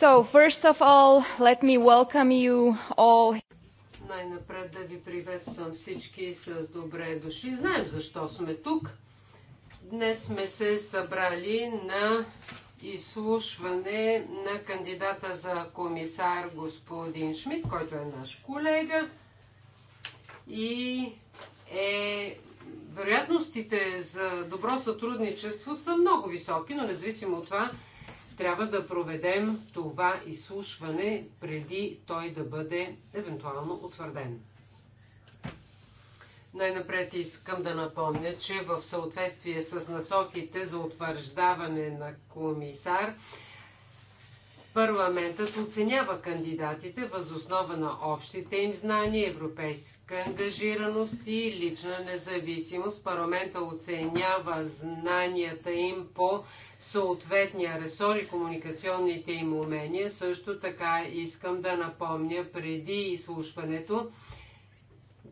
So, first of all, let me welcome you all. Най-напред да ви приветствам всички с добре дошли. Знаем защо сме тук. Днес сме се събрали на изслушване на кандидата за комисар господин Шмидт, който е наш колега и е вероятностите за добро сътрудничество са много високи, но независимо от това трябва да проведем това изслушване преди той да бъде евентуално утвърден. Най-напред искам да напомня, че в съответствие с насоките за утвърждаване на комисар, Парламентът оценява кандидатите въз основа на общите им знания, европейска ангажираност и лична независимост. Парламента оценява знанията им по съответния ресор и комуникационните им умения. Също така искам да напомня преди изслушването,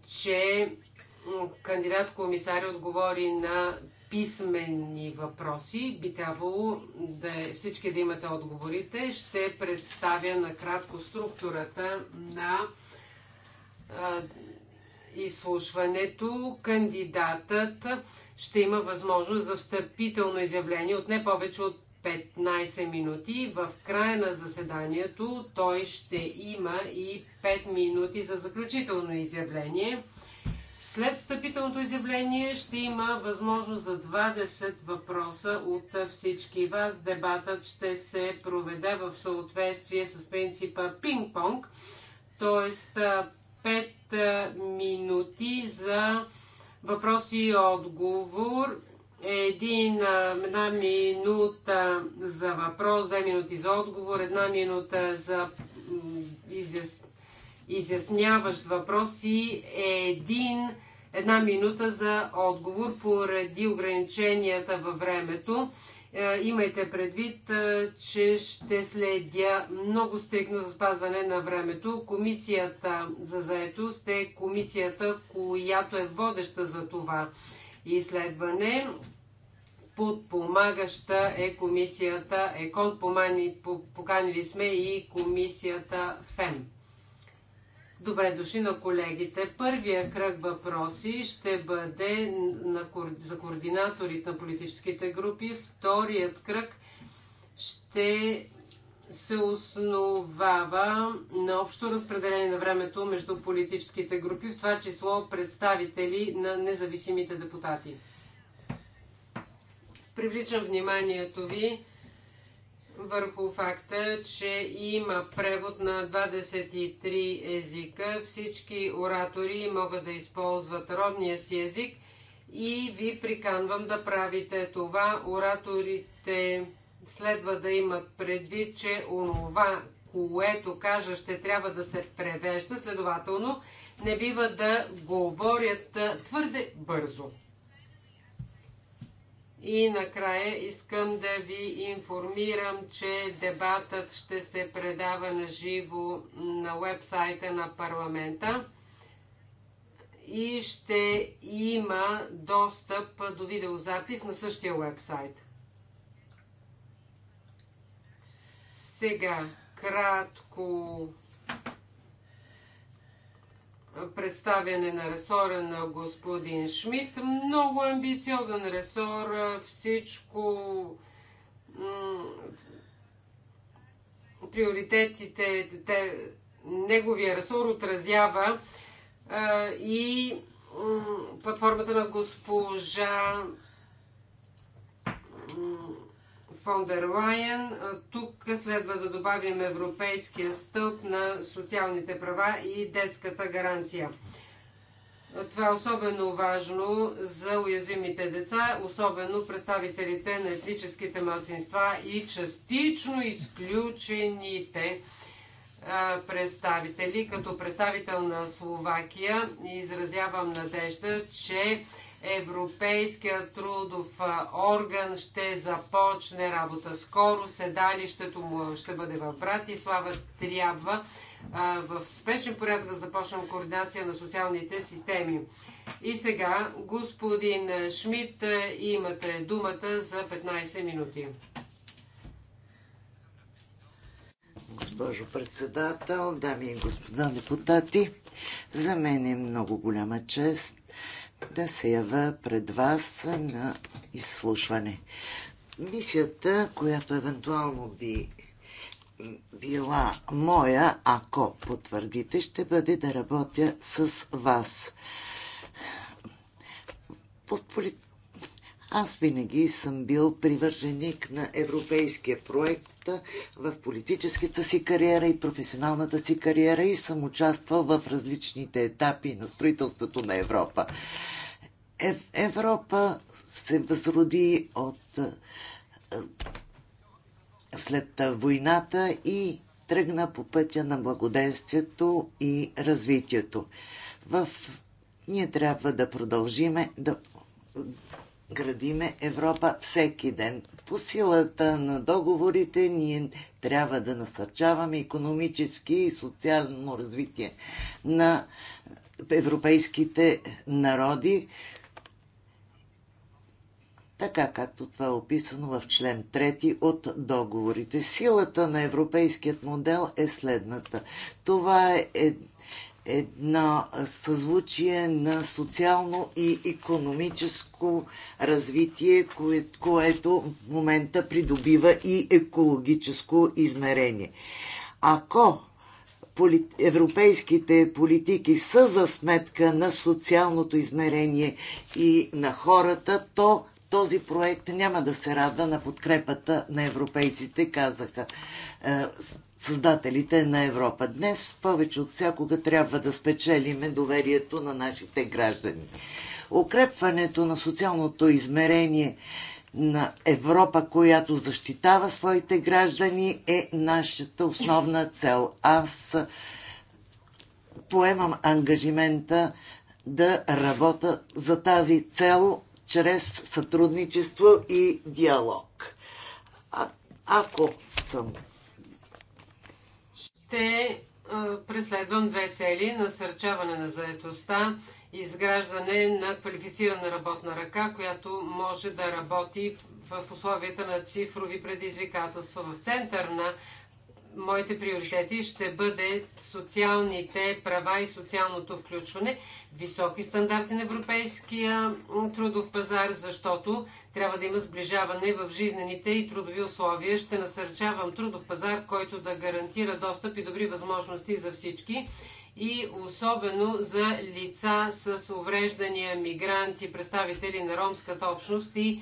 че кандидат комисаря отговори на писмени въпроси. Би трябвало да е- всички да имате отговорите. Ще представя накратко структурата на а, изслушването. Кандидатът ще има възможност за встъпително изявление от не повече от 15 минути. В края на заседанието той ще има и 5 минути за заключително изявление. След встъпителното изявление ще има възможност за 20 въпроса от всички вас. Дебатът ще се проведе в съответствие с принципа пинг-понг, т.е. 5 минути за въпроси и отговор, един, една минута за въпрос, две минути за отговор, една минута за изяснение изясняващ въпрос и е един, една минута за отговор поради ограниченията във времето. Е, имайте предвид, е, че ще следя много стрикно за спазване на времето. Комисията за заетост е комисията, която е водеща за това изследване. Подпомагаща е комисията ЕКОН. поканили сме и комисията ФЕМ. Добре дошли на колегите. Първия кръг въпроси ще бъде на, за координаторите на политическите групи. Вторият кръг ще се основава на общо разпределение на времето между политическите групи, в това число представители на независимите депутати. Привличам вниманието ви върху факта, че има превод на 23 езика. Всички оратори могат да използват родния си език и ви приканвам да правите това. Ораторите следва да имат предвид, че онова, което кажа, ще трябва да се превежда, следователно не бива да говорят твърде бързо. И накрая искам да ви информирам, че дебатът ще се предава на живо на вебсайта на парламента и ще има достъп до видеозапис на същия вебсайт. Сега кратко представяне на ресора на господин Шмидт. Много амбициозен ресор, всичко приоритетите, те, неговия ресор отразява а, и платформата на госпожа фон дер Лайен. Тук следва да добавим Европейския стълб на социалните права и детската гаранция. Това е особено важно за уязвимите деца, особено представителите на етническите малцинства и частично изключените представители. Като представител на Словакия изразявам надежда, че Европейският трудов орган ще започне работа скоро. Седалището му ще бъде в Братислава. Трябва в спешен порядък да започнем координация на социалните системи. И сега, господин Шмидт, имате думата за 15 минути. Госпожо председател, дами и господа депутати, за мен е много голяма чест да се ява пред вас на изслушване. Мисията, която евентуално би била моя, ако потвърдите, ще бъде да работя с вас. Аз винаги съм бил привърженик на европейския проект общността в политическата си кариера и професионалната си кариера и съм участвал в различните етапи на строителството на Европа. Ев, Европа се възроди от е, след войната и тръгна по пътя на благоденствието и развитието. В... Ние трябва да продължиме да градиме Европа всеки ден по силата на договорите ние трябва да насърчаваме економически и социално развитие на европейските народи, така както това е описано в член 3 от договорите. Силата на европейският модел е следната. Това е едно съзвучие на социално и економическо развитие, кое, което в момента придобива и екологическо измерение. Ако европейските политики са за сметка на социалното измерение и на хората, то този проект няма да се радва на подкрепата на европейците, казаха. Е, създателите на Европа. Днес повече от всякога трябва да спечелиме доверието на нашите граждани. Укрепването на социалното измерение на Европа, която защитава своите граждани, е нашата основна цел. Аз поемам ангажимента да работя за тази цел чрез сътрудничество и диалог. А, ако съм ще преследвам две цели насърчаване на заетостта, изграждане на квалифицирана работна ръка, която може да работи в условията на цифрови предизвикателства. В център на моите приоритети ще бъде социалните права и социалното включване, високи стандарти на европейския трудов пазар, защото трябва да има сближаване в жизнените и трудови условия. Ще насърчавам трудов пазар, който да гарантира достъп и добри възможности за всички и особено за лица с увреждания, мигранти, представители на ромската общност и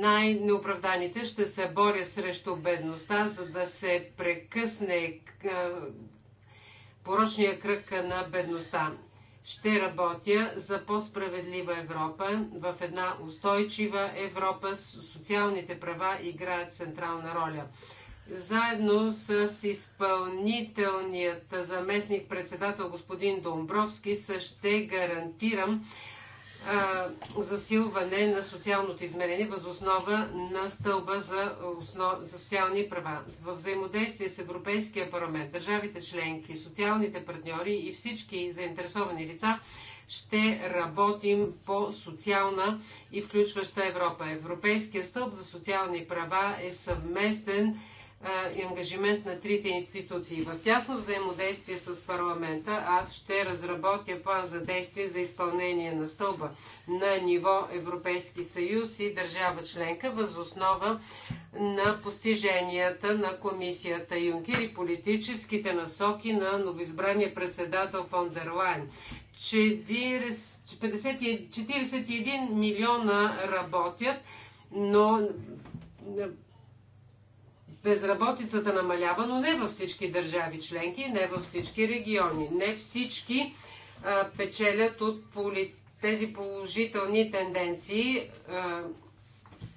най-неоправданите ще се боря срещу бедността, за да се прекъсне порочния кръг на бедността. Ще работя за по-справедлива Европа, в една устойчива Европа социалните права играят централна роля. Заедно с изпълнителният заместник председател господин Домбровски ще гарантирам засилване на социалното измерение възоснова на стълба за, основ... за социални права. В взаимодействие с Европейския парламент, държавите членки, социалните партньори и всички заинтересовани лица ще работим по социална и включваща Европа. Европейския стълб за социални права е съвместен и ангажимент на трите институции. В тясно взаимодействие с парламента аз ще разработя план за действие за изпълнение на стълба на ниво Европейски съюз и държава членка възоснова на постиженията на комисията Юнкер и политическите насоки на новоизбрания председател фон дер Лайн. 41 милиона работят, но Безработицата намалява, но не във всички държави членки, не във всички региони. Не всички а, печелят от поли... тези положителни тенденции. А,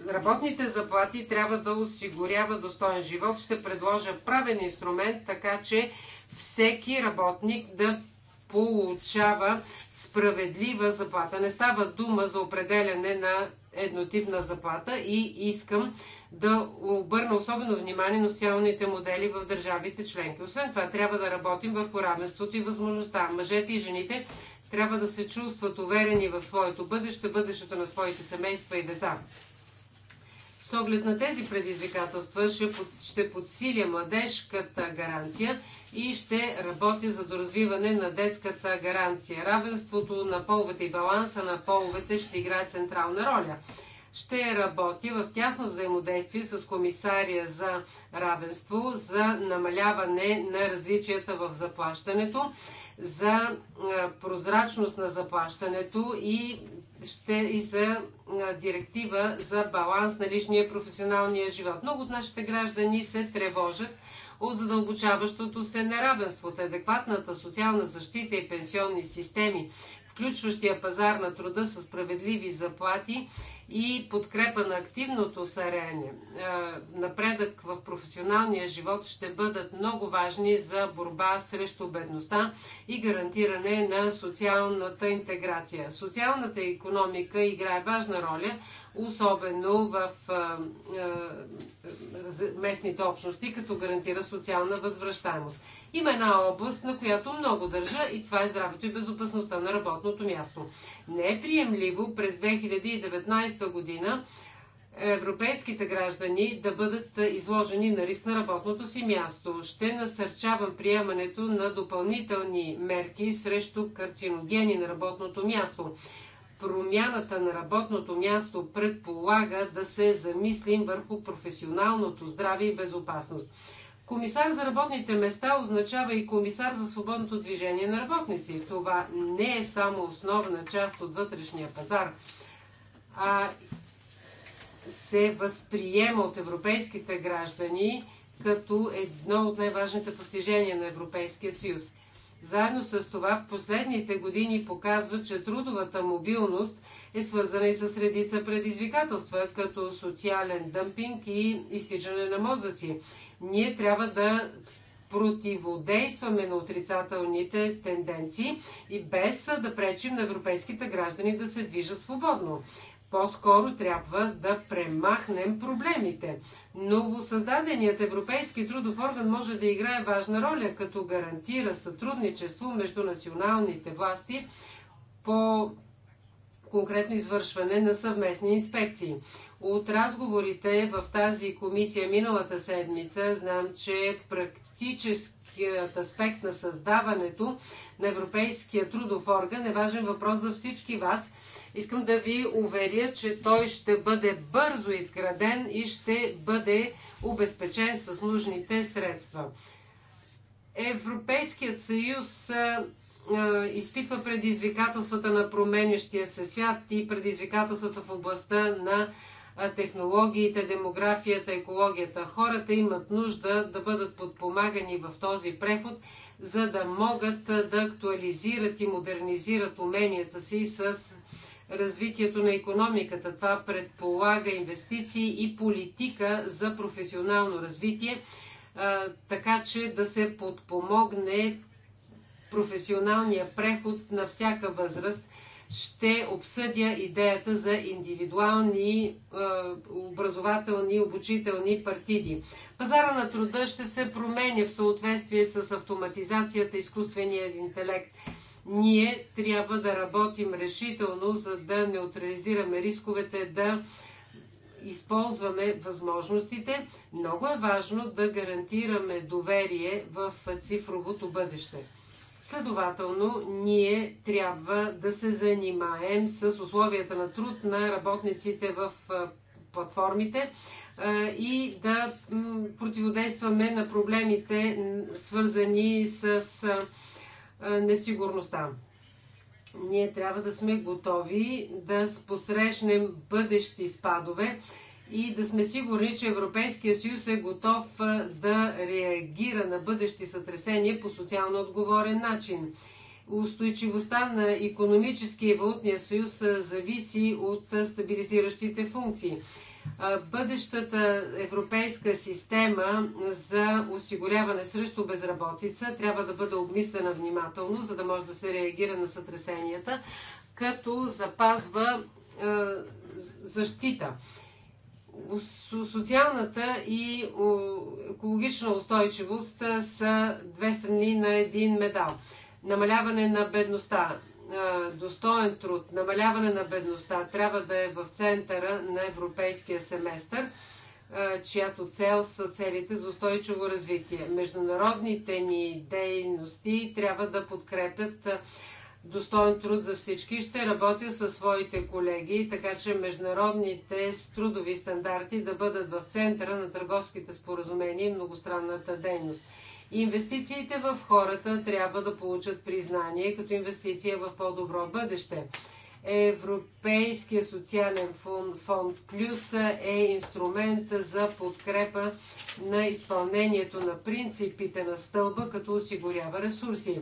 работните заплати трябва да осигурява достоен живот. Ще предложа правен инструмент, така че всеки работник да получава справедлива заплата. Не става дума за определяне на еднотипна заплата и искам да обърна особено внимание на социалните модели в държавите членки. Освен това, трябва да работим върху равенството и възможността. Мъжете и жените трябва да се чувстват уверени в своето бъдеще, бъдещето на своите семейства и деца. С оглед на тези предизвикателства ще, подсиля младежката гаранция и ще работя за доразвиване на детската гаранция. Равенството на половете и баланса на половете ще играе централна роля ще работи в тясно взаимодействие с комисария за равенство за намаляване на различията в заплащането, за прозрачност на заплащането и, ще, и за директива за баланс на личния и професионалния живот. Много от нашите граждани се тревожат от задълбочаващото се неравенство от адекватната социална защита и пенсионни системи, включващия пазар на труда с справедливи заплати и подкрепа на активното сарене. Е, напредък в професионалния живот ще бъдат много важни за борба срещу бедността и гарантиране на социалната интеграция. Социалната економика играе важна роля, особено в е, е, местните общности, като гарантира социална възвръщаемост. Има една област, на която много държа и това е здравето и безопасността на работното място. Не е приемливо през 2019 2030 година европейските граждани да бъдат изложени на риск на работното си място. Ще насърчавам приемането на допълнителни мерки срещу карциногени на работното място. Промяната на работното място предполага да се замислим върху професионалното здраве и безопасност. Комисар за работните места означава и комисар за свободното движение на работници. Това не е само основна част от вътрешния пазар а се възприема от европейските граждани като едно от най-важните постижения на Европейския съюз. Заедно с това, последните години показват, че трудовата мобилност е свързана и с редица предизвикателства, като социален дъмпинг и изтичане на мозъци. Ние трябва да противодействаме на отрицателните тенденции и без да пречим на европейските граждани да се движат свободно. По-скоро трябва да премахнем проблемите. Новосъздаденият Европейски трудов орган може да играе важна роля, като гарантира сътрудничество между националните власти по конкретно извършване на съвместни инспекции. От разговорите в тази комисия миналата седмица знам, че практическият аспект на създаването на Европейския трудов орган е важен въпрос за всички вас – Искам да ви уверя, че той ще бъде бързо изграден и ще бъде обезпечен с нужните средства. Европейският съюз изпитва предизвикателствата на променящия се свят и предизвикателствата в областта на технологиите, демографията, екологията. Хората имат нужда да бъдат подпомагани в този преход, за да могат да актуализират и модернизират уменията си с развитието на економиката. Това предполага инвестиции и политика за професионално развитие, така че да се подпомогне професионалния преход на всяка възраст. Ще обсъдя идеята за индивидуални образователни обучителни партиди. Пазара на труда ще се променя в съответствие с автоматизацията, изкуствения интелект – ние трябва да работим решително, за да неутрализираме рисковете, да използваме възможностите. Много е важно да гарантираме доверие в цифровото бъдеще. Следователно, ние трябва да се занимаем с условията на труд на работниците в платформите и да противодействаме на проблемите, свързани с несигурността. Ние трябва да сме готови да посрещнем бъдещи спадове и да сме сигурни, че Европейския съюз е готов да реагира на бъдещи сътресения по социално отговорен начин. Устойчивостта на економическия и валутния съюз зависи от стабилизиращите функции. Бъдещата европейска система за осигуряване срещу безработица трябва да бъде обмислена внимателно, за да може да се реагира на сътресенията, като запазва защита. Социалната и екологична устойчивост са две страни на един медал намаляване на бедността достоен труд, намаляване на бедността трябва да е в центъра на европейския семестър, чиято цел са целите за устойчиво развитие. Международните ни дейности трябва да подкрепят достоен труд за всички. Ще работя със своите колеги, така че международните трудови стандарти да бъдат в центъра на търговските споразумения и многостранната дейност. Инвестициите в хората трябва да получат признание като инвестиция в по-добро бъдеще. Европейския социален фонд, фонд Плюс е инструмент за подкрепа на изпълнението на принципите на стълба, като осигурява ресурси.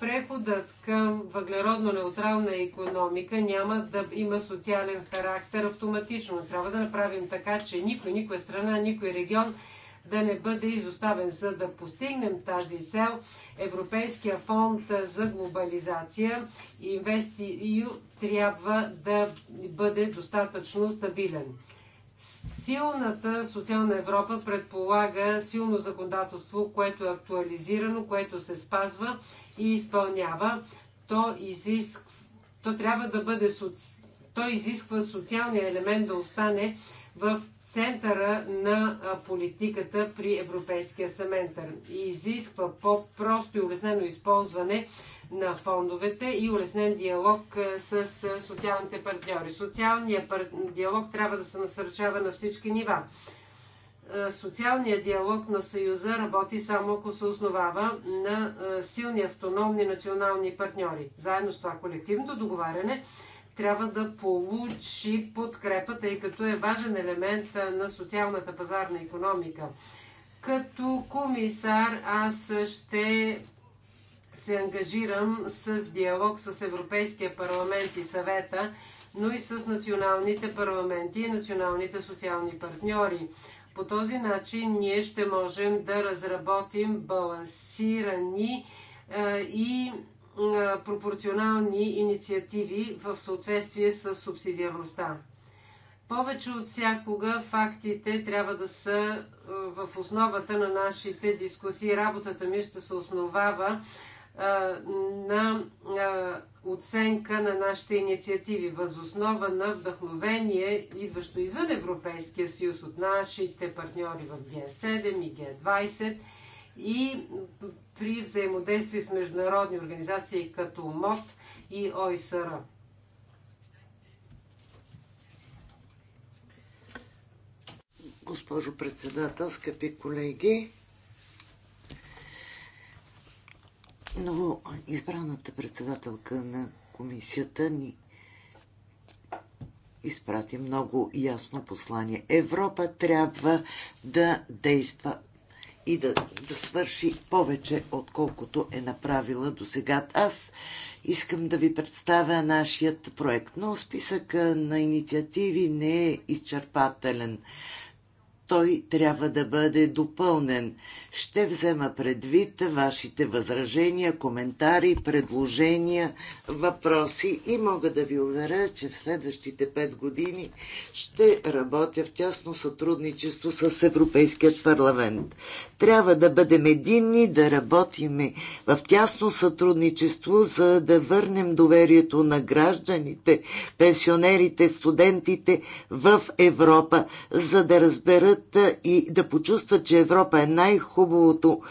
Преходът към въглеродно-неутрална економика няма да има социален характер автоматично. Трябва да направим така, че никой, никоя страна, никой регион да не бъде изоставен. За да постигнем тази цел, Европейския фонд за глобализация инвестию трябва да бъде достатъчно стабилен. Силната социална Европа предполага силно законодателство, което е актуализирано, което се спазва и изпълнява. То, изисква, то трябва да бъде соци... то изисква социалния елемент да остане в центъра на политиката при Европейския сементър и изисква по-просто и улеснено използване на фондовете и улеснен диалог с социалните партньори. Социалният диалог трябва да се насърчава на всички нива. Социалният диалог на Съюза работи само ако се основава на силни автономни национални партньори. Заедно с това колективното договаряне трябва да получи подкрепа, тъй като е важен елемент на социалната пазарна економика. Като комисар аз ще се ангажирам с диалог с Европейския парламент и съвета, но и с националните парламенти и националните социални партньори. По този начин ние ще можем да разработим балансирани и пропорционални инициативи в съответствие с субсидиарността. Повече от всякога фактите трябва да са е, в основата на нашите дискусии. Работата ми ще се основава е, на е, оценка на нашите инициативи, възоснова на вдъхновение, идващо извън Европейския съюз от нашите партньори в Г7 и Г20 и при взаимодействие с международни организации като МОД и ОИСР. Госпожо председател, скъпи колеги, но избраната председателка на комисията ни изпрати много ясно послание. Европа трябва да действа и да, да свърши повече, отколкото е направила до сега. Аз искам да ви представя нашият проект, но списъка на инициативи не е изчерпателен той трябва да бъде допълнен. Ще взема предвид вашите възражения, коментари, предложения, въпроси и мога да ви уверя, че в следващите 5 години ще работя в тясно сътрудничество с Европейският парламент. Трябва да бъдем единни, да работим в тясно сътрудничество, за да върнем доверието на гражданите, пенсионерите, студентите в Европа, за да разберат чувстват и да почувстват, че Европа е най-хубавото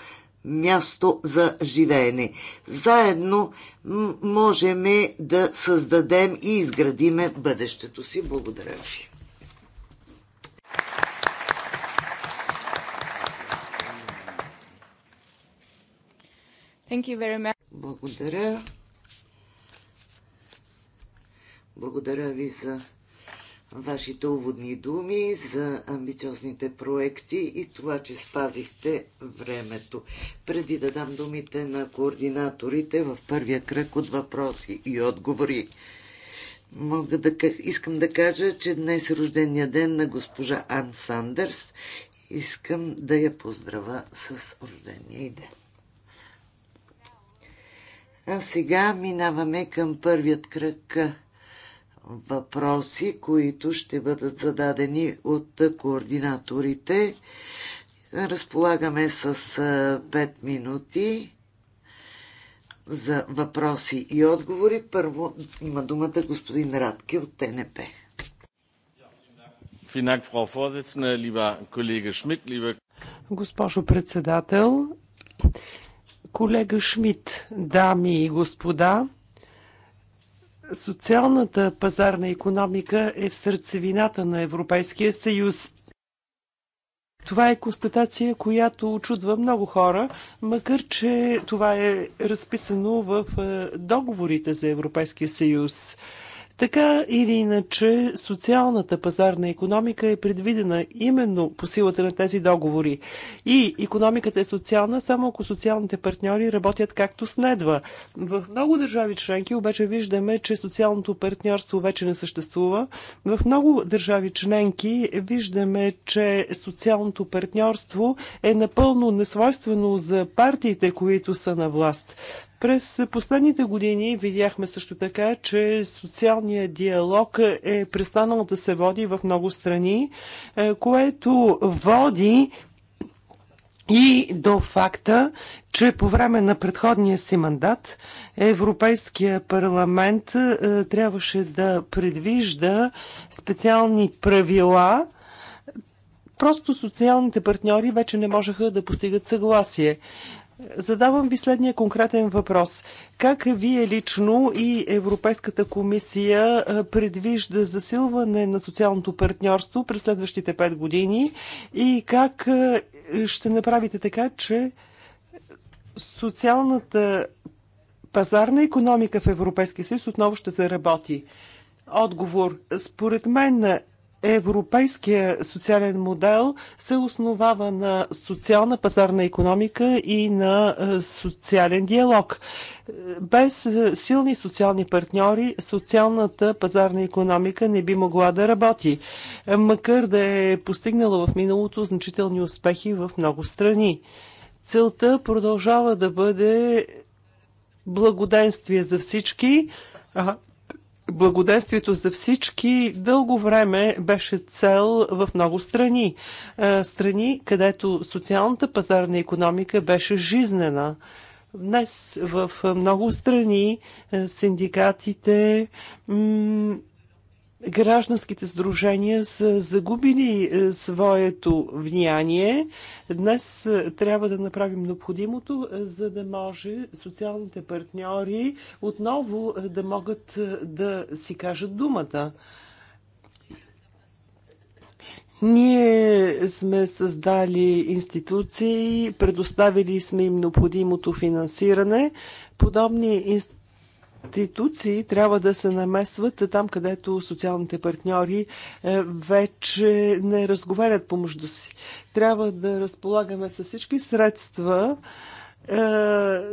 място за живеене. Заедно можем да създадем и изградиме бъдещето си. Благодаря ви. Благодаря. Благодаря ви за вашите уводни думи за амбициозните проекти и това, че спазихте времето. Преди да дам думите на координаторите в първия кръг от въпроси и отговори, мога да, искам да кажа, че днес е рождения ден на госпожа Ан Сандърс. Искам да я поздравя с рождения и ден. А сега минаваме към първият кръг въпроси, които ще бъдат зададени от координаторите. Разполагаме с 5 минути за въпроси и отговори. Първо има думата господин Радке от ТНП. Госпожо председател, колега Шмидт, дами и господа, Социалната пазарна економика е в сърцевината на Европейския съюз. Това е констатация, която очудва много хора, макар че това е разписано в е, договорите за Европейския съюз. Така или иначе, социалната пазарна економика е предвидена именно по силата на тези договори. И економиката е социална, само ако социалните партньори работят както следва. В много държави членки обаче виждаме, че социалното партньорство вече не съществува. В много държави членки виждаме, че социалното партньорство е напълно несвойствено за партиите, които са на власт. През последните години видяхме също така, че социалният диалог е престанал да се води в много страни, е, което води и до факта, че по време на предходния си мандат Европейския парламент е, трябваше да предвижда специални правила. Просто социалните партньори вече не можеха да постигат съгласие. Задавам ви следния конкретен въпрос. Как вие лично и Европейската комисия предвижда засилване на социалното партньорство през следващите 5 години и как ще направите така, че социалната пазарна економика в Европейския съюз отново ще заработи? Отговор. Според мен Европейския социален модел се основава на социална пазарна економика и на е, социален диалог. Е, без е, силни социални партньори социалната пазарна економика не би могла да работи, макар да е постигнала в миналото значителни успехи в много страни. Целта продължава да бъде благоденствие за всички, Благодействието за всички дълго време беше цел в много страни. Е, страни, където социалната пазарна економика беше жизнена. Днес в много страни е, синдикатите гражданските сдружения са загубили е, своето влияние. Днес е, трябва да направим необходимото, е, за да може социалните партньори отново да могат да си кажат думата. Ние сме създали институции, предоставили сме им необходимото финансиране. Подобни институции институции трябва да се намесват там, където социалните партньори е, вече не разговарят помежду си. Трябва да разполагаме с всички средства, е,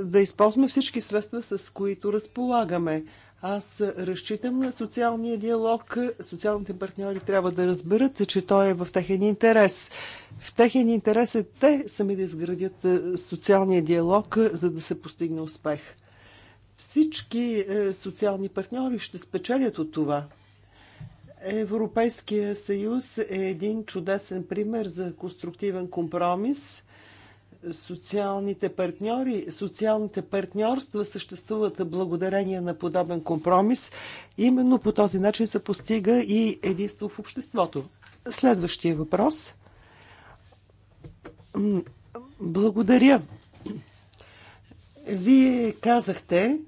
да използваме всички средства, с които разполагаме. Аз разчитам на социалния диалог. Социалните партньори трябва да разберат, че той е в техен интерес. В техен интерес е те сами да изградят е, социалния диалог, за да се постигне успех. Всички е, социални партньори ще спечелят от това. Европейския съюз е един чудесен пример за конструктивен компромис. Социалните партньори, социалните партньорства съществуват благодарение на подобен компромис. Именно по този начин се постига и единство в обществото. Следващия въпрос. Благодаря. Вие казахте,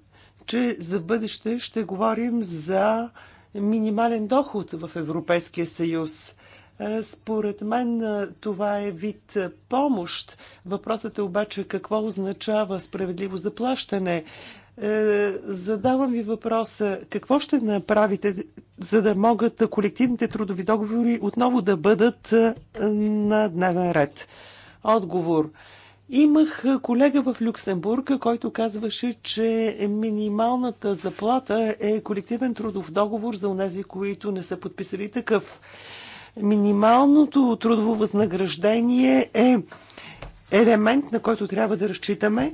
че за бъдеще ще говорим за минимален доход в Европейския съюз. Е, според мен е, това е вид е, помощ. Въпросът е обаче какво означава справедливо заплащане. Задавам ви въпроса, какво ще направите, за да могат колективните трудови договори отново да бъдат на дневен ред? Отговор. Имах колега в Люксембург, който казваше, че минималната заплата е колективен трудов договор за онези, които не са подписали такъв. Минималното трудово възнаграждение е елемент, на който трябва да разчитаме,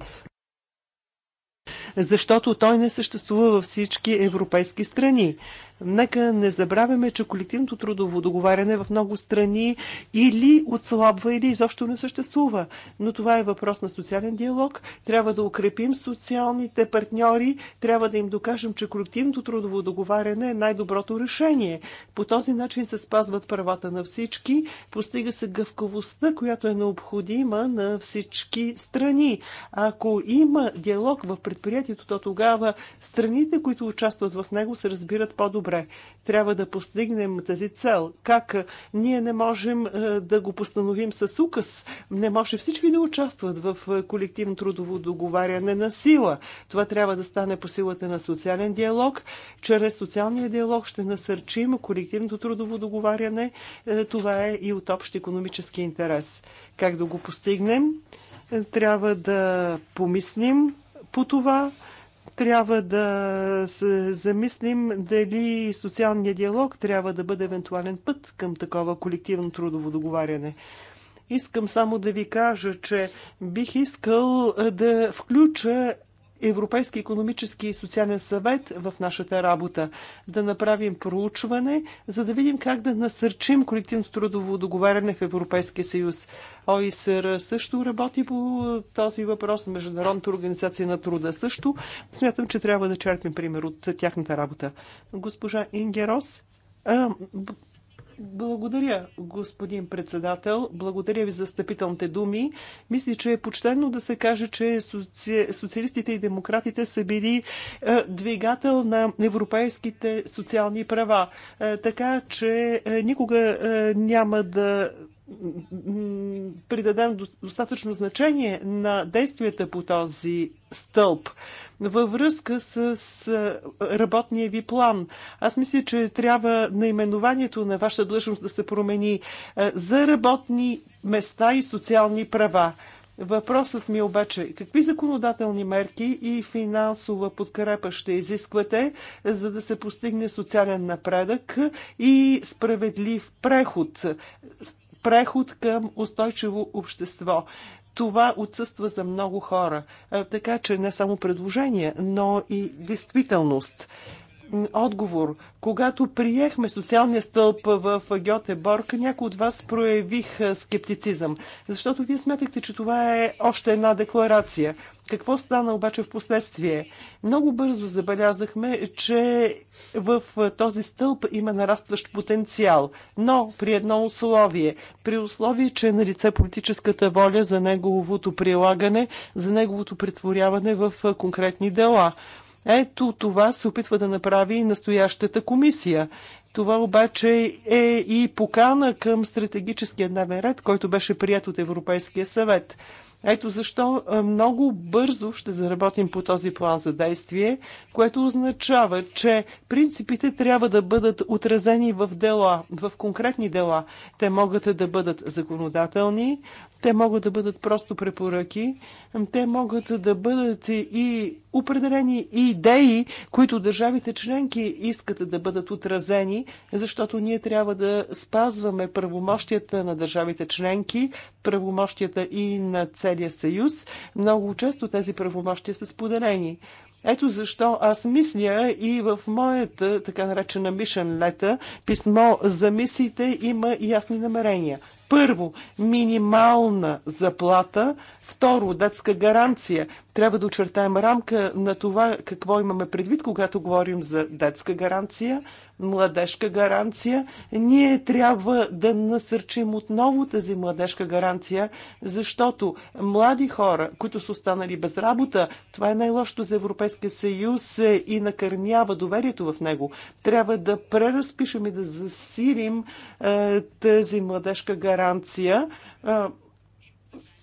защото той не съществува във всички европейски страни. Нека не забравяме, че колективното трудово договаряне в много страни или отслабва, или изобщо не съществува. Но това е въпрос на социален диалог. Трябва да укрепим социалните партньори, трябва да им докажем, че колективното трудово договаряне е най-доброто решение. По този начин се спазват правата на всички, постига се гъвкавостта, която е необходима на всички страни. Ако има диалог в предприятието, то тогава страните, които участват в него, се разбират по-добре добре. Трябва да постигнем тази цел. Как? Ние не можем да го постановим с указ. Не може всички да участват в колективно трудово договаряне на сила. Това трябва да стане по силата на социален диалог. Чрез социалния диалог ще насърчим колективното трудово договаряне. Е, това е и от общ економически интерес. Как да го постигнем? Е, трябва да помислим по това трябва да се замислим дали социалният диалог трябва да бъде евентуален път към такова колективно трудово договаряне. Искам само да ви кажа, че бих искал да включа Европейски економически и социален съвет в нашата работа, да направим проучване, за да видим как да насърчим колективното трудово договаряне в Европейския съюз. ОИСР също работи по този въпрос, Международната организация на труда също. Смятам, че трябва да черпим пример от тяхната работа. Госпожа Ингерос, благодаря, господин председател. Благодаря ви за стъпителните думи. Мисля, че е почтено да се каже, че соци... социалистите и демократите са били е, двигател на европейските социални права. Е, така че е, никога е, няма да придадем достатъчно значение на действията по този стълб във връзка с работния ви план. Аз мисля, че трябва наименованието на вашата длъжност да се промени за работни места и социални права. Въпросът ми обаче, какви законодателни мерки и финансова подкрепа ще изисквате, за да се постигне социален напредък и справедлив преход? преход към устойчиво общество. Това отсъства за много хора. Така че не само предложение, но и действителност отговор. Когато приехме социалния стълб в Гьотеборг, някои от вас проявих скептицизъм, защото вие смятахте, че това е още една декларация. Какво стана обаче в последствие? Много бързо забелязахме, че в този стълб има нарастващ потенциал, но при едно условие. При условие, че е на лице политическата воля за неговото прилагане, за неговото претворяване в конкретни дела. Ето това се опитва да направи настоящата комисия. Това обаче е и покана към стратегическия дневен ред, който беше прият от Европейския съвет. Ето защо много бързо ще заработим по този план за действие, което означава, че принципите трябва да бъдат отразени в дела, в конкретни дела. Те могат да бъдат законодателни, те могат да бъдат просто препоръки, те могат да бъдат и определени идеи, които държавите членки искат да бъдат отразени, защото ние трябва да спазваме правомощията на държавите членки, правомощията и на ЦЕ целия съюз, много често тези правомощия са споделени. Ето защо аз мисля и в моята така наречена мишен лета писмо за мисиите има ясни намерения. Първо, минимална заплата. Второ, детска гаранция. Трябва да очертаем рамка на това какво имаме предвид, когато говорим за детска гаранция, младежка гаранция. Ние трябва да насърчим отново тази младежка гаранция, защото млади хора, които са останали без работа, това е най-лошото за Европейския съюз и накърнява доверието в него. Трябва да преразпишем и да засилим е, тази младежка гаранция. Е,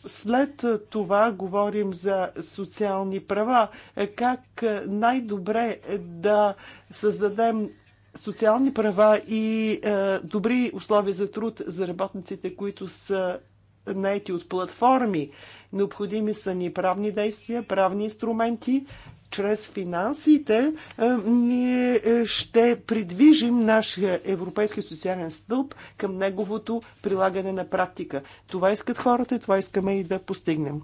след това говорим за социални права, как най-добре да създадем социални права и е, добри условия за труд за работниците, които са наети от платформи. Необходими са ни правни действия, правни инструменти, чрез финансите е, ние е, ще придвижим нашия европейски социален стълб към неговото прилагане на практика. Това искат хората и това искаме и да постигнем.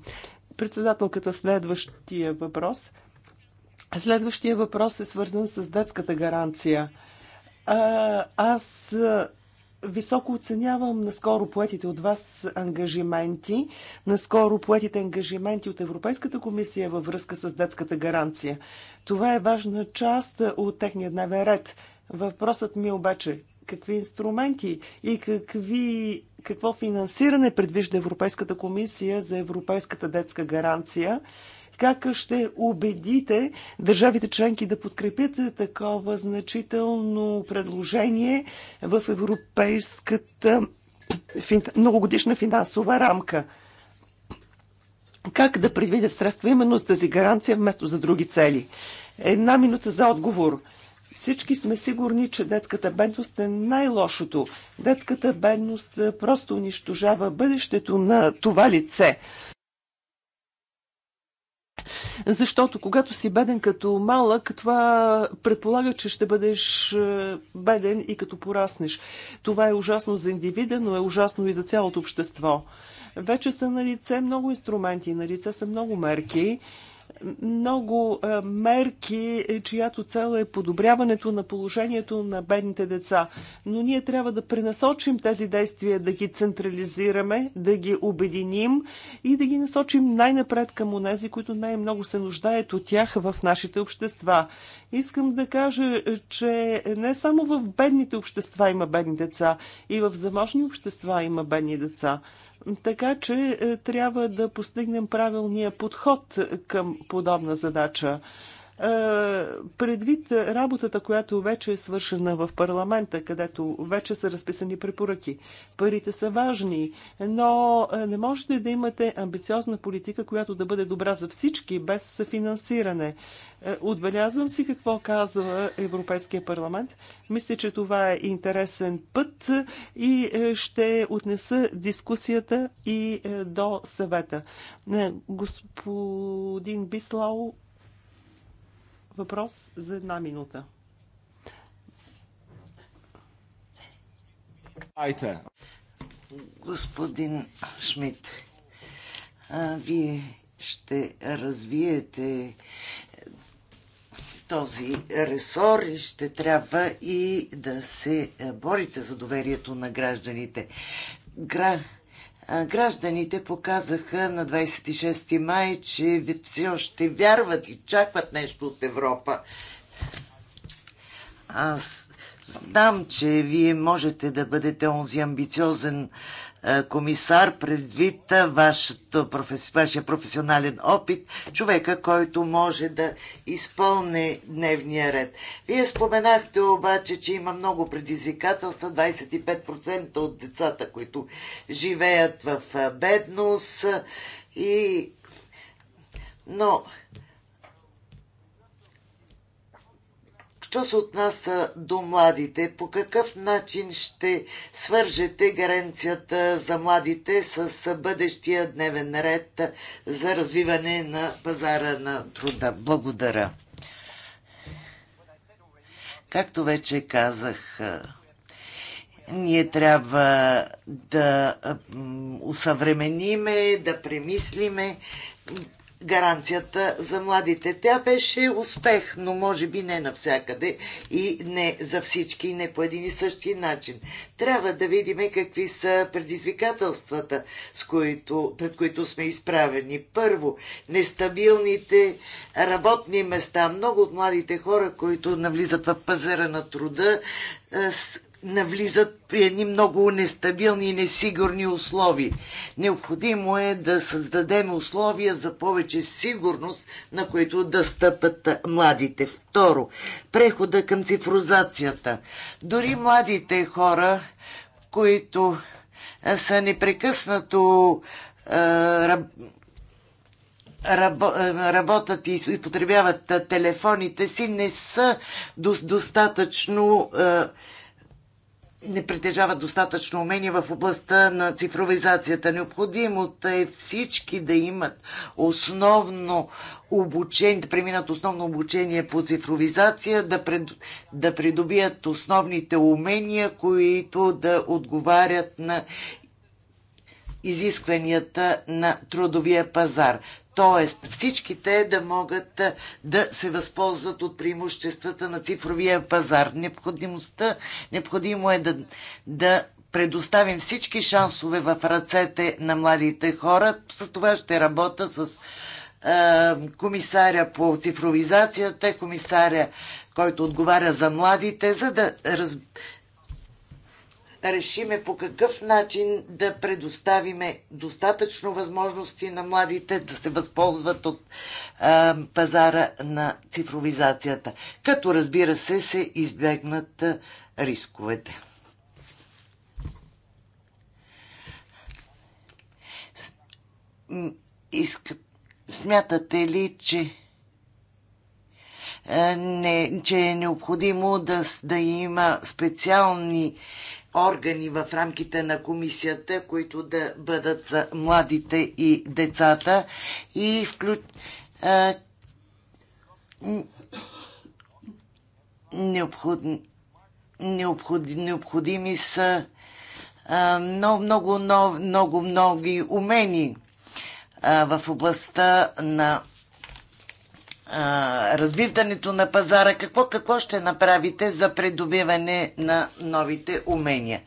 Председателката, следващия въпрос. Следващия въпрос е свързан с детската гаранция. А, аз Високо оценявам наскоро поетите от вас ангажименти, наскоро поетите ангажименти от Европейската комисия във връзка с детската гаранция. Това е важна част от техния дневен ред. Въпросът ми е обаче какви инструменти и какви, какво финансиране предвижда Европейската комисия за Европейската детска гаранция как ще убедите държавите членки да подкрепят такова значително предложение в европейската многогодишна финансова рамка? Как да предвидят средства именно с тази гаранция вместо за други цели? Една минута за отговор. Всички сме сигурни, че детската бедност е най-лошото. Детската бедност просто унищожава бъдещето на това лице. Защото когато си беден като малък, това предполага, че ще бъдеш е, беден и като пораснеш. Това е ужасно за индивида, но е ужасно и за цялото общество. Вече са на лице много инструменти, на лице са много мерки много е, мерки, е, чиято цел е подобряването на положението на бедните деца. Но ние трябва да пренасочим тези действия, да ги централизираме, да ги обединим и да ги насочим най-напред към онези, които най-много се нуждаят от тях в нашите общества. Искам да кажа, че не само в бедните общества има бедни деца, и в заможни общества има бедни деца. Така че е, трябва да постигнем правилния подход към подобна задача. Е, предвид работата, която вече е свършена в парламента, където вече са разписани препоръки, парите са важни, но е, не можете да имате амбициозна политика, която да бъде добра за всички, без съфинансиране. Е, отбелязвам си какво казва Европейския парламент. Мисля, че това е интересен път и ще отнеса дискусията и до съвета. Господин Бислау Въпрос за една минута. Айте. Господин Шмидт, вие ще развиете този ресор и ще трябва и да се борите за доверието на гражданите. Гра... Гражданите показаха на 26 май, че все още вярват и чакват нещо от Европа. Аз знам, че вие можете да бъдете онзи амбициозен е, комисар, предвид е, вашето, вашия професионален опит, човека, който може да изпълне дневния ред. Вие споменахте обаче, че има много предизвикателства, 25% от децата, които живеят в е, бедност и... Но Що се отнася до младите, по какъв начин ще свържете гаранцията за младите с бъдещия дневен ред за развиване на пазара на труда? Благодаря. Както вече казах, ние трябва да усъвремениме, да премислиме гаранцията за младите. Тя беше успех, но може би не навсякъде и не за всички, и не по един и същи начин. Трябва да видим какви са предизвикателствата, с които, пред които сме изправени. Първо, нестабилните работни места. Много от младите хора, които навлизат в пазара на труда, е, навлизат при едни много нестабилни и несигурни условия. Необходимо е да създадем условия за повече сигурност, на които да стъпат младите. Второ, прехода към цифрозацията. Дори младите хора, които са непрекъснато работят и потребяват телефоните си, не са достатъчно не притежават достатъчно умения в областта на цифровизацията. Необходимо е всички да имат основно обучение, да преминат основно обучение по цифровизация, да, пред, да придобият основните умения, които да отговарят на изискванията на трудовия пазар. Тоест всичките да могат да се възползват от преимуществата на цифровия пазар. Необходимостта, необходимо е да, да предоставим всички шансове в ръцете на младите хора. С това ще работя с е, комисаря по цифровизацията, комисаря, който отговаря за младите, за да раз, решиме по какъв начин да предоставиме достатъчно възможности на младите да се възползват от а, пазара на цифровизацията, като разбира се се избегнат рисковете. Иск... Смятате ли, че не, че е необходимо да, да има специални органи в рамките на комисията, които да бъдат за младите и децата и включ... А, необход... Необход... необходими са много, много, много, много умени а, в областта на а, развитането на пазара, какво, какво ще направите за придобиване на новите умения.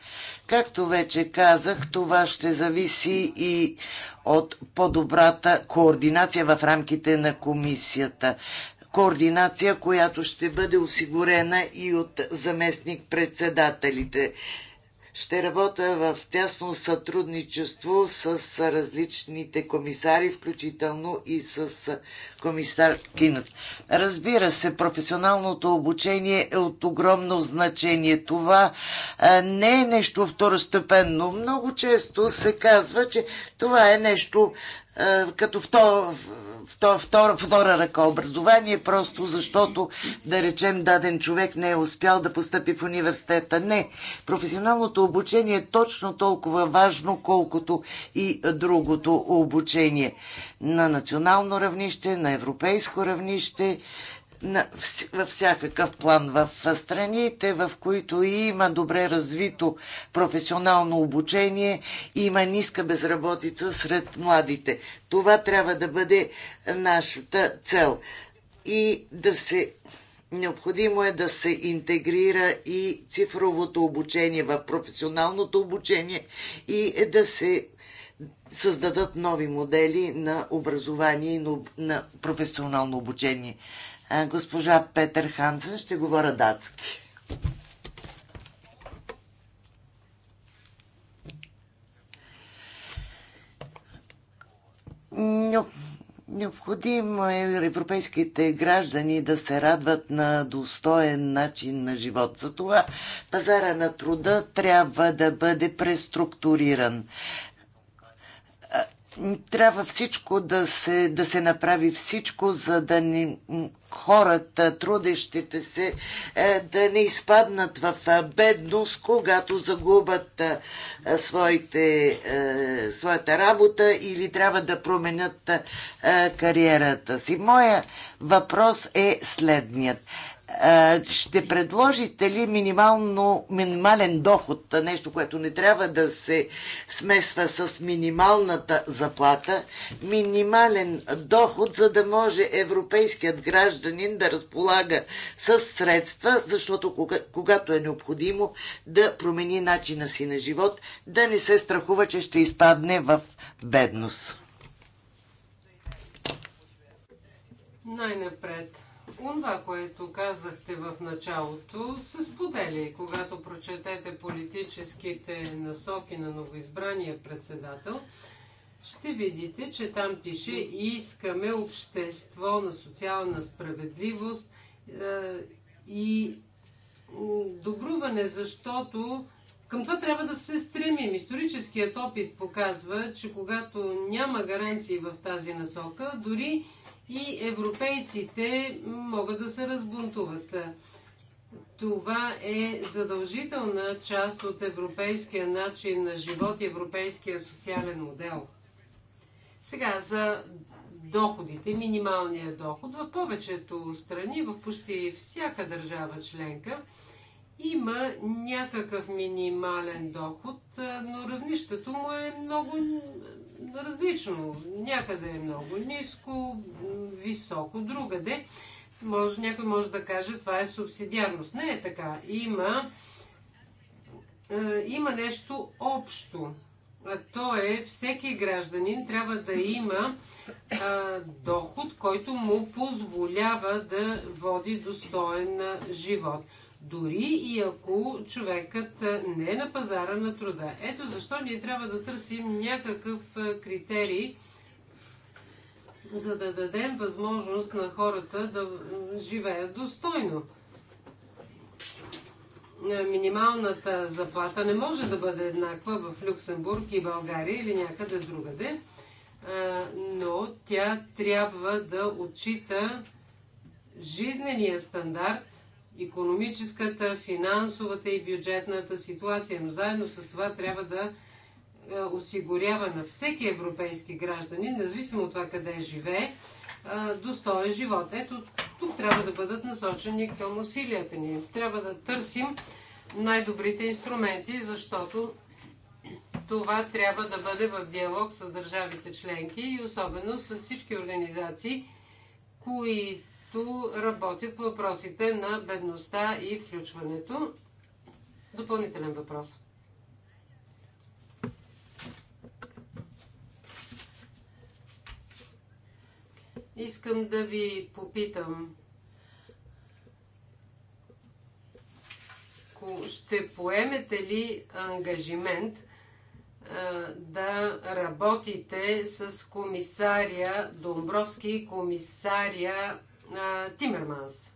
Както вече казах, това ще зависи и от по-добрата координация в рамките на комисията. Координация, която ще бъде осигурена и от заместник председателите. Ще работя в тясно сътрудничество с различните комисари, включително и с комисар Кинас. Разбира се, професионалното обучение е от огромно значение. Това не е нещо второстепенно. Много често се казва, че това е нещо е, като втора, втора, втора ръка образование, просто защото, да речем, даден човек не е успял да постъпи в университета. Не. Професионалното обучение е точно толкова важно, колкото и другото обучение. На национално равнище, на европейско равнище на, във всякакъв план в страните, в които има добре развито професионално обучение, има ниска безработица сред младите. Това трябва да бъде нашата цел. И да се Необходимо е да се интегрира и цифровото обучение в професионалното обучение и е да се създадат нови модели на образование и на професионално обучение. Госпожа Петър Хансен ще говоря датски. Необходимо е европейските граждани да се радват на достоен начин на живот. За това пазара на труда трябва да бъде преструктуриран трябва всичко да се, да се направи всичко, за да ни хората, трудещите се, е, да не изпаднат в е, бедност, когато загубят е, своите, своята работа или трябва да променят кариерата си. Моя въпрос е следният. Е, ще предложите ли минимално, минимален доход, нещо, което не трябва да се смесва с минималната заплата, минимален доход, за да може европейският гражданин да разполага с средства, защото когато е необходимо да промени начина си на живот, да не се страхува, че ще изпадне в бедност. Най-напред онова, което казахте в началото, се споделя и когато прочетете политическите насоки на новоизбрания председател, ще видите, че там пише искаме общество на социална справедливост е, и добруване, защото към това трябва да се стремим. Историческият опит показва, че когато няма гаранции в тази насока, дори и европейците могат да се разбунтуват. Това е задължителна част от европейския начин на живот и европейския социален модел. Сега за доходите, минималния доход. В повечето страни, в почти всяка държава членка, има някакъв минимален доход, но равнището му е много различно. Някъде е много ниско, високо, другаде. Може, някой може да каже, това е субсидиарност. Не е така. Има, е, има нещо общо. А то е всеки гражданин трябва да има е, доход, който му позволява да води достоен живот дори и ако човекът не е на пазара на труда. Ето защо ние трябва да търсим някакъв критерий, за да дадем възможност на хората да живеят достойно. Минималната заплата не може да бъде еднаква в Люксембург и България или някъде другаде, но тя трябва да отчита жизнения стандарт – економическата, финансовата и бюджетната ситуация, но заедно с това трябва да е, осигурява на всеки европейски гражданин, независимо от това къде живее, е, достоен живот. Ето, тук трябва да бъдат насочени към усилията ни. Трябва да търсим най-добрите инструменти, защото това трябва да бъде в диалог с държавите членки и особено с всички организации, които които работят по въпросите на бедността и включването. Допълнителен въпрос. Искам да ви попитам. Ще поемете ли ангажимент да работите с комисария Домбровски и комисария а, Тимерманс.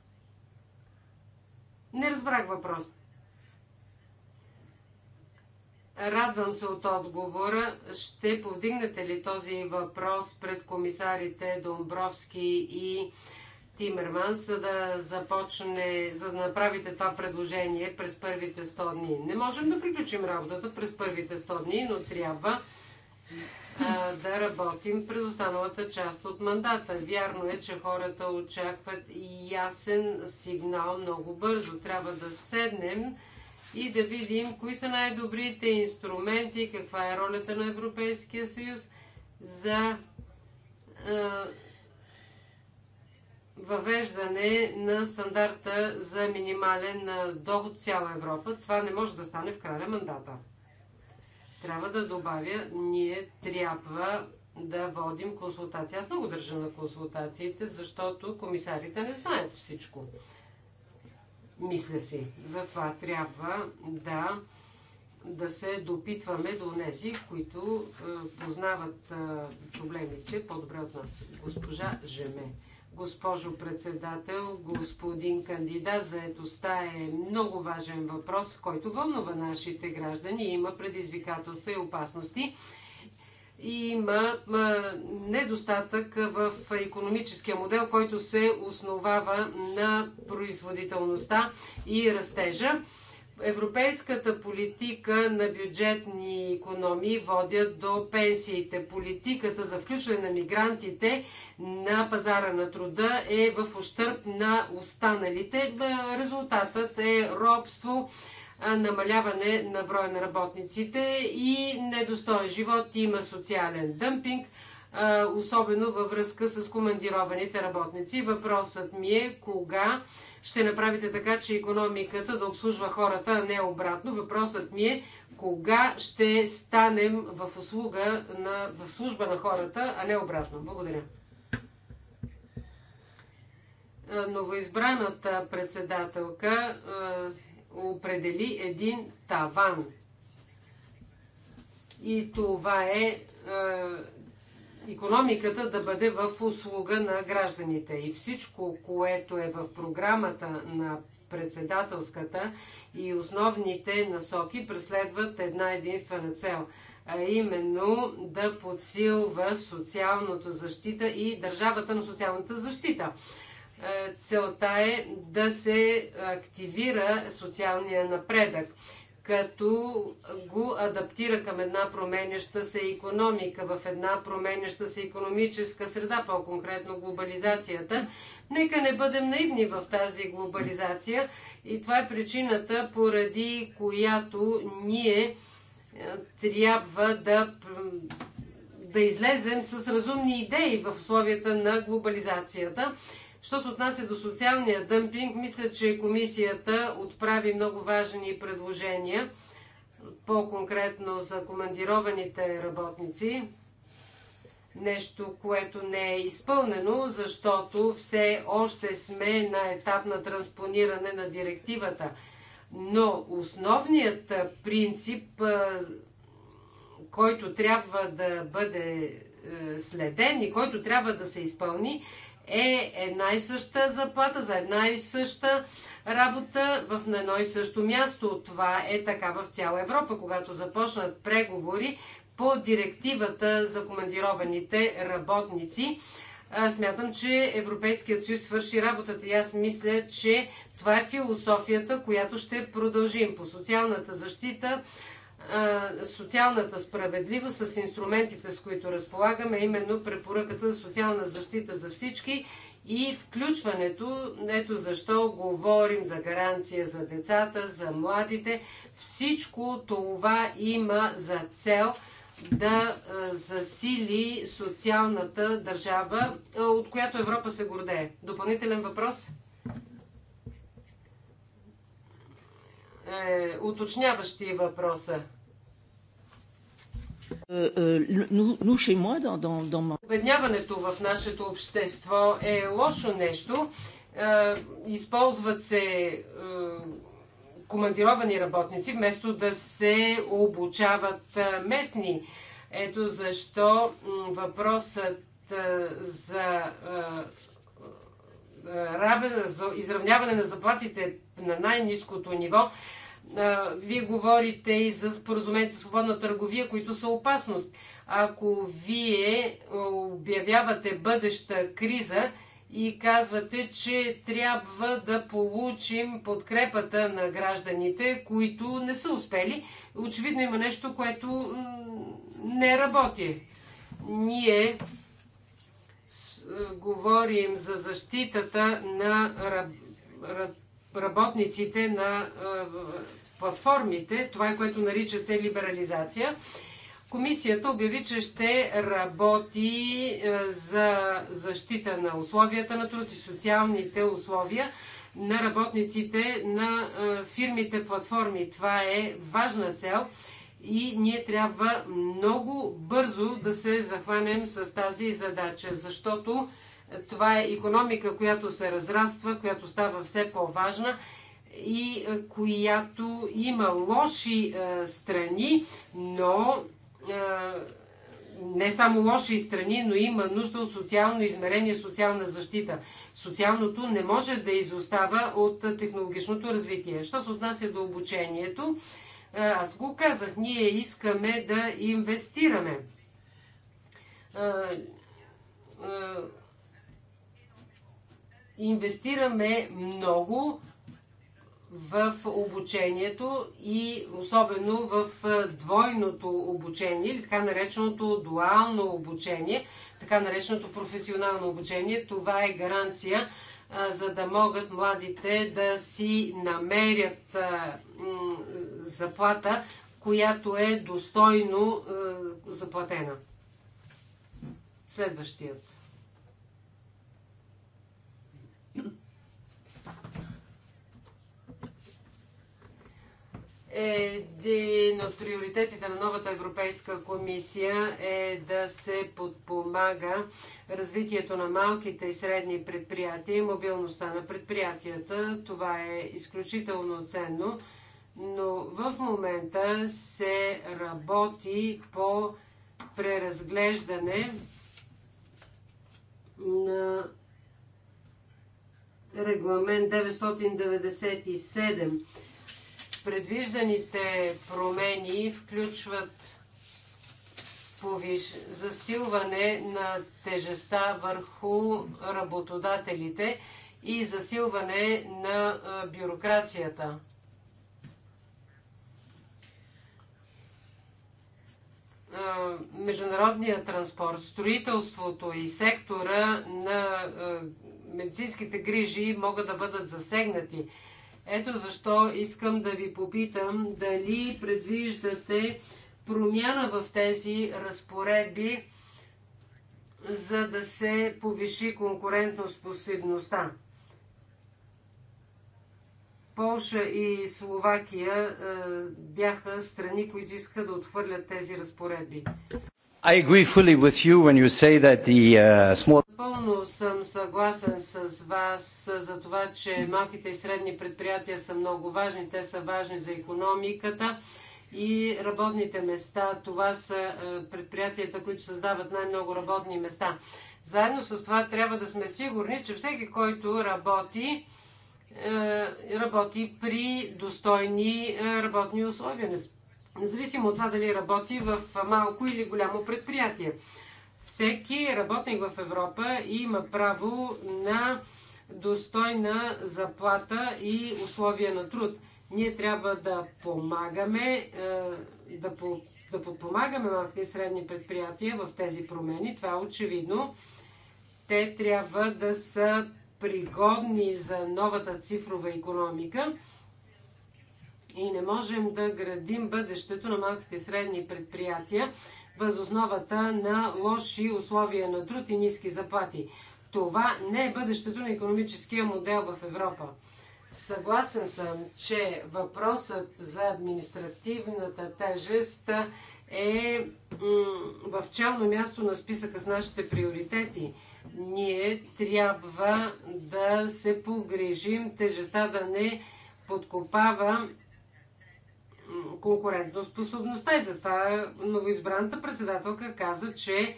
Не разбрах въпрос. Радвам се от отговора. Ще повдигнете ли този въпрос пред комисарите Домбровски и Тимерман, за да започне, за да направите това предложение през първите 100 дни? Не можем да приключим работата през първите 100 дни, но трябва да работим през останалата част от мандата. Вярно е, че хората очакват ясен сигнал много бързо. Трябва да седнем и да видим кои са най-добрите инструменти, каква е ролята на Европейския съюз за въвеждане на стандарта за минимален доход в цяла Европа. Това не може да стане в края на мандата. Трябва да добавя, ние трябва да водим консултации. Аз много държа на консултациите, защото комисарите не знаят всичко. Мисля си. Затова трябва да, да се допитваме до тези, които е, познават е, проблемите по-добре от нас. Госпожа Жеме. Госпожо председател, господин кандидат, заетостта е много важен въпрос, който вълнува нашите граждани. Има предизвикателства и опасности. И има недостатък в економическия модел, който се основава на производителността и растежа. Европейската политика на бюджетни економии водят до пенсиите. Политиката за включване на мигрантите на пазара на труда е в ущърп на останалите. Резултатът е робство, намаляване на броя на работниците и недостоен живот. Има социален дъмпинг, особено във връзка с командированите работници. Въпросът ми е кога ще направите така, че економиката да обслужва хората, а не обратно. Въпросът ми е кога ще станем в, услуга на, в служба на хората, а не обратно. Благодаря. Новоизбраната председателка определи един таван. И това е економиката да бъде в услуга на гражданите. И всичко, което е в програмата на председателската и основните насоки преследват една единствена цел а именно да подсилва социалната защита и държавата на социалната защита. Е, целта е да се активира социалния напредък като го адаптира към една променяща се економика, в една променяща се економическа среда, по-конкретно глобализацията. Нека не бъдем наивни в тази глобализация и това е причината, поради която ние е, трябва да, да излезем с разумни идеи в условията на глобализацията. Що се отнася до социалния дъмпинг, мисля, че комисията отправи много важни предложения, по-конкретно за командированите работници. Нещо, което не е изпълнено, защото все още сме на етап на транспониране на директивата. Но основният принцип, който трябва да бъде е, следен и който трябва да се изпълни, е една и съща заплата за една и съща работа в едно и също място. Това е така в цяла Европа, когато започнат преговори по директивата за командированите работници. Смятам, че Европейският съюз свърши работата и аз мисля, че това е философията, която ще продължим по социалната защита, социалната справедливост с инструментите, с които разполагаме, именно препоръката за социална защита за всички и включването. Ето защо говорим за гаранция за децата, за младите. Всичко това има за цел да засили социалната държава, от която Европа се гордее. Допълнителен въпрос? е, уточняващи въпроса. Е, е, Обедняването в нашето общество е лошо нещо. Е, използват се командировани работници, вместо да се обучават местни. Ето защо въпросът за за изравняване на заплатите на най-низкото ниво вие говорите и за споразумението за свободна търговия, които са опасност. Ако вие обявявате бъдеща криза и казвате, че трябва да получим подкрепата на гражданите, които не са успели, очевидно има нещо, което не работи. Ние говорим за защитата на работниците на платформите, това е което наричате либерализация, комисията обяви, че ще работи е, за защита на условията на труд и социалните условия на работниците на е, фирмите платформи. Това е важна цел и ние трябва много бързо да се захванем с тази задача, защото това е економика, която се разраства, която става все по-важна и е, която има лоши е, страни, но е, не само лоши страни, но има нужда от социално измерение, социална защита. Социалното не може да изостава от технологичното развитие. Що се отнася до обучението, аз го казах, ние искаме да инвестираме. Инвестираме много в обучението и особено в е, двойното обучение или така нареченото дуално обучение, така нареченото професионално обучение. Това е гаранция е, за да могат младите да си намерят е, заплата, която е достойно заплатена. Следващият. Един от приоритетите на новата Европейска комисия е да се подпомага развитието на малките и средни предприятия и мобилността на предприятията. Това е изключително ценно, но в момента се работи по преразглеждане на регламент 997 Предвижданите промени включват повиш... засилване на тежеста върху работодателите и засилване на бюрокрацията. Международният транспорт, строителството и сектора на медицинските грижи могат да бъдат засегнати – ето защо искам да ви попитам дали предвиждате промяна в тези разпоредби, за да се повиши конкурентоспособността. Полша и Словакия е, бяха страни, които искат да отхвърлят тези разпоредби. I agree fully with you when you say that the uh, small Напълно съм съгласен с вас за това, че малките и средни предприятия са много важни. Те са важни за економиката и работните места. Това са е, предприятията, които създават най-много работни места. Заедно с това трябва да сме сигурни, че всеки, който работи, е, работи при достойни е, работни условия. Независимо от това дали работи в малко или голямо предприятие. Всеки работник в Европа има право на достойна заплата и условия на труд. Ние трябва да помагаме, е, да, по, да подпомагаме малките и средни предприятия в тези промени. Това е очевидно. Те трябва да са пригодни за новата цифрова економика и не можем да градим бъдещето на малките и средни предприятия възосновата на лоши условия на труд и ниски заплати. Това не е бъдещето на економическия модел в Европа. Съгласен съм, че въпросът за административната тежест е в челно място на списъка с нашите приоритети. Ние трябва да се погрежим тежестта да не подкопава конкурентоспособността. И затова новоизбраната председателка каза, че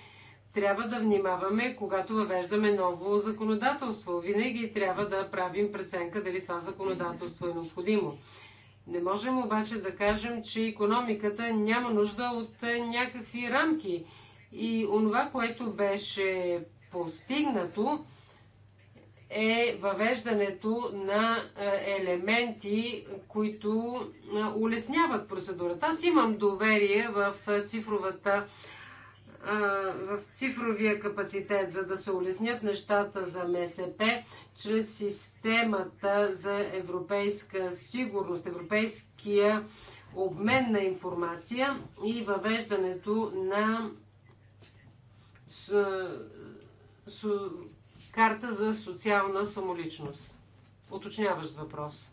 трябва да внимаваме, когато въвеждаме ново законодателство. Винаги трябва да правим преценка дали това законодателство е необходимо. Не можем обаче да кажем, че економиката няма нужда от някакви рамки. И онова, което беше постигнато, е въвеждането на е, елементи, които е, улесняват процедурата. Аз имам доверие в цифровата е, в цифровия капацитет, за да се улеснят нещата за МСП, чрез системата за европейска сигурност, европейския обмен на информация и въвеждането на карта за социална самоличност. Уточняващ въпрос.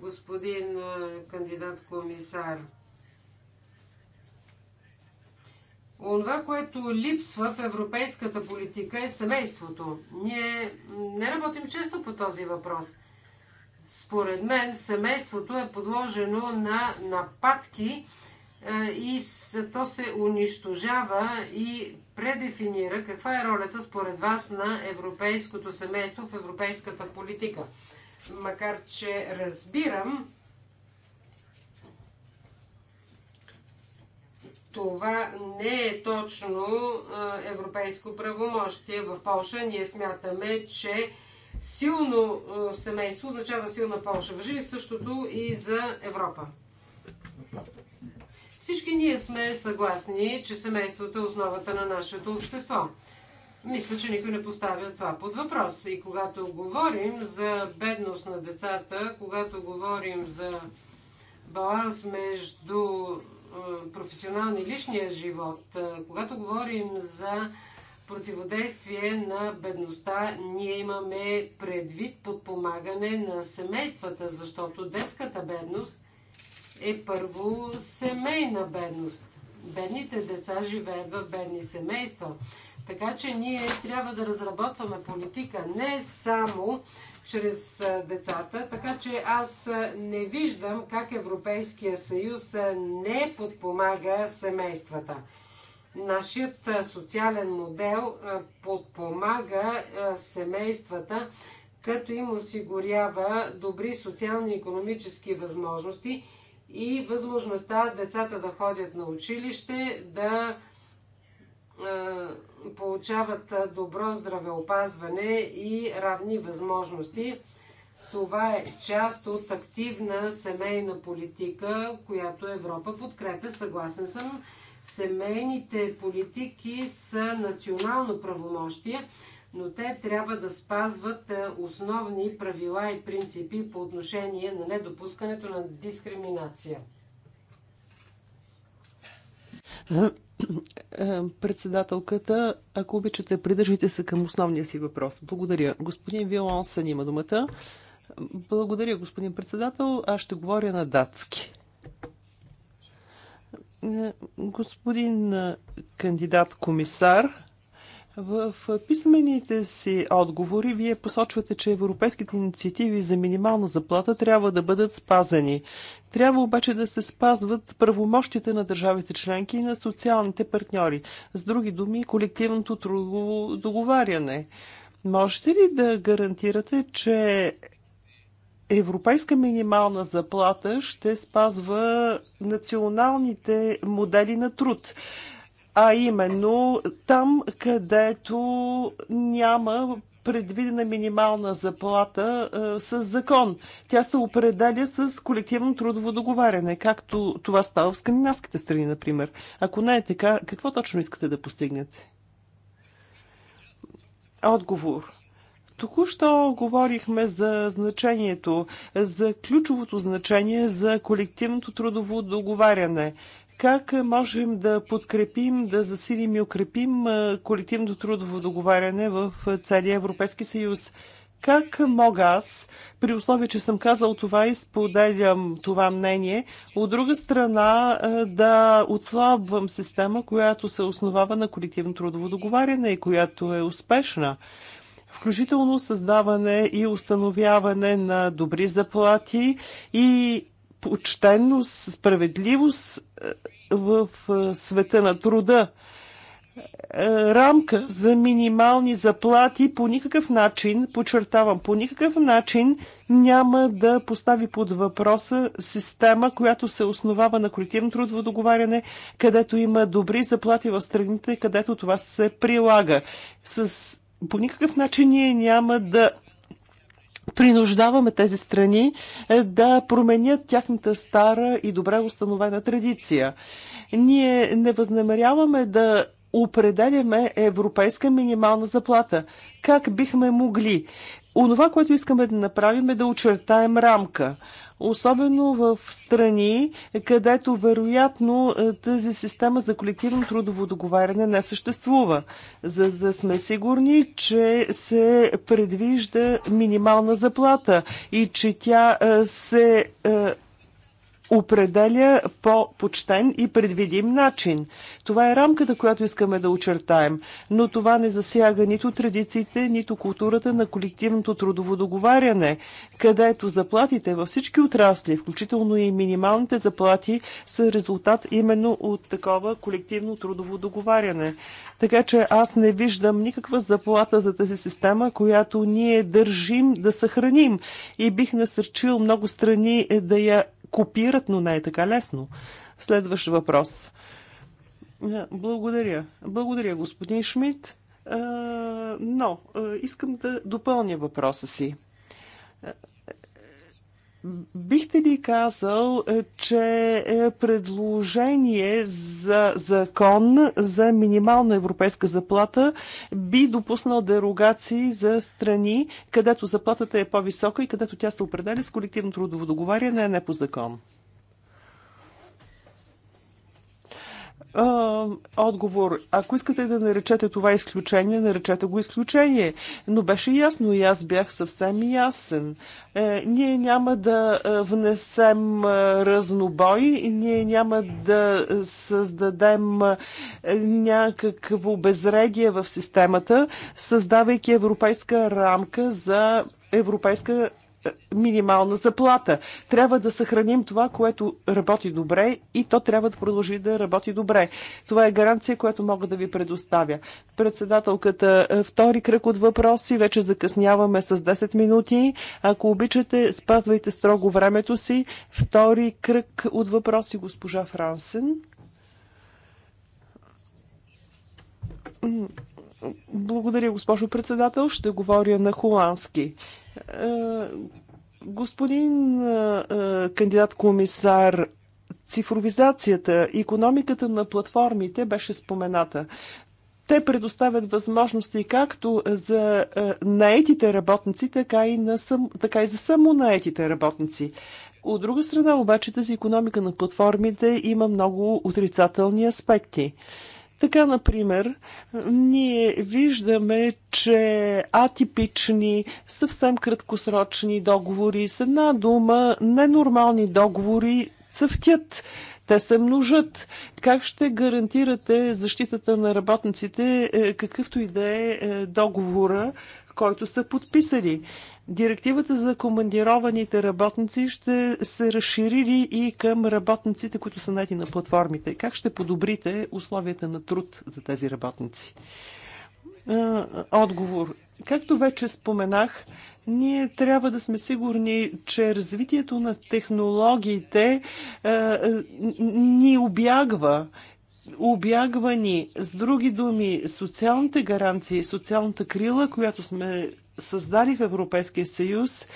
Господин кандидат комисар, Онова, което липсва в европейската политика е семейството. Ние не работим често по този въпрос. Според мен семейството е подложено на нападки е, и то се унищожава и предефинира каква е ролята според вас на европейското семейство в европейската политика. Макар, че разбирам, това не е точно е, европейско правомощие в Польша. Ние смятаме, че силно е, семейство означава силна Польша. Въжи ли същото и за Европа? Всички ние сме съгласни, че семейството е основата на нашето общество. Мисля, че никой не поставя това под въпрос. И когато говорим за бедност на децата, когато говорим за баланс между е, професионалния и личния живот, е, когато говорим за противодействие на бедността, ние имаме предвид подпомагане на семействата, защото детската бедност е първо семейна бедност. Бедните деца живеят в бедни семейства. Така че ние трябва да разработваме политика не само чрез децата, така че аз не виждам как Европейския съюз не подпомага семействата. Нашият социален модел подпомага семействата, като им осигурява добри социални и економически възможности и възможността децата да ходят на училище, да получават добро здравеопазване и равни възможности. Това е част от активна семейна политика, която Европа подкрепя. Съгласен съм. Семейните политики са национално правомощие но те трябва да спазват е, основни правила и принципи по отношение на недопускането на дискриминация. Е, е, председателката, ако обичате, придържайте се към основния си въпрос. Благодаря. Господин Вилонсън има думата. Благодаря, господин председател. Аз ще говоря на датски. Господин кандидат комисар, в писмените си отговори вие посочвате, че европейските инициативи за минимална заплата трябва да бъдат спазени. Трябва обаче да се спазват правомощите на държавите членки и на социалните партньори. С други думи, колективното трудово договаряне. Можете ли да гарантирате, че европейска минимална заплата ще спазва националните модели на труд? а именно там, където няма предвидена минимална заплата а, с закон. Тя се определя с колективно трудово договаряне, както това става в скандинавските страни, например. Ако не е така, какво точно искате да постигнете? Отговор. Току-що говорихме за значението, за ключовото значение за колективното трудово договаряне. Как можем да подкрепим, да засилим и укрепим колективно трудово договаряне в целия Европейски съюз? Как мога аз, при условие, че съм казал това и споделям това мнение, от друга страна да отслабвам система, която се основава на колективно трудово договаряне и която е успешна? включително създаване и установяване на добри заплати и почтенност, справедливост е, в е, света на труда. Е, рамка за минимални заплати по никакъв начин, подчертавам, по никакъв начин няма да постави под въпроса система, която се основава на колективно трудово договаряне, където има добри заплати в страните, където това се прилага. С... По никакъв начин ние няма да принуждаваме тези страни е, да променят тяхната стара и добре установена традиция. Ние не възнамеряваме да определяме европейска минимална заплата. Как бихме могли? Онова, което искаме да направим е да очертаем рамка особено в страни, където вероятно е, тази система за колективно трудово договаряне не съществува, за да сме сигурни, че се предвижда минимална заплата и че тя е, се е, определя по почтен и предвидим начин. Това е рамката, която искаме да очертаем, но това не засяга нито традициите, нито културата на колективното трудово договаряне, където заплатите във всички отрасли, включително и минималните заплати, са резултат именно от такова колективно трудово договаряне. Така че аз не виждам никаква заплата за тази система, която ние държим да съхраним и бих насърчил много страни да я копират, но не е така лесно. Следващ въпрос. Е, благодаря. Благодаря, господин Шмидт. Е, но е, искам да допълня въпроса си. Бихте ли казал, е, че е, предложение за закон за минимална европейска заплата би допуснал дерогации за страни, където заплатата е по-висока и където тя се определя с колективно трудово договаряне, а не по закон? Отговор. Ако искате да наречете това изключение, наречете го изключение. Но беше ясно и аз бях съвсем ясен. Е, ние няма да е, внесем е, разнобой, ние няма да създадем някакво безредие в системата, създавайки европейска рамка за европейска минимална заплата. Трябва да съхраним това, което работи добре и то трябва да продължи да работи добре. Това е гаранция, която мога да ви предоставя. Председателката, е, втори кръг от въпроси. Вече закъсняваме с 10 минути. Ако обичате, спазвайте строго времето си. Втори кръг от въпроси, госпожа Франсен. Благодаря, госпожо председател. Ще говоря на холандски. Е, господин е, е, кандидат комисар, цифровизацията, економиката на платформите беше спомената. Те предоставят възможности както за наетите работници, така и, на сам, така и за самонаетите работници. От друга страна обаче тази економика на платформите има много отрицателни аспекти. Така, например, ние виждаме, че атипични, съвсем краткосрочни договори с една дума, ненормални договори цъфтят. Те се множат. Как ще гарантирате защитата на работниците, е, какъвто и да е, е договора, който са подписали? Директивата за командированите работници ще се разшири и към работниците, които са наети на платформите. Как ще подобрите условията на труд за тези работници? Отговор. Както вече споменах, ние трябва да сме сигурни, че развитието на технологиите ни обягва обягвани, с други думи, социалните гаранции, социалната крила, която сме създали в Европейския съюз,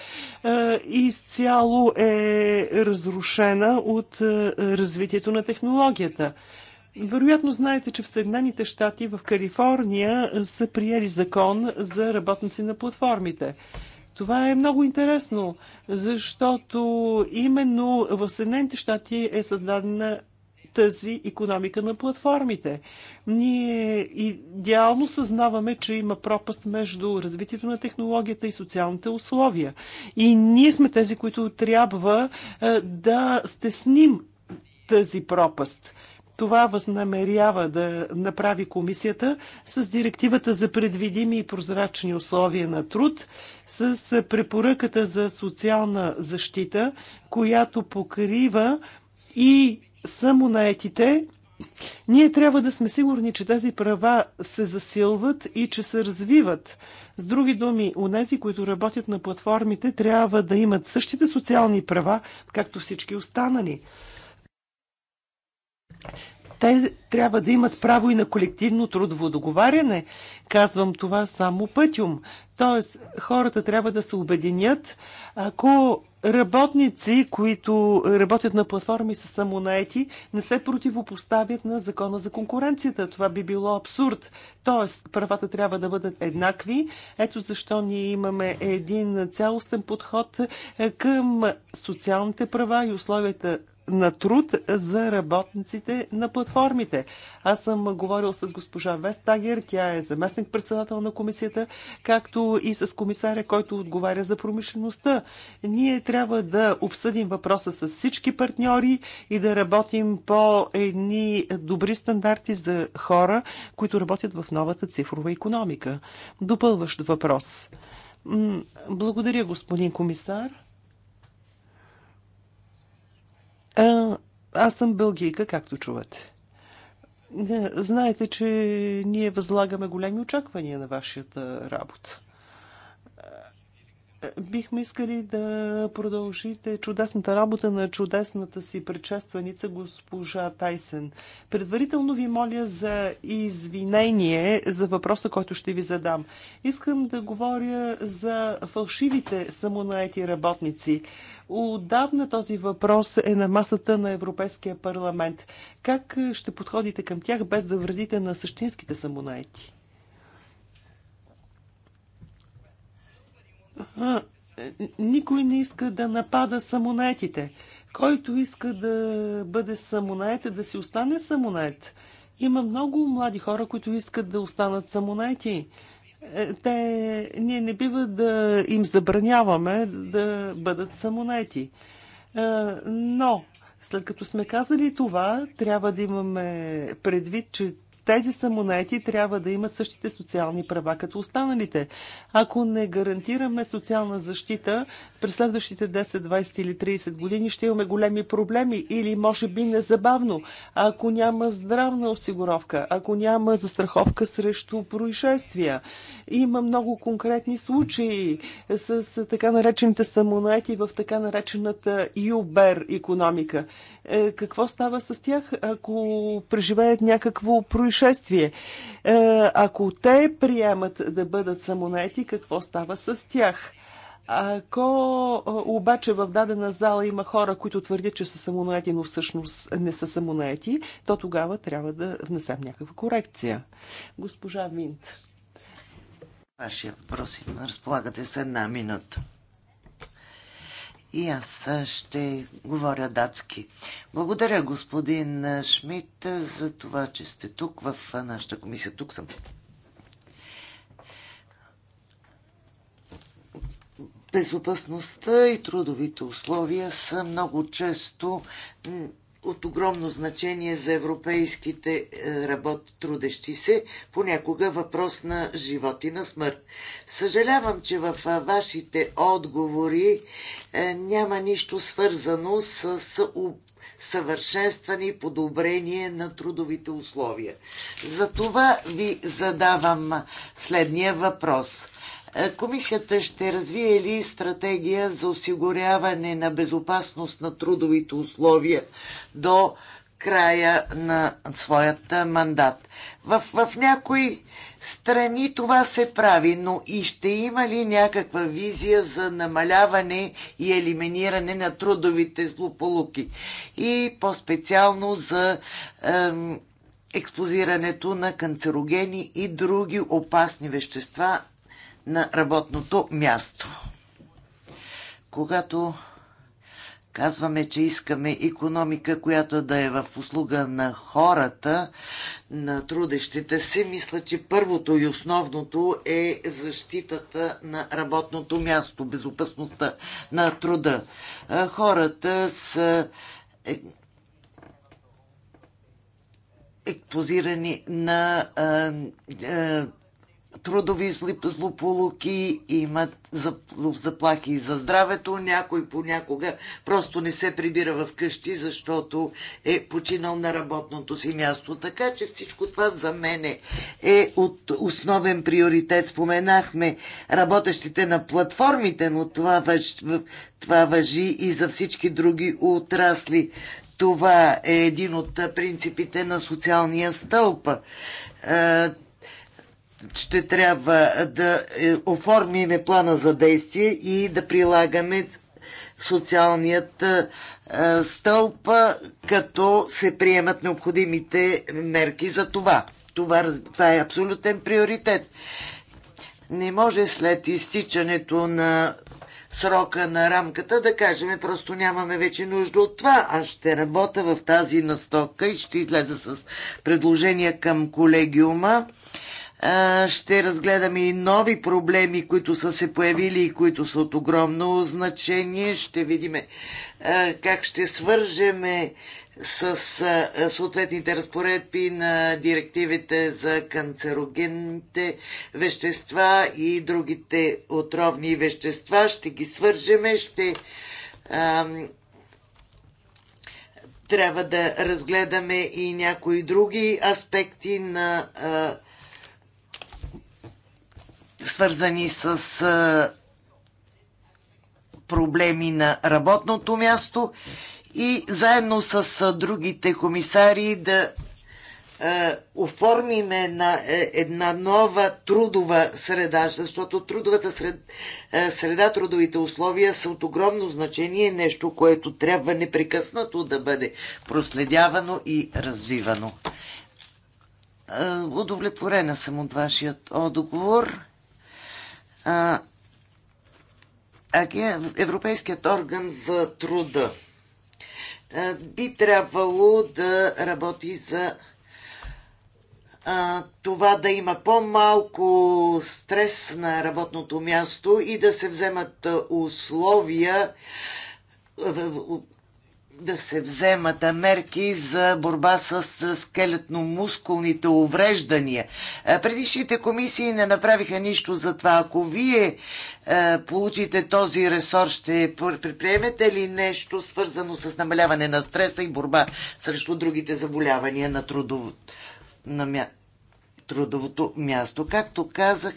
е, изцяло е разрушена от е, развитието на технологията. Вероятно знаете, че в Съединените щати, в Калифорния, са приели закон за работници на платформите. Това е много интересно, защото именно в Съединените щати е създадена тази економика на платформите. Ние идеално съзнаваме, че има пропаст между развитието на технологията и социалните условия. И ние сме тези, които трябва е, да стесним тази пропаст. Това възнамерява да направи комисията с директивата за предвидими и прозрачни условия на труд, с препоръката за социална защита, която покрива и само наетите, ние трябва да сме сигурни, че тези права се засилват и че се развиват. С други думи, унези, които работят на платформите, трябва да имат същите социални права, както всички останали. Те трябва да имат право и на колективно трудово договаряне. Казвам това само пътюм. Тоест, хората трябва да се обединят, ако работници, които работят на платформи са самонаети, не се противопоставят на закона за конкуренцията. Това би било абсурд. Тоест, правата трябва да бъдат еднакви. Ето защо ние имаме един цялостен подход е, към социалните права и условията на труд за работниците на платформите. Аз съм говорил с госпожа Вестагер, тя е заместник-председател на комисията, както и с комисаря, който отговаря за промишлеността. Ние трябва да обсъдим въпроса с всички партньори и да работим по едни добри стандарти за хора, които работят в новата цифрова економика. Допълващ въпрос. Благодаря, господин комисар. А, аз съм бългийка, както чувате. Знаете, че ние възлагаме големи очаквания на вашата работа. Бихме искали да продължите чудесната работа на чудесната си предшественица госпожа Тайсен. Предварително ви моля за извинение за въпроса, който ще ви задам. Искам да говоря за фалшивите самонаети работници. Отдавна този въпрос е на масата на Европейския парламент. Как ще подходите към тях без да вредите на същинските самонаети? никой не иска да напада самонаетите. Който иска да бъде самонает, да си остане самонает. Има много млади хора, които искат да останат самонайти. Е, те, ние не бива да им забраняваме да бъдат самонети. Е, но, след като сме казали това, трябва да имаме предвид, че тези самонети трябва да имат същите социални права като останалите. Ако не гарантираме социална защита, през следващите 10, 20 или 30 години ще имаме големи проблеми или може би незабавно, ако няма здравна осигуровка, ако няма застраховка срещу происшествия. Има много конкретни случаи с така наречените самонети в така наречената Юбер економика. Е, какво става с тях, ако преживеят някакво происшествие? Е, ако те приемат да бъдат самонети, какво става с тях? Ако е, обаче в дадена зала има хора, които твърдят, че са самонаети, но всъщност не са самонаети, то тогава трябва да внесем някаква корекция. Госпожа Винт. Вашия въпрос има. Разполагате с една минута. И аз ще говоря датски. Благодаря, господин Шмидт, за това, че сте тук в нашата комисия. Тук съм. Безопасността и трудовите условия са много често от огромно значение за европейските е, работ трудещи се, понякога въпрос на живот и на смърт. Съжалявам, че в е, вашите отговори е, няма нищо свързано с съвършенстване и подобрение на трудовите условия. За това ви задавам следния въпрос. Е, комисията ще развие ли стратегия за осигуряване на безопасност на трудовите условия до края на своят мандат? В, в някои страни това се прави, но и ще има ли някаква визия за намаляване и елиминиране на трудовите злополуки? И по-специално за ем, експозирането на канцерогени и други опасни вещества на работното място. Когато казваме, че искаме економика, която да е в услуга на хората, на трудещите се, мисля, че първото и основното е защитата на работното място, безопасността на труда. Хората са е, експозирани на а, а, трудови злополуки, имат заплахи за здравето. Някой понякога просто не се прибира в къщи, защото е починал на работното си място. Така че всичко това за мен е от основен приоритет. Споменахме работещите на платформите, но това въж, това въжи и за всички други отрасли. Това е един от принципите на социалния стълб ще трябва да е, оформиме плана за действие и да прилагаме социалният е, е, стълб, като се приемат необходимите мерки за това. Това, това е абсолютен приоритет. Не може след изтичането на срока на рамката да кажем просто нямаме вече нужда от това. Аз ще работя в тази настока и ще излеза с предложения към колегиума ще разгледаме и нови проблеми, които са се появили и които са от огромно значение. Ще видим как ще свържеме с съответните разпоредби на директивите за канцерогенните вещества и другите отровни вещества. Ще ги свържеме, ще трябва да разгледаме и някои други аспекти на а, свързани с проблеми на работното място и заедно с другите комисари да оформиме на е, една нова трудова среда, защото трудовата сред, среда, трудовите условия са от огромно значение, нещо, което трябва непрекъснато да бъде проследявано и развивано. Удовлетворена съм от вашият отговор а, Европейският орган за труда а, би трябвало да работи за а, това да има по-малко стрес на работното място и да се вземат условия да се вземат мерки за борба с скелетно-мускулните увреждания. Е, предишните комисии не направиха нищо за това. Ако вие е, получите този ресор, ще предприемете ли нещо свързано с намаляване на стреса и борба срещу другите заболявания на, на мя... трудовото място? Както казах,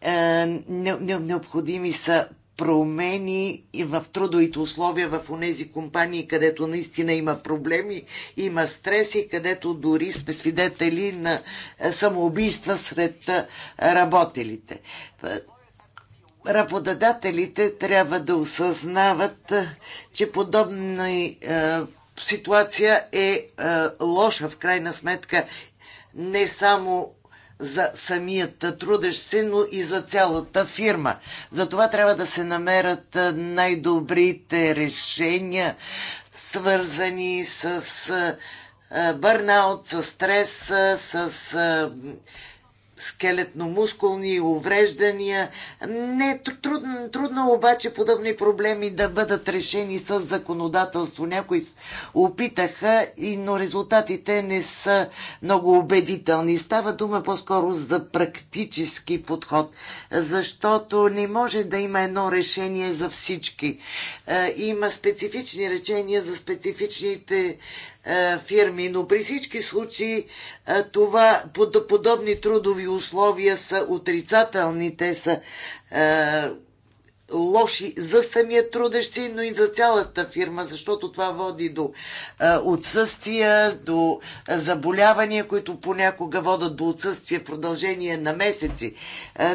е, необходими са промени и в трудовите условия в тези компании, където наистина има проблеми, има стрес и където дори сме свидетели на е, самоубийства сред е, работелите. Работодателите трябва да осъзнават, е, че подобна ситуация е лоша в крайна сметка не само за самият трудещ се, но и за цялата фирма. Затова трябва да се намерят най-добрите решения, свързани с бърнаут, с стрес, с скелетно-мускулни увреждания. Не, трудно, трудно обаче подобни проблеми да бъдат решени с законодателство. Някои опитаха, но резултатите не са много убедителни. Става дума по-скоро за практически подход, защото не може да има едно решение за всички. Е, има специфични речения за специфичните е, фирми, но при всички случаи е, това, подобни трудови условия са отрицателни, те са е, лоши за самия трудещ си, но и за цялата фирма, защото това води до отсъствия, до заболявания, които понякога водат до отсъствие в продължение на месеци.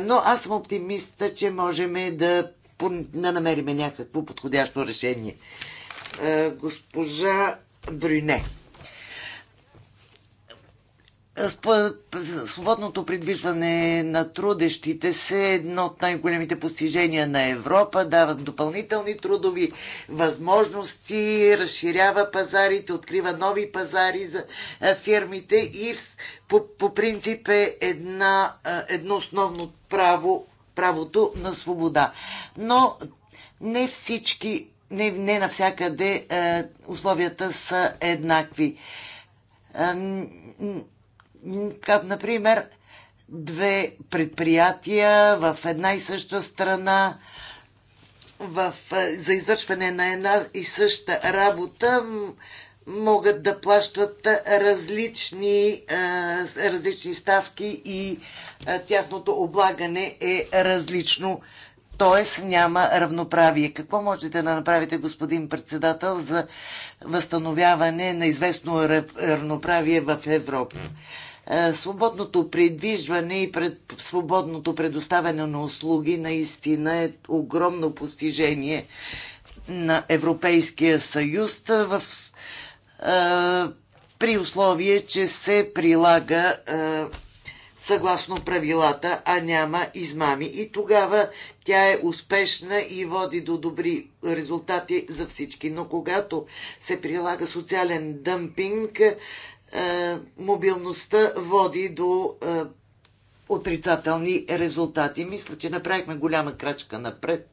но аз съм оптимиста, че можем да, да намерим някакво подходящо решение. госпожа Брюне. Свободното придвижване на трудещите се е едно от най-големите постижения на Европа, дават допълнителни трудови възможности, разширява пазарите, открива нови пазари за фирмите и по, по принцип е една, едно основно право, правото на свобода. Но не всички не, не навсякъде е, условията са еднакви. е, например, две предприятия в една и съща страна в, е, за извършване на една и съща работа могат да плащат различни, е, различни ставки и е, тяхното облагане е различно т.е. няма равноправие. Какво можете да направите, господин председател, за възстановяване на известно равноправие в Европа? Е, свободното придвижване и пред, свободното предоставяне на услуги наистина е огромно постижение на Европейския съюз в, е, при условие, че се прилага е, съгласно правилата, а няма измами. И тогава тя е успешна и води до добри резултати за всички. Но когато се прилага социален дъмпинг, е, мобилността води до е, отрицателни резултати. Мисля, че направихме голяма крачка напред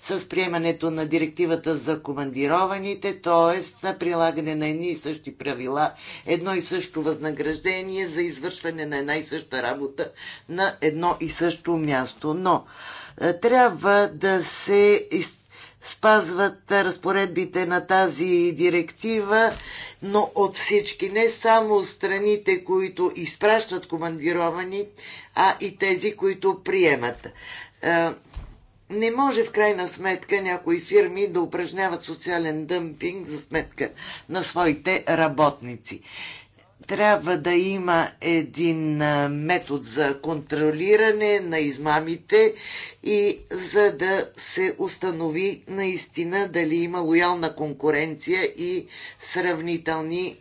с приемането на директивата за командированите, т.е. прилагане на едни и същи правила, едно и също възнаграждение за извършване на една и съща работа на едно и също място. Но е, трябва да се из спазват разпоредбите на тази директива, но от всички, не само страните, които изпращат командировани, а и тези, които приемат. Е, не може в крайна сметка някои фирми да упражняват социален дъмпинг за сметка на своите работници трябва да има един метод за контролиране на измамите и за да се установи наистина дали има лоялна конкуренция и сравнителни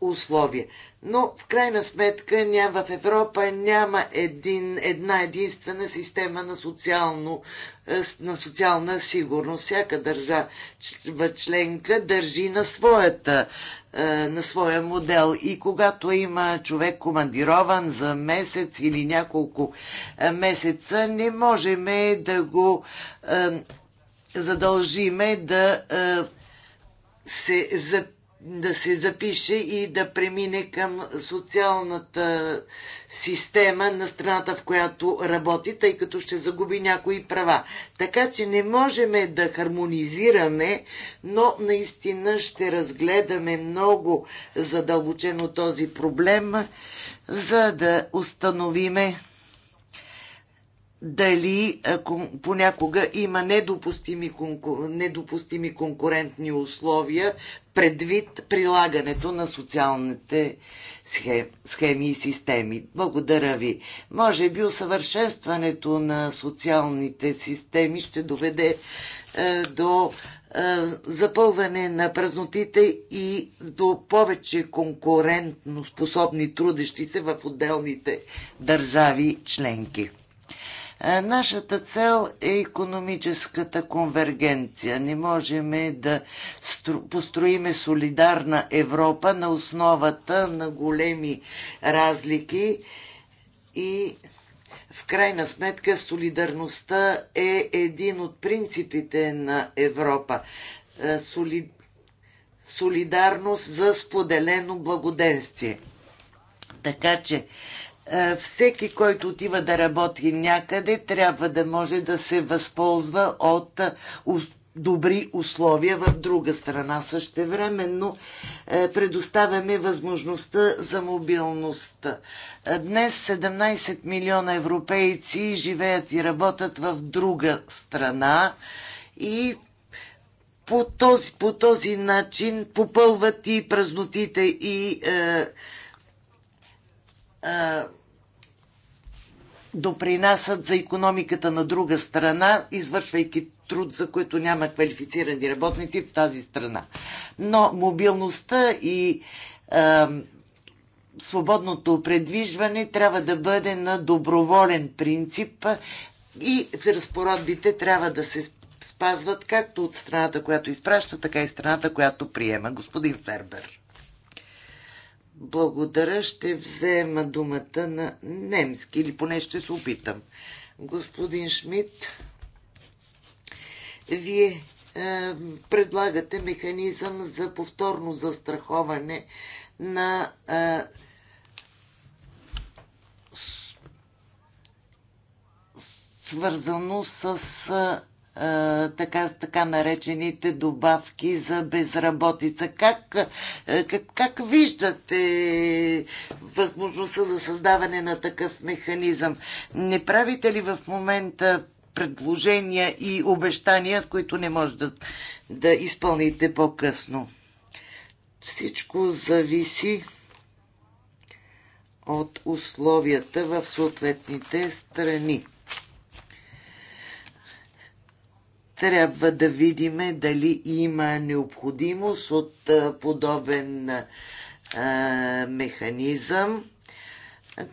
условия. Но в крайна сметка няма в Европа няма един, една единствена система на, социално, на социална сигурност. Всяка държава членка държи на своята е, на своя модел. И когато има човек командирован за месец или няколко е, месеца, не можем да го е, задължиме да се запише да се запише и да премине към социалната система на страната, в която работи, тъй като ще загуби някои права. Така че не можем да хармонизираме, но наистина ще разгледаме много задълбочено този проблем, за да установиме дали понякога има недопустими, недопустими конкурентни условия предвид прилагането на социалните схеми и системи. Благодаря ви. Може би усъвършенстването на социалните системи ще доведе е, до е, запълване на празнотите и до повече конкурентно способни трудещи се в отделните държави членки. Е, нашата цел е економическата конвергенция. Не можем да построиме солидарна Европа на основата на големи разлики и в крайна сметка солидарността е един от принципите на Европа. Е, соли... Солидарност за споделено благоденствие. Така че всеки, който отива да работи някъде, трябва да може да се възползва от добри условия в друга страна. Същевременно предоставяме възможността за мобилност. Днес 17 милиона европейци живеят и работят в друга страна и по този, по този начин попълват и празнотите и е, е, допринасят за економиката на друга страна, извършвайки труд, за който няма квалифицирани работници в тази страна. Но мобилността и е, свободното предвижване трябва да бъде на доброволен принцип и разпоредбите трябва да се спазват както от страната, която изпраща, така и страната, която приема. Господин Фербер. Благодаря, ще взема думата на немски или поне ще се опитам. Господин Шмидт, вие е, предлагате механизъм за повторно застраховане на е, свързано с е, така, така наречените добавки за безработица. Как, как, как виждате възможността за създаване на такъв механизъм? Не правите ли в момента предложения и обещания, които не може да, да изпълните по-късно? Всичко зависи от условията в съответните страни. трябва да видиме дали има необходимост от подобен механизъм.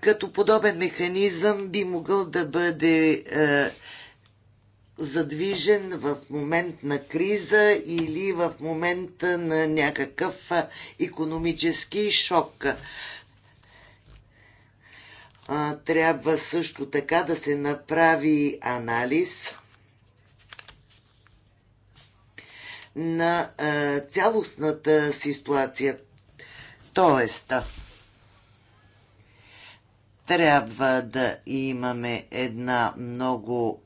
Като подобен механизъм би могъл да бъде задвижен в момент на криза или в момент на някакъв економически шок. Трябва също така да се направи анализ на цялостната ситуация. Тоест, трябва да имаме една много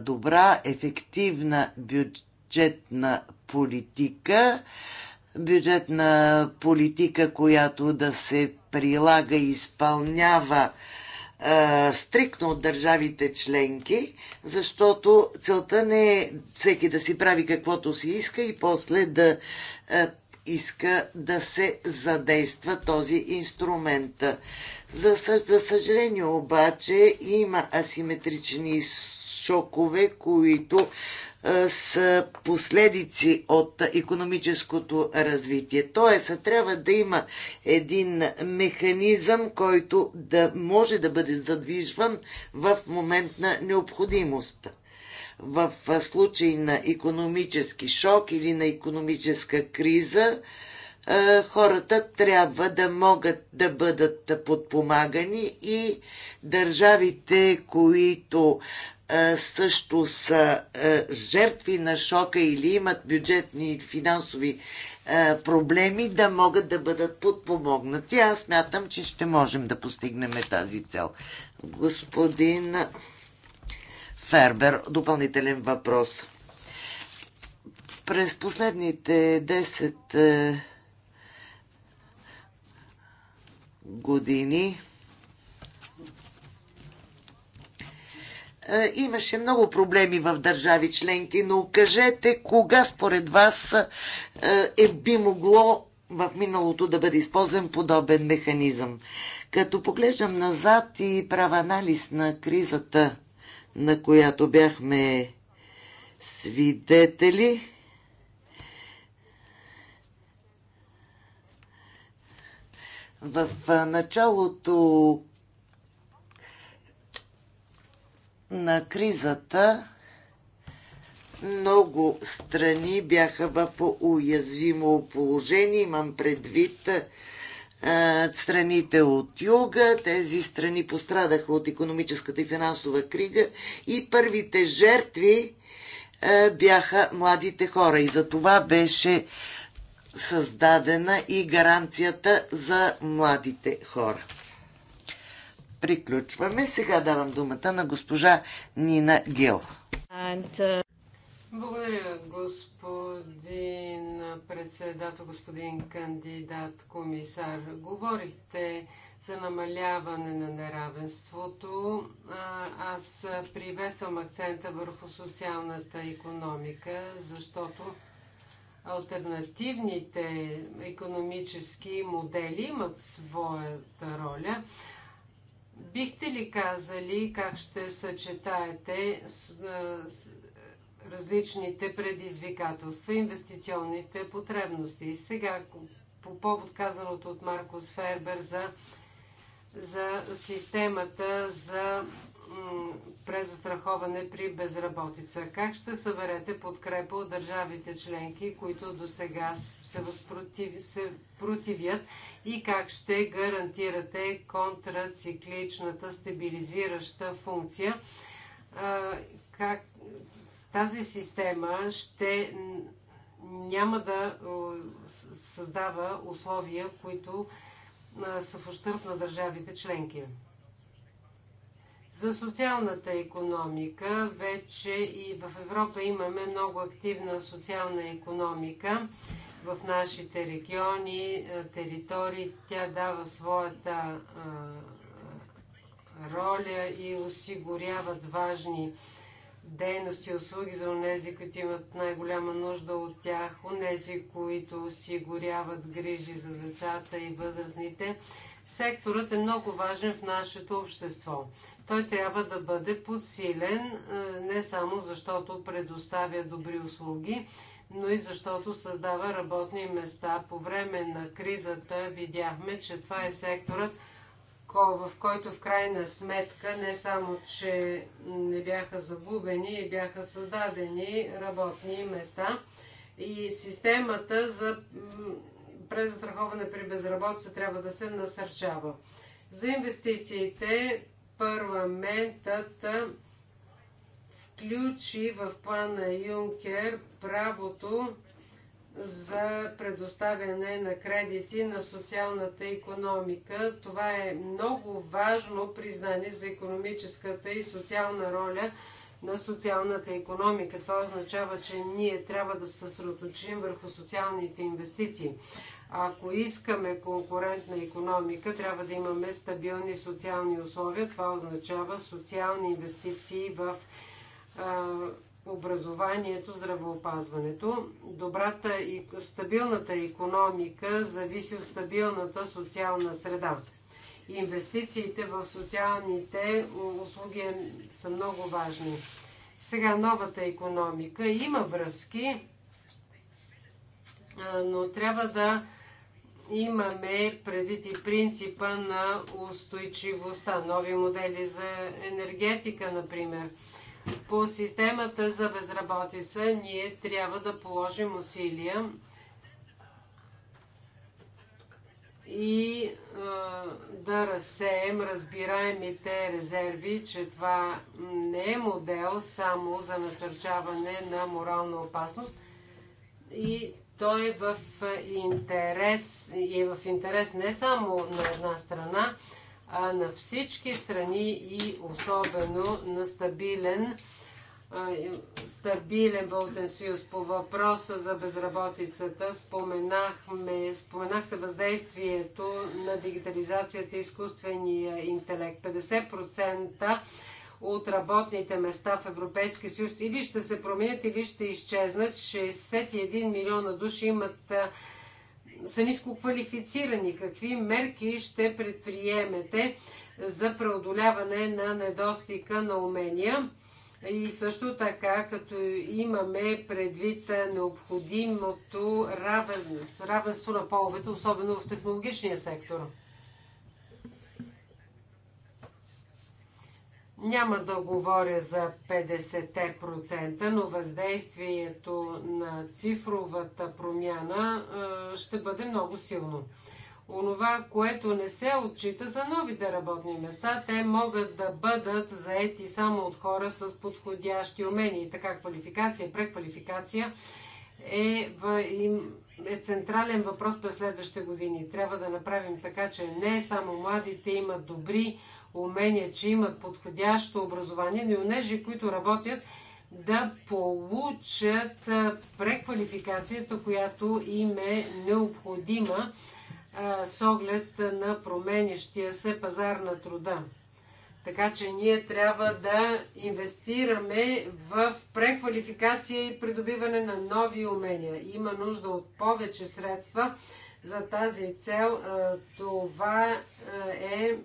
добра, ефективна бюджетна политика, бюджетна политика, която да се прилага и изпълнява стрикно от държавите членки, защото целта не е всеки да си прави каквото си иска и после да а, иска да се задейства този инструмент. За, за съжаление обаче има асиметрични шокове, които с последици от економическото развитие. Тоест, трябва да има един механизъм, който да може да бъде задвижван в момент на необходимост. В случай на економически шок или на економическа криза, хората трябва да могат да бъдат подпомагани и държавите, които също са жертви на шока или имат бюджетни финансови проблеми, да могат да бъдат подпомогнати. Аз смятам, че ще можем да постигнем тази цел. Господин Фербер, допълнителен въпрос. През последните 10 години Е, имаше много проблеми в държави членки, но кажете кога според вас е, е би могло в миналото да бъде използван подобен механизъм. Като поглеждам назад и права анализ на кризата, на която бяхме свидетели, в началото на кризата много страни бяха в уязвимо положение. Имам предвид е, страните от юга. Тези страни пострадаха от економическата и финансова крига и първите жертви е, бяха младите хора. И за това беше създадена и гаранцията за младите хора приключваме. Сега давам думата на госпожа Нина Гил. Uh, Благодаря, господин председател, господин кандидат комисар. Говорихте за намаляване на неравенството. Аз привесвам акцента върху социалната економика, защото альтернативните економически модели имат своята роля. Бихте ли казали как ще съчетаете с, с различните предизвикателства, инвестиционните потребности? И сега, по повод казаното от Маркус Фербер за, за системата за презастраховане при безработица. Как ще съберете подкрепа от държавите членки, които до сега се, възпротив... се противят и как ще гарантирате контрацикличната стабилизираща функция? Как тази система ще няма да създава условия, които са в ущърп на държавите членки? За социалната економика вече и в Европа имаме много активна социална економика в нашите региони, е, територии. Тя дава своята е, е, роля и осигуряват важни дейности и услуги за онези, които имат най-голяма нужда от тях, онези, които осигуряват грижи за децата и възрастните Секторът е много важен в нашето общество. Той трябва да бъде подсилен е, не само защото предоставя добри услуги, но и защото създава работни места. По време на кризата видяхме, че това е секторът, в който в крайна сметка не само, че не бяха загубени, бяха създадени работни места. И системата за презастраховане при безработица трябва да се насърчава. За инвестициите парламентът включи в плана Юнкер правото за предоставяне на кредити на социалната економика. Това е много важно признание за економическата и социална роля на социалната економика. Това означава, че ние трябва да се съсредоточим върху социалните инвестиции. Ако искаме конкурентна економика, трябва да имаме стабилни социални условия. Това означава социални инвестиции в образованието, здравеопазването. Добрата и стабилната економика зависи от стабилната социална среда. Инвестициите в социалните услуги е, са много важни. Сега новата економика има връзки, но трябва да имаме предвид и принципа на устойчивостта, нови модели за енергетика, например. По системата за безработица ние трябва да положим усилия и а, да разсеем разбираемите резерви, че това не е модел само за насърчаване на морална опасност и той е в е, интерес, е в интерес не само на една страна, а на всички страни и особено на стабилен стабилен валутен съюз. По въпроса за безработицата споменахме, споменахте въздействието на дигитализацията и изкуствения интелект. 50% от работните места в Европейски съюз или ще се променят, или ще изчезнат. 61 милиона души имат са ниско квалифицирани. Какви мерки ще предприемете за преодоляване на недостига на умения? И също така, като имаме предвид необходимото равенство на половете, особено в технологичния сектор. Няма да говоря за 50%, но въздействието на цифровата промяна ще бъде много силно. Онова, което не се отчита за новите работни места, те могат да бъдат заети само от хора с подходящи умения. И така квалификация, преквалификация е, в, е централен въпрос през следващите години. Трябва да направим така, че не само младите имат добри умения, че имат подходящо образование, но и унежи, които работят, да получат преквалификацията, която им е необходима с оглед на променящия се пазар на труда. Така че ние трябва да инвестираме в преквалификация и придобиване на нови умения. Има нужда от повече средства за тази цел. Това е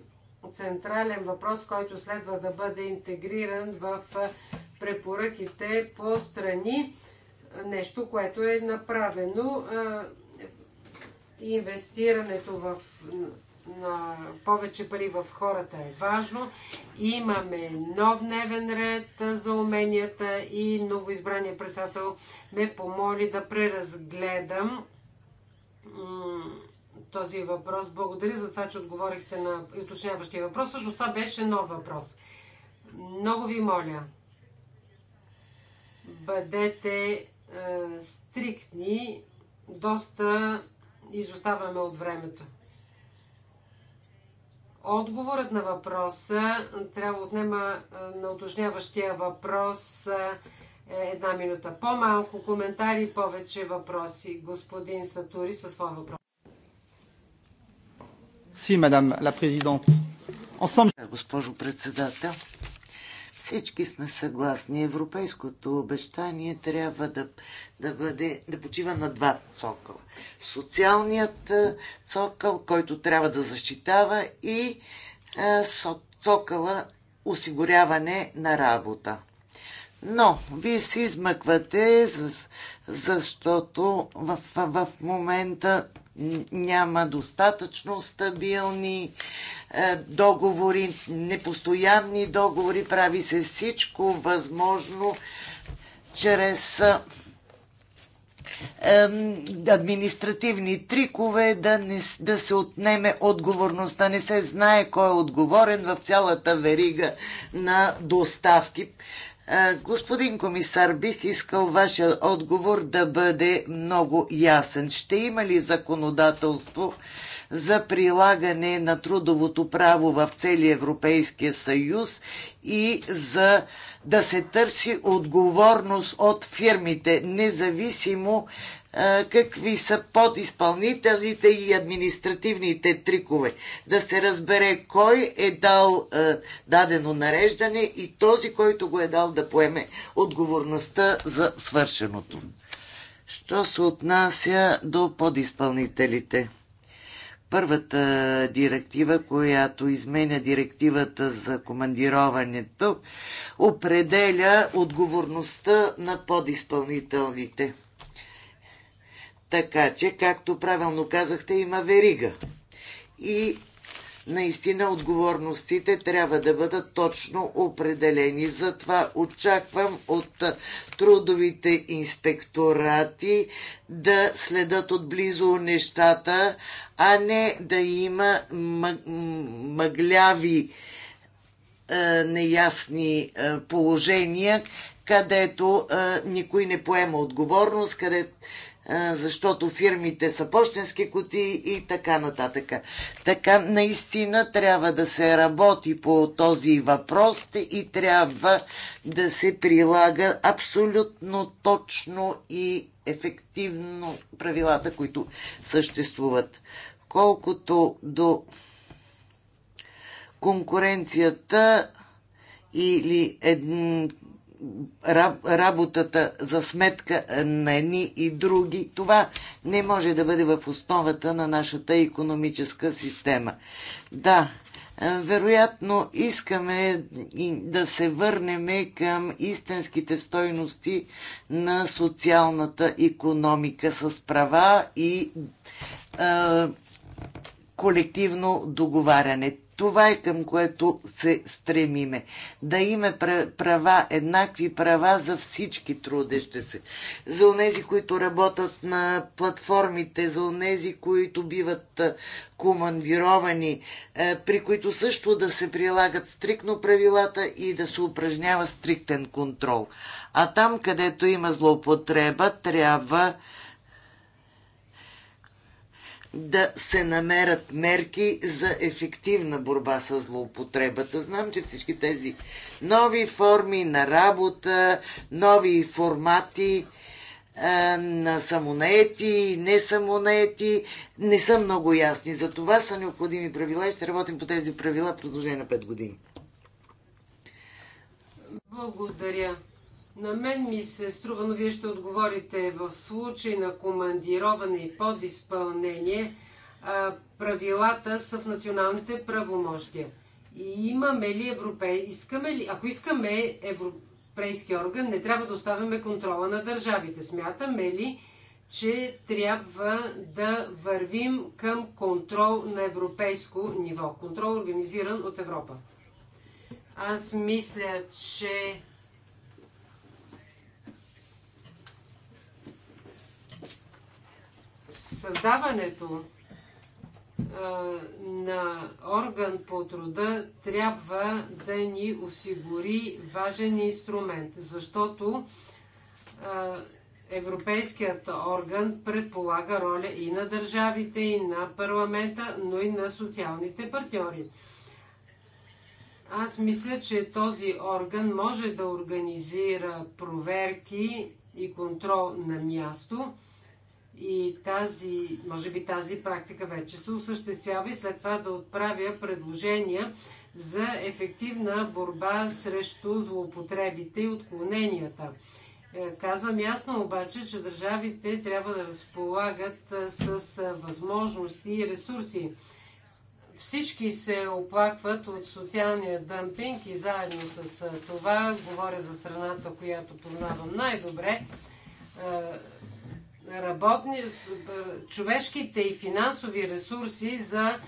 централен въпрос, който следва да бъде интегриран в препоръките по страни. Нещо, което е направено. Инвестирането в на повече пари в хората е важно. Имаме нов дневен ред за уменията и новоизбрания председател ме помоли да преразгледам този въпрос. Благодаря за това, че отговорихте на уточняващия въпрос. Също това беше нов въпрос. Много ви моля, бъдете е, стриктни. Доста изоставаме от времето. Отговорът на въпроса трябва отнема е, на уточняващия въпрос е, една минута. По-малко коментари, повече въпроси. Господин Сатури със своя въпрос. Си, мадам ла президент. Госпожо председател, всички сме съгласни. Европейското обещание трябва да, да, бъде, да почива на два цокъла. Социалният е, цокъл, който трябва да защитава и е, цокъла осигуряване на работа. Но вие се измъквате, защото в, в момента няма достатъчно стабилни е, договори, непостоянни договори, прави се всичко възможно чрез е, административни трикове да, не, да се отнеме отговорността. Не се знае кой е отговорен в цялата верига на доставки. Е, господин комисар, бих искал вашия отговор да бъде много ясен. Ще има ли законодателство за прилагане на трудовото право в целия Европейския съюз и за да се търси отговорност от фирмите, независимо какви са подизпълнителите и административните трикове. Да се разбере кой е дал дадено нареждане и този, който го е дал да поеме отговорността за свършеното. Що се отнася до подизпълнителите? първата директива, която изменя директивата за командироването, определя отговорността на подизпълнителните. Така че, както правилно казахте, има верига. И наистина отговорностите трябва да бъдат точно определени. Затова очаквам от трудовите инспекторати да следат отблизо нещата, а не да има мъгляви е, неясни е, положения, където е, никой не поема отговорност, където защото фирмите са почтенски кутии и така нататък. Така наистина трябва да се работи по този въпрос и трябва да се прилага абсолютно точно и ефективно правилата, които съществуват. Колкото до конкуренцията или един работата за сметка на едни и други. Това не може да бъде в основата на нашата економическа система. Да, е, вероятно искаме да се върнем към истинските стойности на социалната економика с права и е, колективно договаряне това е към което се стремиме. Да има права, еднакви права за всички трудещи се. За онези, които работят на платформите, за онези, които биват командировани, при които също да се прилагат стрикно правилата и да се упражнява стриктен контрол. А там, където има злоупотреба, трябва да се намерят мерки за ефективна борба с злоупотребата. Знам, че всички тези нови форми на работа, нови формати а, е, на самонети и несамонаети не са много ясни. За това са необходими правила и ще работим по тези правила в продължение на 5 години. Благодаря. На мен ми се струва, но вие ще отговорите в случай на командироване и подизпълнение. Правилата са в националните правомощия. И имаме ли европей... Искаме ли... Ако искаме европейски орган, не трябва да оставяме контрола на държавите. Смятаме ли, че трябва да вървим към контрол на европейско ниво. Контрол организиран от Европа. Аз мисля, че Създаването на орган по труда трябва да ни осигури важен инструмент, защото Европейският орган предполага роля и на държавите, и на парламента, но и на социалните партньори. Аз мисля, че този орган може да организира проверки и контрол на място – и тази, може би тази практика вече се осъществява и след това да отправя предложения за ефективна борба срещу злоупотребите и отклоненията. Е, казвам ясно обаче, че държавите трябва да разполагат е, с е, възможности и ресурси. Всички се оплакват от социалния дъмпинг и заедно с това говоря за страната, която познавам най-добре работни, човешките и финансови ресурси за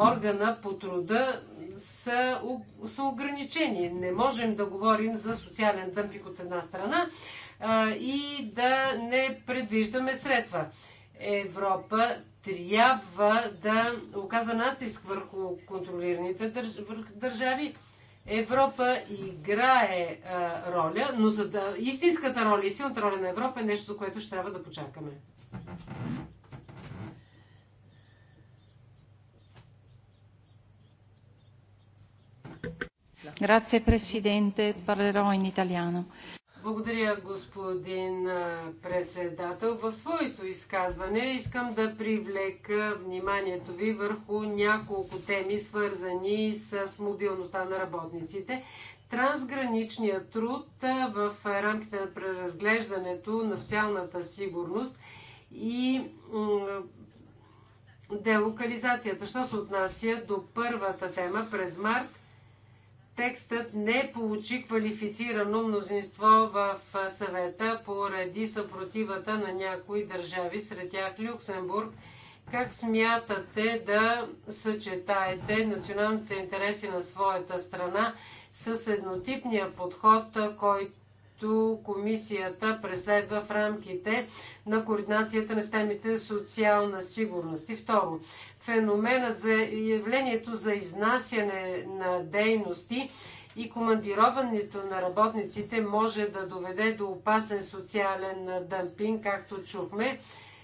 органа по труда са, са ограничени. Не можем да говорим за социален дъмпик от една страна а, и да не предвиждаме средства. Европа трябва да оказва натиск върху контролираните държ... върху държави Европа играе а, роля, но за да истинската роля и силната роля на Европа е нещо, за което ще трябва да почакаме. Grazie Presidente, parlerò in italiano. Благодаря, господин председател. В своето изказване искам да привлека вниманието ви върху няколко теми, свързани с мобилността на работниците. Трансграничният труд в рамките на преразглеждането на социалната сигурност и делокализацията. Що се отнася до първата тема през март, Текстът не получи квалифицирано мнозинство в съвета поради съпротивата на някои държави, сред тях Люксембург. Как смятате да съчетаете националните интереси на своята страна с еднотипния подход, който които комисията преследва в рамките на координацията на системите социална сигурност. И второ, феноменът за явлението за изнасяне на дейности и командироването на работниците може да доведе до опасен социален дъмпинг, както чухме.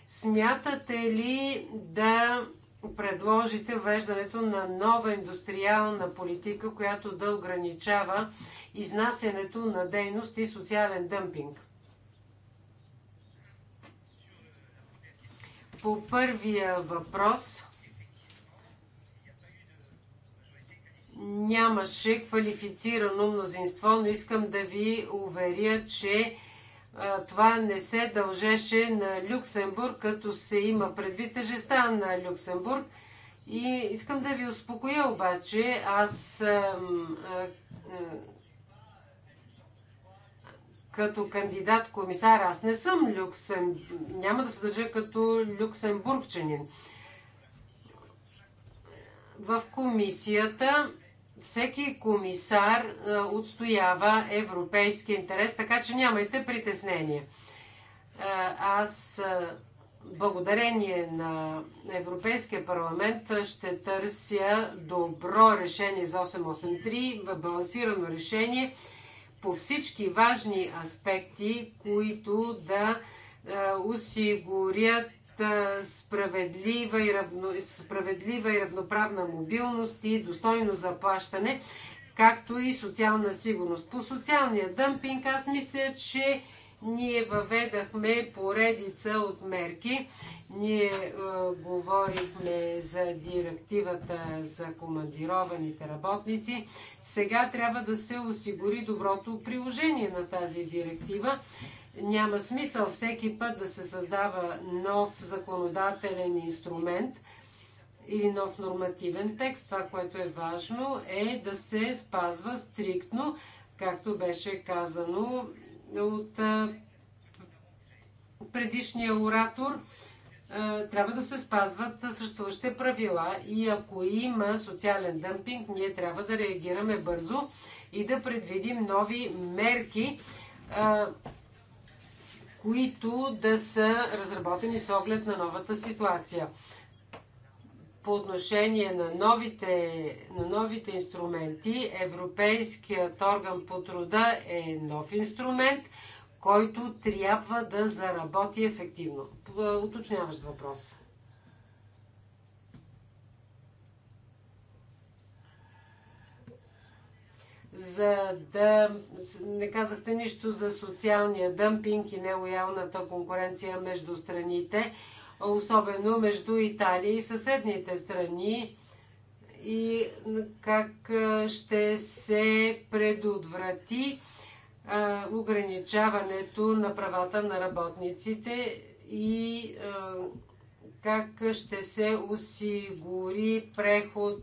Смятате ли да предложите въвеждането на нова индустриална политика, която да ограничава изнасянето на дейност и социален дъмпинг. По първия въпрос нямаше квалифицирано мнозинство, но искам да ви уверя, че това не се дължеше на Люксембург, като се има предвид тежестта на Люксембург. И искам да ви успокоя обаче, аз като кандидат комисар, аз не съм люксем... няма да се държа като люксембургчанин. В комисията всеки комисар е, отстоява европейски интерес, така че нямайте притеснение. Е, аз е, благодарение на Европейския парламент ще търся добро решение за 883, балансирано решение по всички важни аспекти, които да осигурят справедлива и, равно, справедлива и равноправна мобилност и достойно заплащане, както и социална сигурност. По социалния дъмпинг аз мисля, че ние въведахме поредица от мерки. Ние е, говорихме за директивата за командированите работници. Сега трябва да се осигури доброто приложение на тази директива. Няма смисъл всеки път да се създава нов законодателен инструмент или нов нормативен текст. Това, което е важно, е да се спазва стриктно, както беше казано от предишния оратор трябва да се спазват съществуващите правила и ако има социален дъмпинг, ние трябва да реагираме бързо и да предвидим нови мерки които да са разработени с оглед на новата ситуация. По отношение на новите, на новите инструменти, Европейският орган по труда е нов инструмент, който трябва да заработи ефективно. Уточняващ въпрос. за да... Не казахте нищо за социалния дъмпинг и нелоялната конкуренция между страните, особено между Италия и съседните страни и как ще се предотврати ограничаването на правата на работниците и как ще се осигури преход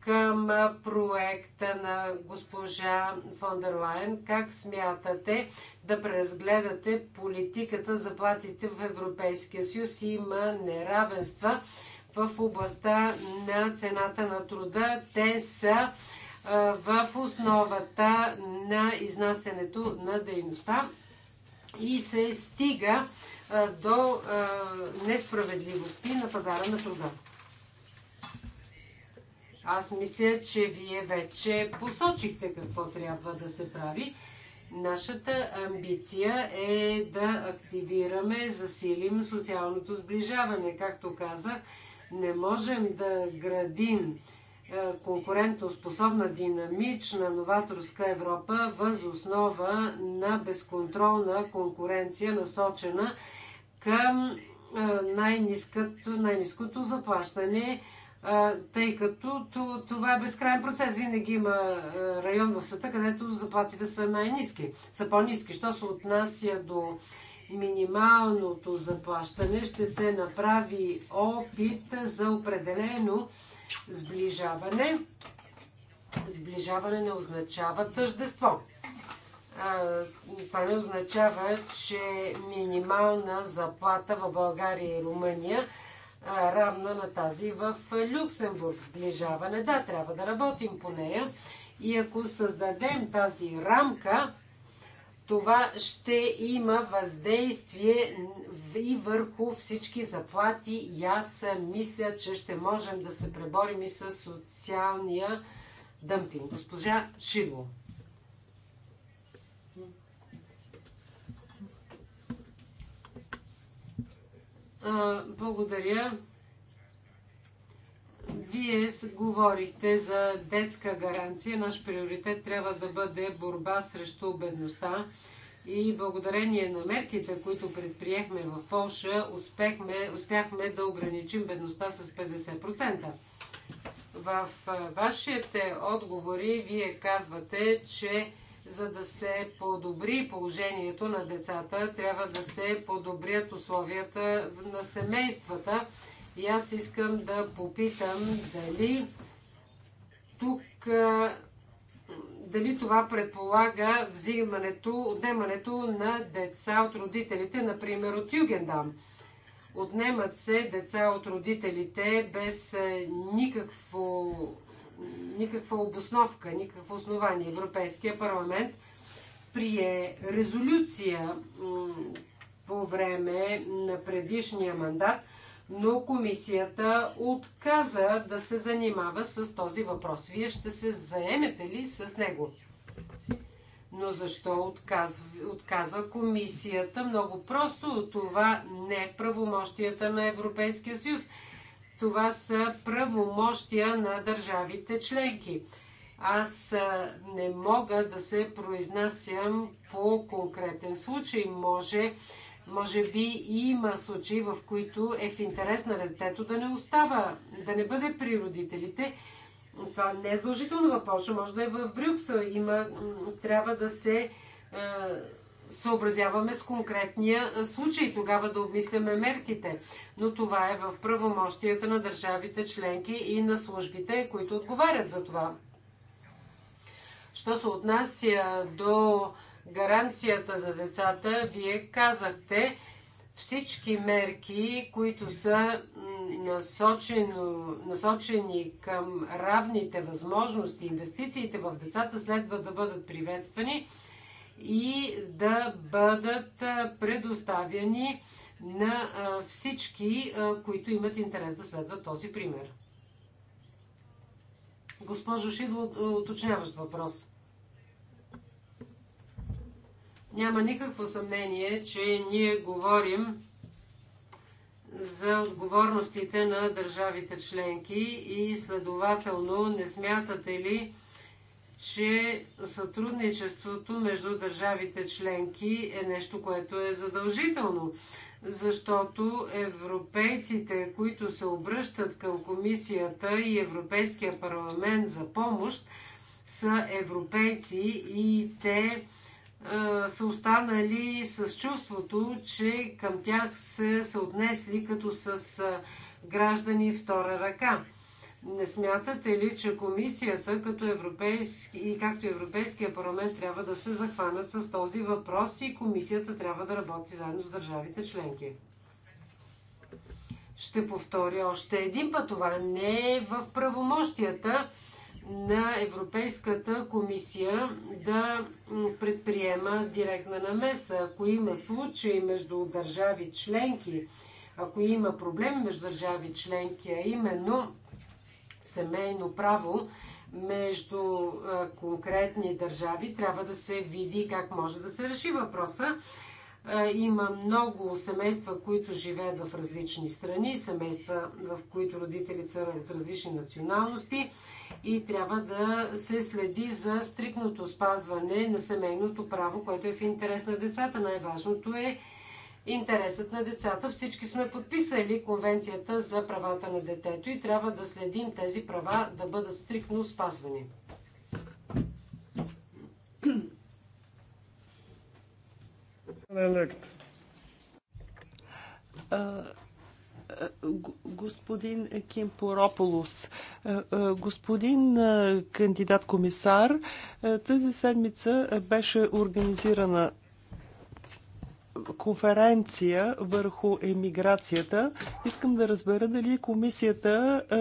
към проекта на госпожа Фондер Лайен. Как смятате да преразгледате политиката за платите в Европейския съюз? Има неравенства в областта на цената на труда. Те са в основата на изнасянето на дейността и се стига до несправедливости на пазара на труда. Аз мисля, че вие вече посочихте какво трябва да се прави. Нашата амбиция е да активираме, засилим социалното сближаване. Както казах, не можем да градим е, конкурентоспособна, динамична, новаторска Европа въз основа на безконтролна конкуренция, насочена към е, най-низкото, най-низкото заплащане тъй като това е безкрайен процес. Винаги има район в света, където заплатите са най-низки, са по-низки. Що се отнася до минималното заплащане, ще се направи опит за определено сближаване. Сближаване не означава тъждество. Това не означава, че минимална заплата в България и Румъния – равна на тази в Люксембург. Сближаване, да, трябва да работим по нея. И ако създадем тази рамка, това ще има въздействие и върху всички заплати. И аз мисля, че ще можем да се преборим и с социалния дъмпинг. Госпожа Шиво, Благодаря. Вие говорихте за детска гаранция. Наш приоритет трябва да бъде борба срещу бедността. И благодарение на мерките, които предприехме в Польша, успяхме, успяхме да ограничим бедността с 50%. В вашите отговори вие казвате, че за да се подобри положението на децата, трябва да се подобрят условията на семействата. И аз искам да попитам дали тук дали това предполага взимането, отнемането на деца от родителите, например от Югендам. Отнемат се деца от родителите без никакво никаква обосновка, никакво основание. Европейския парламент прие резолюция по време на предишния мандат, но комисията отказа да се занимава с този въпрос. Вие ще се заемете ли с него? Но защо отказва, комисията? Много просто това не е в правомощията на Европейския съюз. Това са правомощия на държавите членки. Аз не мога да се произнасям по конкретен случай. Може, може би има случаи, в които е в интерес на детето да не остава, да не бъде при родителите. Това не е задължително в Польша, може да е в Брюксел. Има, трябва да се съобразяваме с конкретния случай, тогава да обмисляме мерките. Но това е в правомощията на държавите членки и на службите, които отговарят за това. Що се отнася до гаранцията за децата, вие казахте всички мерки, които са насочени към равните възможности, инвестициите в децата следва да бъдат приветствани и да бъдат предоставяни на всички, които имат интерес да следват този пример. Госпожо Шидо, уточняващ въпрос. Няма никакво съмнение, че ние говорим за отговорностите на държавите членки и следователно не смятате ли, че сътрудничеството между държавите членки е нещо, което е задължително, защото европейците, които се обръщат към комисията и Европейския парламент за помощ, са европейци и те а, е, са останали с чувството, че към тях се, са отнесли като с е, граждани втора ръка. Не смятате ли, че комисията като европейски, и както Европейския парламент трябва да се захванат с този въпрос и комисията трябва да работи заедно с държавите членки? Ще повторя още един път. Това не е в правомощията на Европейската комисия да предприема директна намеса. Ако има случаи между държави членки, ако има проблеми между държави членки, а именно семейно право между конкретни държави. Трябва да се види как може да се реши въпроса. Има много семейства, които живеят в различни страни, семейства, в които родителите са от различни националности и трябва да се следи за стрикното спазване на семейното право, което е в интерес на децата. Най-важното е интересът на децата. Всички сме подписали Конвенцията за правата на детето и трябва да следим тези права да бъдат стриктно спазвани. Господин Господин Кимпорополус, господин кандидат комисар, тази седмица беше организирана конференция върху емиграцията. Искам да разбера дали комисията е,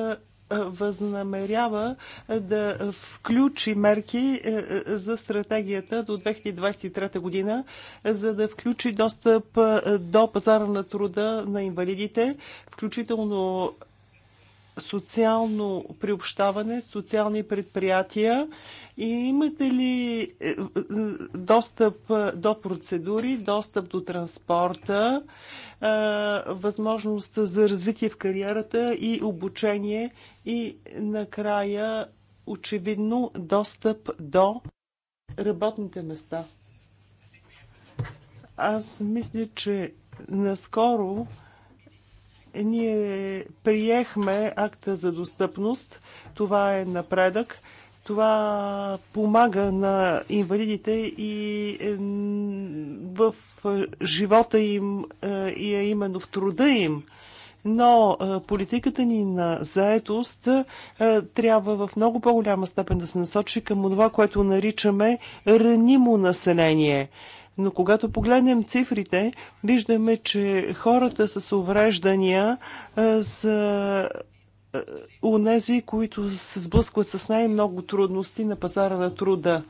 е, възнамерява е, да включи мерки за стратегията до 2023 година, за да включи достъп до пазара на труда на инвалидите, включително социално приобщаване, социални предприятия и имате ли е, е, достъп е, до процедури, достъп до транспорта, възможност за развитие в кариерата и обучение и накрая очевидно достъп до работните места? Аз мисля, че наскоро ние приехме акта за достъпност. Това е напредък. Това помага на инвалидите и е, в живота им е, и е именно в труда им но е, политиката ни на заетост трябва в много по-голяма степен да се насочи към това, което наричаме ранимо население. Но когато погледнем цифрите, виждаме, че хората с увреждания са у нези, които се сблъскват с най-много трудности на пазара на труда.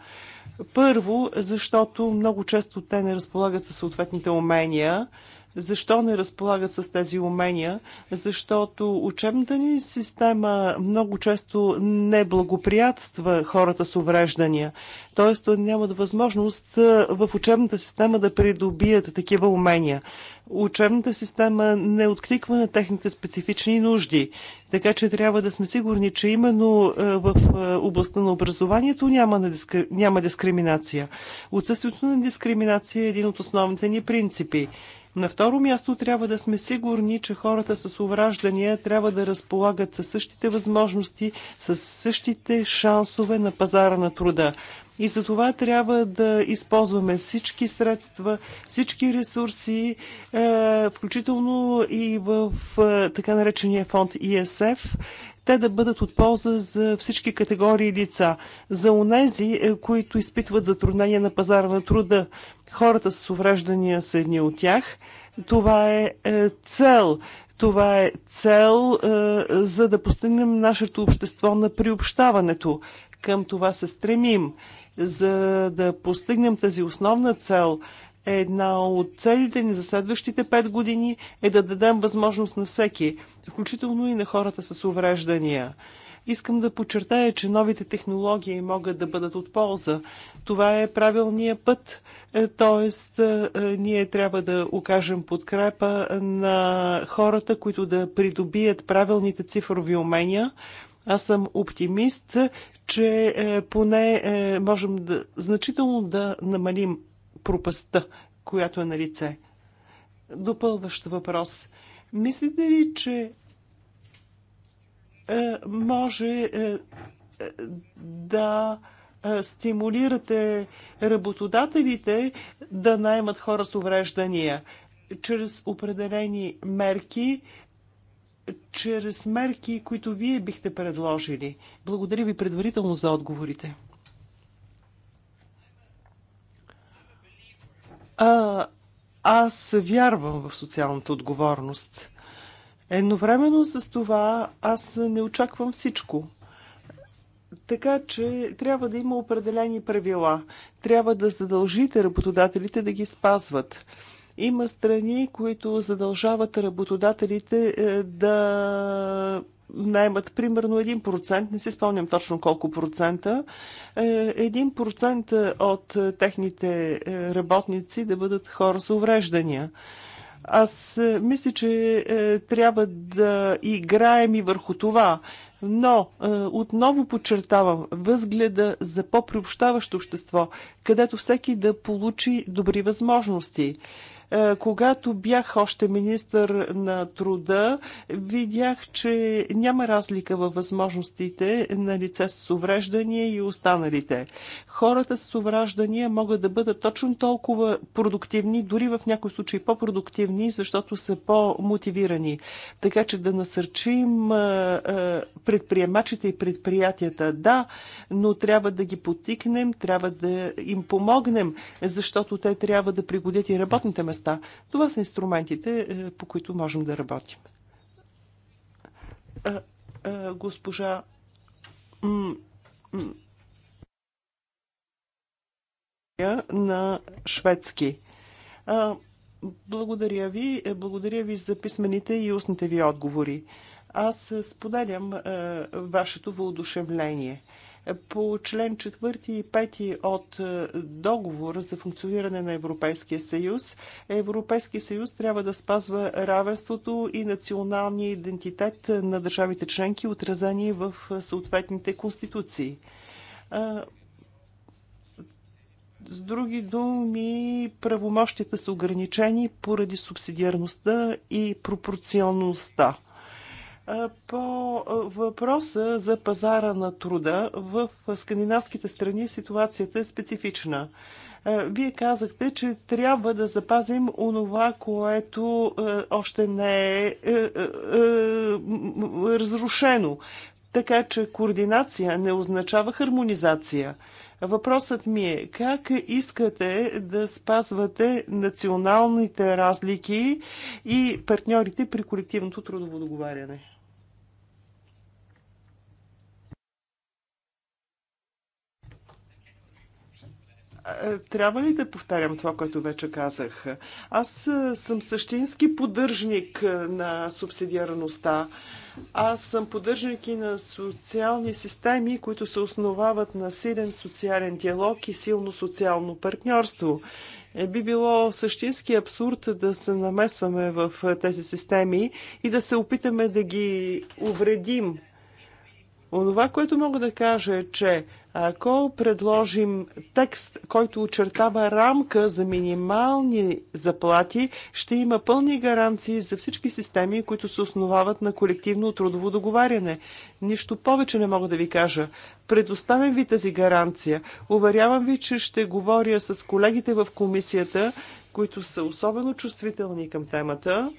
Първо, защото много често те не разполагат със съответните умения. Защо не разполагат с тези умения? Защото учебната ни система много често не благоприятства хората с увреждания. Тоест, нямат възможност в учебната система да придобият такива умения. Учебната система не откликва на техните специфични нужди. Така че трябва да сме сигурни, че именно в областта на образованието няма, на дискри... няма дискриминация. Отсъствието на дискриминация е един от основните ни принципи. На второ място трябва да сме сигурни, че хората с увраждания трябва да разполагат със същите възможности, с същите шансове на пазара на труда. И за това трябва да използваме всички средства, всички ресурси, е, включително и в е, така наречения фонд ИСФ, те да бъдат от полза за всички категории лица, за онези, е, които изпитват затруднения на пазара на труда, Хората с увреждания са едни от тях. Това е, е цел. Това е цел, е, за да постигнем нашето общество на приобщаването. Към това се стремим. За да постигнем тази основна цел, една от целите ни за следващите 5 години е да дадем възможност на всеки, включително и на хората с увреждания. Искам да подчертая, че новите технологии могат да бъдат от полза. Това е правилния път, т.е. Е, е, ние трябва да окажем подкрепа на хората, които да придобият правилните цифрови умения. Аз съм оптимист, че е, поне можем да, значително да намалим пропастта, която е на лице. Допълващ въпрос. Мислите ли, че е, може е, да е, стимулирате работодателите да наймат хора с увреждания чрез определени мерки, чрез мерки, които вие бихте предложили. Благодаря ви предварително за отговорите. А, аз вярвам в социалната отговорност. Едновременно с това аз не очаквам всичко. Така че трябва да има определени правила. Трябва да задължите работодателите да ги спазват. Има страни, които задължават работодателите е, да наймат примерно 1%, не си спомням точно колко процента, 1% е, от техните е, работници да бъдат хора с увреждания. Аз е, мисля, че е, трябва да играем и върху това. Но е, отново подчертавам възгледа за по-приобщаващо общество, където всеки да получи добри възможности. Е, когато бях още министър на труда, видях, че няма разлика във възможностите на лице с увреждания и останалите. Хората с увреждания могат да бъдат точно толкова продуктивни, дори в някои случаи по-продуктивни, защото са по-мотивирани. Така че да насърчим е, е, предприемачите и предприятията, да, но трябва да ги потикнем, трябва да им помогнем, защото те трябва да пригодят и работните места места. Това са инструментите, е, по които можем да работим. Госпожа на шведски. Благодаря ви. Е, благодаря ви за писмените и устните ви отговори. Аз споделям е, вашето въодушевление по член 4 и 5 от е, договора за функциониране на Европейския съюз, Европейския съюз трябва да спазва равенството и националния идентитет на държавите членки, отразени в е, съответните конституции. Е, с други думи, правомощите са ограничени поради субсидиарността и пропорционалността. По въпроса за пазара на труда в скандинавските страни ситуацията е специфична. Вие казахте, че трябва да запазим онова, което още не е, е, е, е разрушено. Така че координация не означава хармонизация. Въпросът ми е как искате да спазвате националните разлики и партньорите при колективното трудово договаряне? Е, трябва ли да повтарям това, което вече казах? Аз е, съм същински поддържник е, на субсидиарността. Аз съм поддържник и на социални системи, които се основават на силен социален диалог и силно социално партньорство. Би било същински абсурд да се намесваме в тези системи и да се опитаме да ги увредим. Онова, което мога да кажа е, че ако предложим текст, който очертава рамка за минимални заплати, ще има пълни гаранции за всички системи, които се основават на колективно трудово договаряне. Нищо повече не мога да ви кажа. Предоставям ви тази гаранция. Уверявам ви, че ще говоря с колегите в комисията, които са особено чувствителни към темата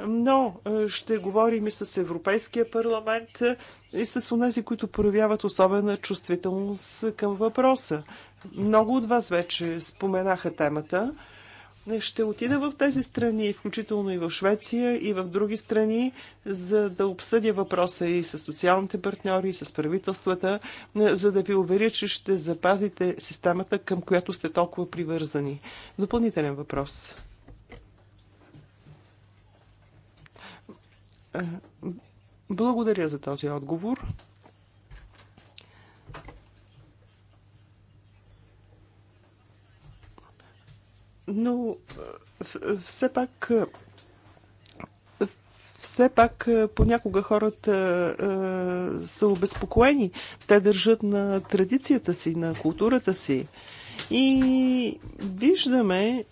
но е, ще говорим и с Европейския парламент е, и с онези, които проявяват особена чувствителност към въпроса. Много от вас вече споменаха темата. Е, ще отида в тези страни, включително и в Швеция, и в други страни, за да обсъдя въпроса и с социалните партньори, и с правителствата, за да ви уверя, че ще запазите системата, към която сте толкова привързани. Допълнителен въпрос. Благодаря за този отговор. Но все пак все пак понякога хората е, са обезпокоени. Те държат на традицията си, на културата си. И виждаме,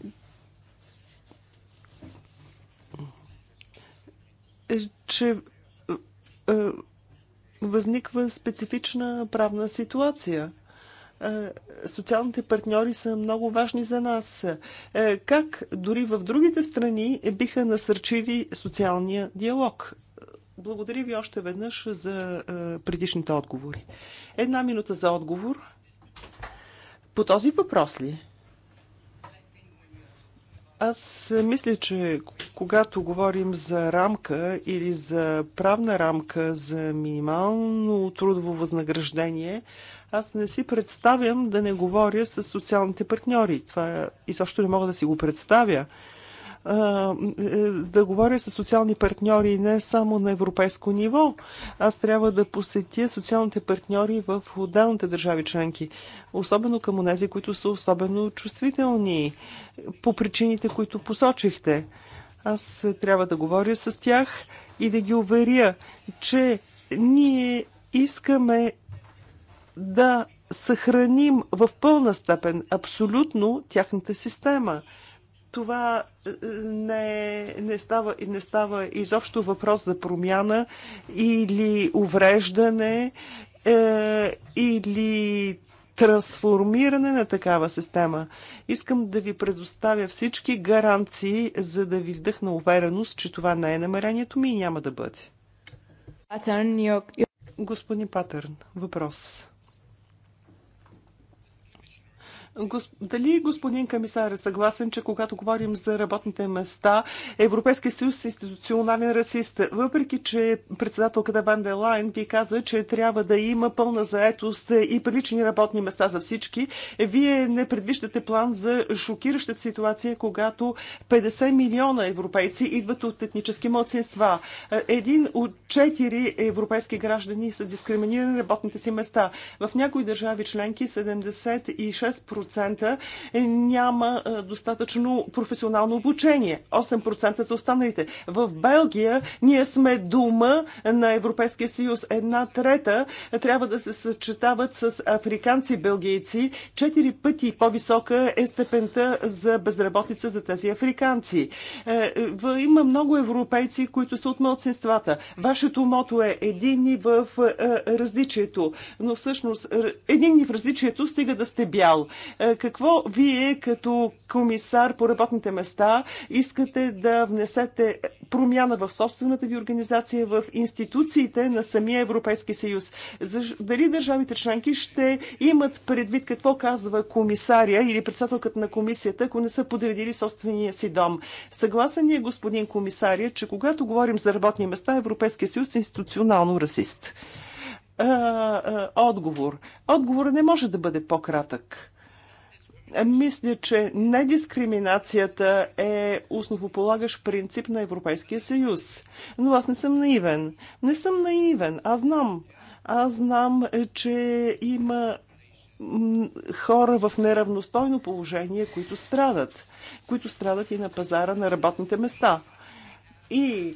Е, че е, възниква специфична правна ситуация. Е, социалните партньори са много важни за нас. Как дори в другите страни биха насърчили социалния диалог? Благодаря ви още веднъж за предишните отговори. Една минута за отговор. По този въпрос ли? Аз мисля, че когато говорим за рамка или за правна рамка за минимално трудово възнаграждение, аз не си представям да не говоря с социалните партньори. Това изобщо не мога да си го представя. Е, да говоря с социални партньори не само на европейско ниво. Аз трябва да посетя социалните партньори в отделните държави членки, особено към онези, които са особено чувствителни по причините, които посочихте. Аз трябва да говоря с тях и да ги уверя, че ние искаме да съхраним в пълна степен абсолютно тяхната система – това е, не, не, става, не става изобщо въпрос за промяна или увреждане е, или трансформиране на такава система. Искам да ви предоставя всички гаранции, за да ви вдъхна увереност, че това не е намерението ми и няма да бъде. Господин Патърн, въпрос. Дали господин комисар е съгласен, че когато говорим за работните места, Европейския съюз е институционален расист? Въпреки, че председателката Ван де Лайн ви каза, че трябва да има пълна заетост и прилични работни места за всички, вие не предвиждате план за шокиращата ситуация, когато 50 милиона европейци идват от етнически младсинства. Един от четири европейски граждани са дискриминирани на работните си места. В някои държави членки 76% 8% е, няма е, достатъчно професионално обучение. 8% за останалите. В Белгия ние сме дума на Европейския съюз. Една трета трябва да се съчетават с африканци белгийци. Четири пъти по-висока е степента за безработица за тези африканци. Е, има много европейци, които са от младсинствата. Вашето мото е единни в различието, но всъщност единни в различието стига да сте бял. Е, какво вие като комисар по работните места искате да внесете промяна в собствената ви организация, в институциите на самия Европейски съюз? Дали държавите членки ще имат предвид какво казва комисаря или председателката на комисията, ако не са подредили собствения си дом? Съгласен е господин комисаря, че когато говорим за работни места, Европейския съюз е институционално расист? а, е, а, е, отговор. Отговорът не може да бъде по-кратък. Мисля, че недискриминацията е основополагащ принцип на Европейския съюз. Но аз не съм наивен. Не съм наивен. Аз знам. Аз знам, че има хора в неравностойно положение, които страдат. Които страдат и на пазара на работните места. И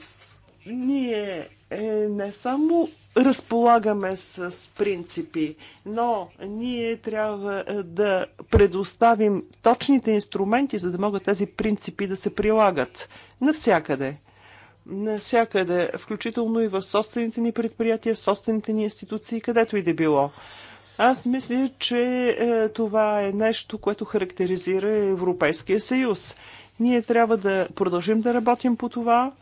ние е, не само разполагаме с принципи, но ние трябва е, да предоставим точните инструменти, за да могат тези принципи да се прилагат навсякъде. Навсякъде, включително и в собствените ни предприятия, в собствените ни институции, където и да било. Аз мисля, че е, това е нещо, което характеризира Европейския съюз. Ние трябва да продължим да работим по това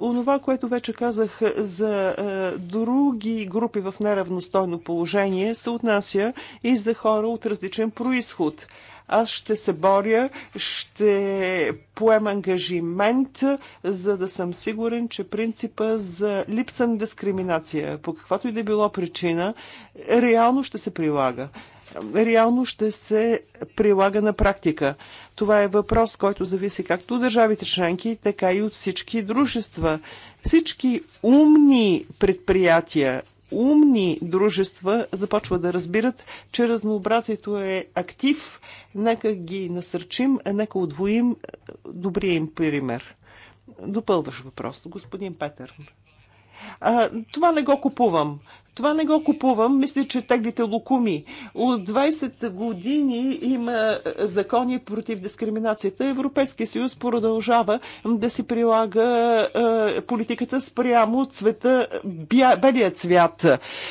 Онова, което вече казах за други групи в неравностойно положение, се отнася и за хора от различен происход. Аз ще се боря, ще поема ангажимент, за да съм сигурен, че принципа за липса на дискриминация, по каквато и да било причина, реално ще се прилага реално ще се прилага на практика. Това е въпрос, който зависи както от държавите членки, така и от всички дружества. Всички умни предприятия, умни дружества започват да разбират, че разнообразието е актив. Нека ги насърчим, нека отвоим е, добрия им пример. Допълваш въпрос, господин Петър. А, това не го купувам. Това не го купувам. Мисля, че теглите лукуми. От 20 години има е, закони против дискриминацията. Европейския съюз продължава да си прилага е, политиката спрямо цвета, белия цвят.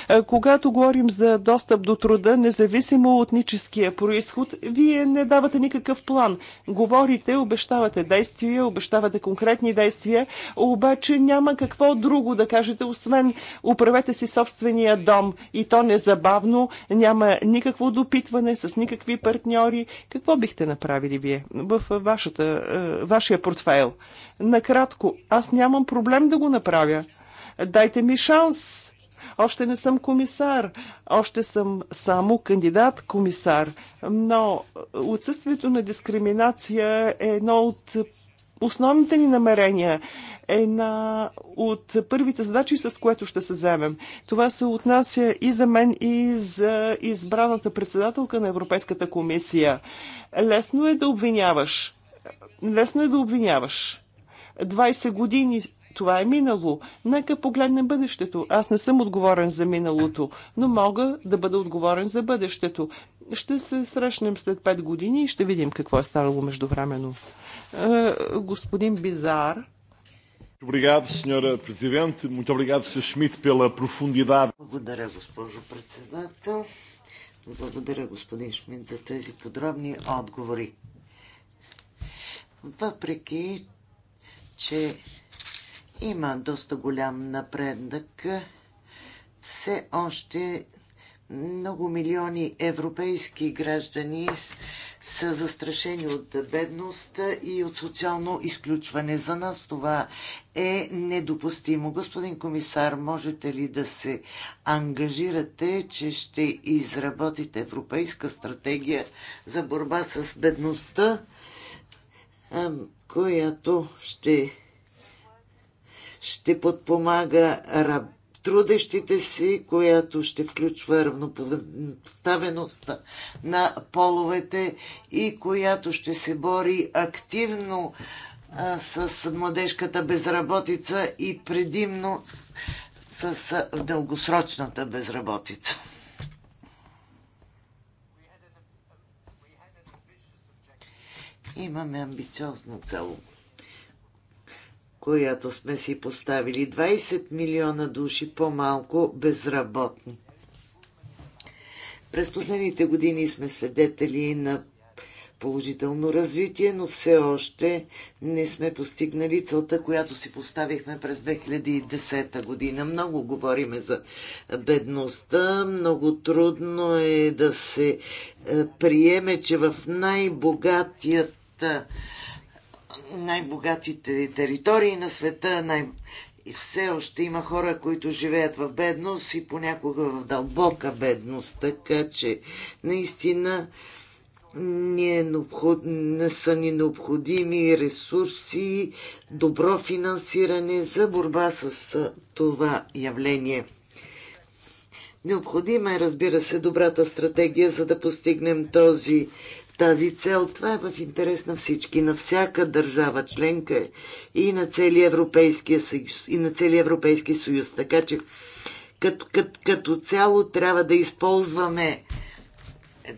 Е, когато говорим за достъп до труда, независимо от ническия происход, вие не давате никакъв план. Говорите, обещавате действия, обещавате конкретни действия, обаче няма какво друго да кажете, освен управете си собствени собствения дом и то незабавно, няма никакво допитване с никакви партньори. Какво бихте направили вие в вашата, е, вашия портфейл? Накратко, аз нямам проблем да го направя. Дайте ми шанс. Още не съм комисар, още съм само кандидат комисар, но отсъствието на дискриминация е едно от основните ни намерения на от първите задачи, с което ще се вземем. Това се отнася и за мен, и за избраната председателка на Европейската комисия. Лесно е да обвиняваш. Лесно е да обвиняваш. 20 години това е минало. Нека погледнем бъдещето. Аз не съм отговорен за миналото, но мога да бъда отговорен за бъдещето. Ще се срещнем след 5 години и ще видим какво е станало междувременно. Е, господин Бизар. Obrigado, senhora Presidente. Muito obrigado, Sr. Schmidt, pela profundidade. Благодаря, госпожо председател. Благодаря, господин Шмидт, за тези подробни отговори. Въпреки, че има доста голям напредък, все още много милиони европейски граждани са застрашени от бедност и от социално изключване. За нас това е недопустимо. Господин комисар, можете ли да се ангажирате, че ще изработите европейска стратегия за борба с бедността, която ще, ще подпомага работа трудещите си, която ще включва равнопоставеност на половете и която ще се бори активно а, с младежката безработица и предимно с, с, с дългосрочната безработица. Имаме амбициозна цел която сме си поставили. 20 милиона души по-малко безработни. През последните години сме свидетели на положително развитие, но все още не сме постигнали целта, която си поставихме през 2010 година. Много говориме за бедността, много трудно е да се е, приеме, че в най-богатият най-богатите територии на света, най- и все още има хора, които живеят в бедност и понякога в дълбока бедност, така че наистина не, е необход... не са ни необходими ресурси, добро финансиране за борба с това явление. Необходима е, разбира се, добрата стратегия, за да постигнем този тази цел. Това е в интерес на всички, на всяка държава членка и на целия Европейския съюз. И на целия Европейски съюз. Така че като, като, като цяло трябва да използваме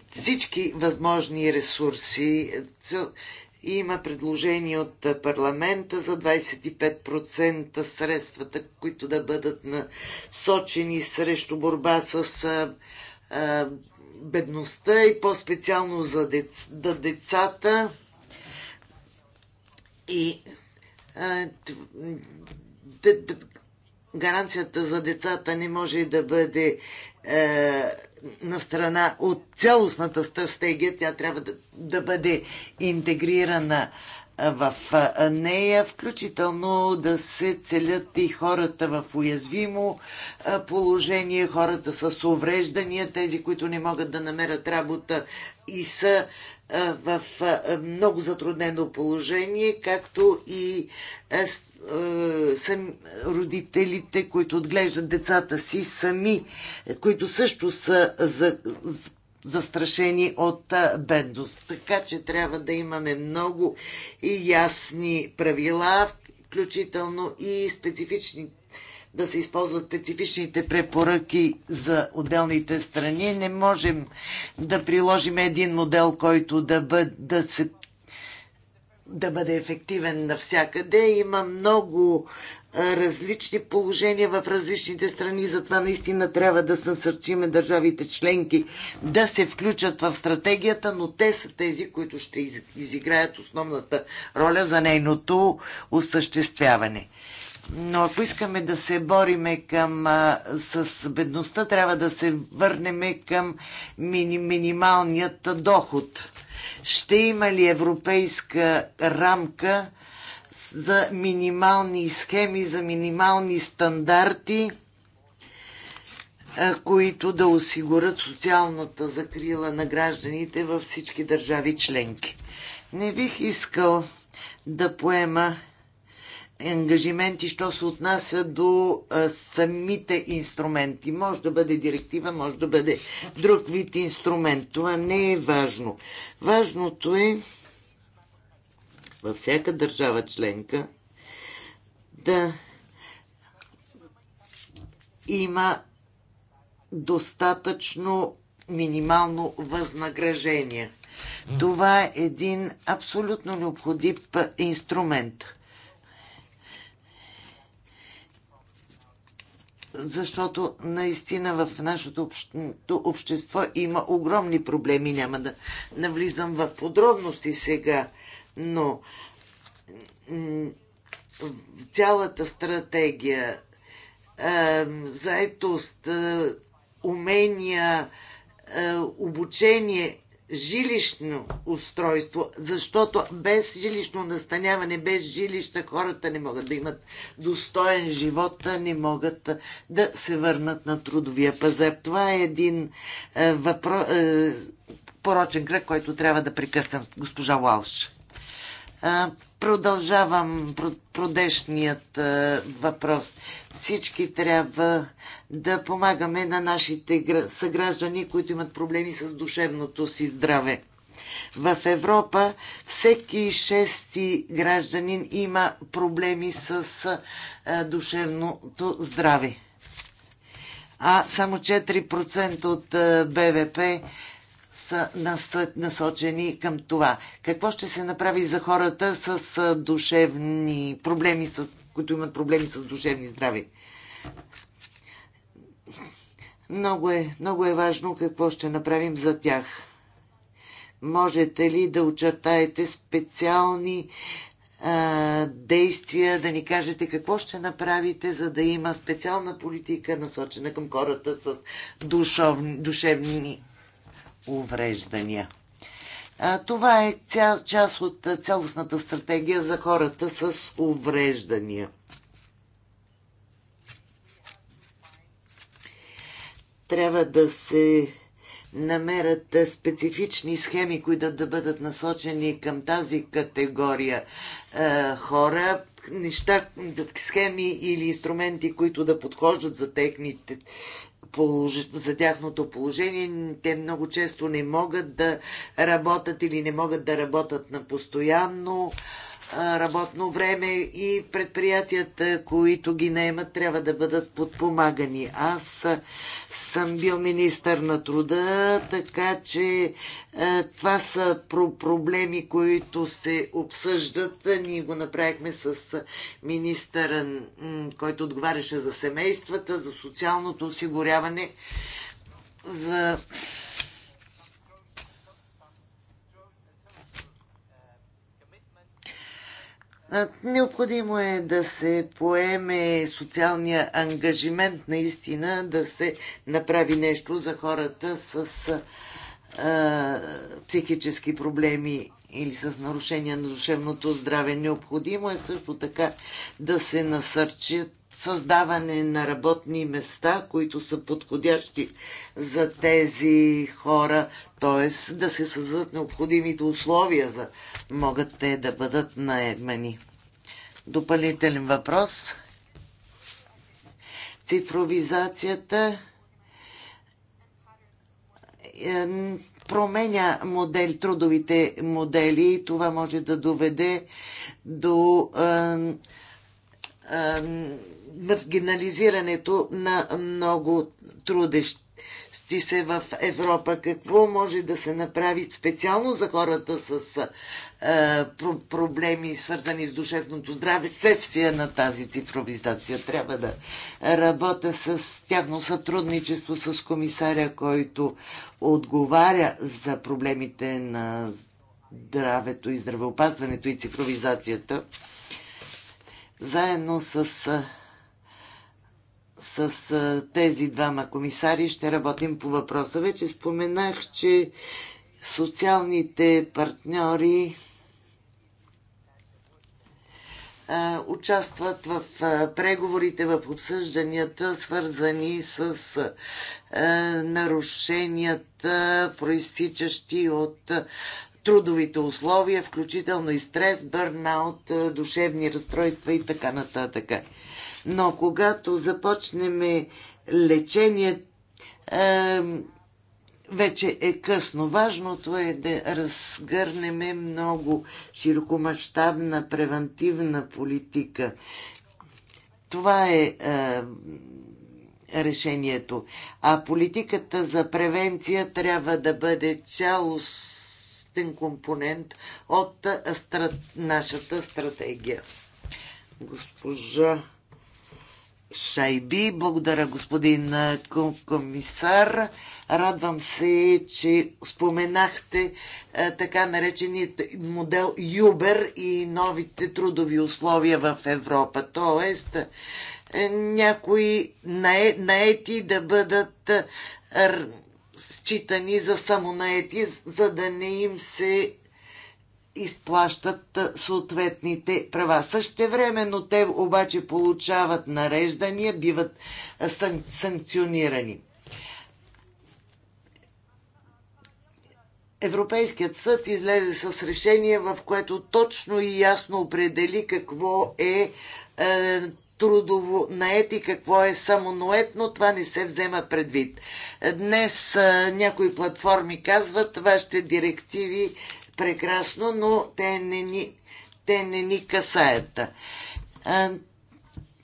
всички възможни ресурси. Има предложение от парламента за 25% средствата, които да бъдат насочени срещу борба с бедността и по-специално за дец, да децата и а, гаранцията за децата не може да бъде а, на страна от цялостната стратегия. Тя трябва да, да бъде интегрирана в нея, включително да се целят и хората в уязвимо положение, хората с увреждания, тези, които не могат да намерят работа и са в много затруднено положение, както и родителите, които отглеждат децата си сами, които също са застрашени от бедност. Така че трябва да имаме много и ясни правила, включително и специфични да се използват специфичните препоръки за отделните страни. Не можем да приложим един модел, който да, бъд, да се да бъде ефективен навсякъде. Има много различни положения в различните страни, затова наистина трябва да насърчиме държавите членки да се включат в стратегията, но те са тези, които ще изиграят основната роля за нейното осъществяване. Но ако искаме да се бориме към, а, с бедността, трябва да се върнем към мини, минималният доход. Ще има ли европейска рамка за минимални схеми, за минимални стандарти, които да осигурят социалната закрила на гражданите във всички държави членки. Не бих искал да поема ангажименти, що се отнася до а, самите инструменти. Може да бъде директива, може да бъде друг вид инструмент. Това не е важно. Важното е във всяка държава членка да има достатъчно минимално възнаграждение. Това е един абсолютно необходим инструмент. Защото наистина в нашето общество има огромни проблеми. Няма да навлизам в подробности сега но цялата стратегия, е, заетост, е, умения, е, обучение, жилищно устройство, защото без жилищно настаняване, без жилища хората не могат да имат достоен живот, не могат да се върнат на трудовия пазар. Това е един въпро... порочен кръг, който трябва да прекъснат госпожа Уалш. Продължавам продешният въпрос. Всички трябва да помагаме на нашите съграждани, които имат проблеми с душевното си здраве. В Европа всеки шести гражданин има проблеми с душевното здраве. А само 4% от БВП са насочени към това. Какво ще се направи за хората с душевни проблеми, с, които имат проблеми с душевни здрави? Много е, много е важно какво ще направим за тях. Можете ли да очертаете специални а, действия, да ни кажете какво ще направите, за да има специална политика, насочена към хората с душовни, душевни увреждания. А, това е ця, част от цялостната стратегия за хората с увреждания. Трябва да се намерят специфични схеми, които да бъдат насочени към тази категория е, хора, неща, схеми или инструменти, които да подхождат за техните за тяхното положение. Те много често не могат да работят или не могат да работят на постоянно работно време и предприятията, които ги наемат, трябва да бъдат подпомагани. Аз съм бил министър на труда, така че това са проблеми, които се обсъждат. Ние го направихме с министъра, който отговаряше за семействата, за социалното осигуряване, за Необходимо е да се поеме социалния ангажимент наистина, да се направи нещо за хората с а, психически проблеми или с нарушения на душевното здраве. Необходимо е също така да се насърчат създаване на работни места, които са подходящи за тези хора, т.е. да се създадат необходимите условия за могат те да бъдат наедмени. Допълнителен въпрос. Цифровизацията е, променя модел, трудовите модели и това може да доведе до е, е, маргинализирането на много трудещи се в Европа. Какво може да се направи специално за хората с а, е, про- проблеми, свързани с душевното здраве, следствие на тази цифровизация? Трябва да работя с тяхно сътрудничество с комисаря, който отговаря за проблемите на здравето и здравеопазването и цифровизацията заедно с е, с тези двама комисари ще работим по въпроса. Вече споменах, че социалните партньори участват в преговорите, в обсъжданията, свързани с нарушенията, проистичащи от трудовите условия, включително и стрес, бърнаут, душевни разстройства и така нататък. Но когато започнем лечение, вече е късно. Важното е да разгърнем много широкомащабна превентивна политика. Това е решението. А политиката за превенция трябва да бъде цялостен компонент от е, нашата стратегия. Госпожа Шайби. Благодаря, господин комисар. Радвам се, че споменахте така нареченият модел Юбер и новите трудови условия в Европа. Тоест, някои наети да бъдат считани за самонаети, за да не им се изплащат съответните права. Същевременно те обаче получават нареждания, биват санкционирани. Европейският съд излезе с решение, в което точно и ясно определи какво е, е трудово наед и какво е самоноетно, това не се взема предвид. Днес някои платформи казват, вашите директиви прекрасно, но те не ни, те не ни касаят.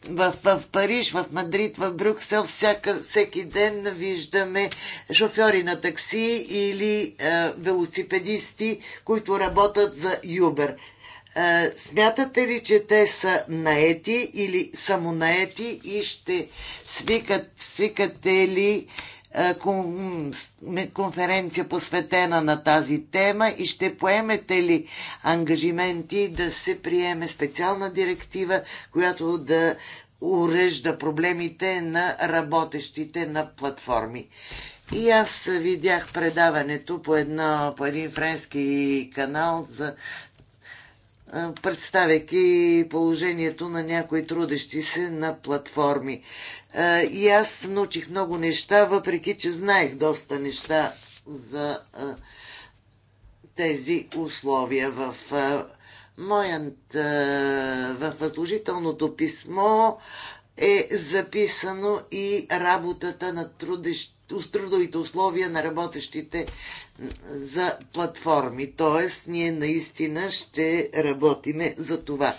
В, в Париж, в Мадрид, в Брюксел всяка, всеки ден виждаме шофьори на такси или а, велосипедисти, които работят за Юбер. смятате ли, че те са наети или самонаети и ще свикат, свикате ли е, е, конференция посветена на тази тема и ще поемете ли ангажименти да се приеме специална директива, която да урежда проблемите на работещите на платформи. И аз видях предаването по, една, по един френски канал за представяйки положението на някои трудещи се на платформи. И аз научих много неща, въпреки че знаех доста неща за тези условия в Моят във възложителното писмо е записано и работата на трудещи трудовите условия на работещите за платформи. Тоест, ние наистина ще работиме за това.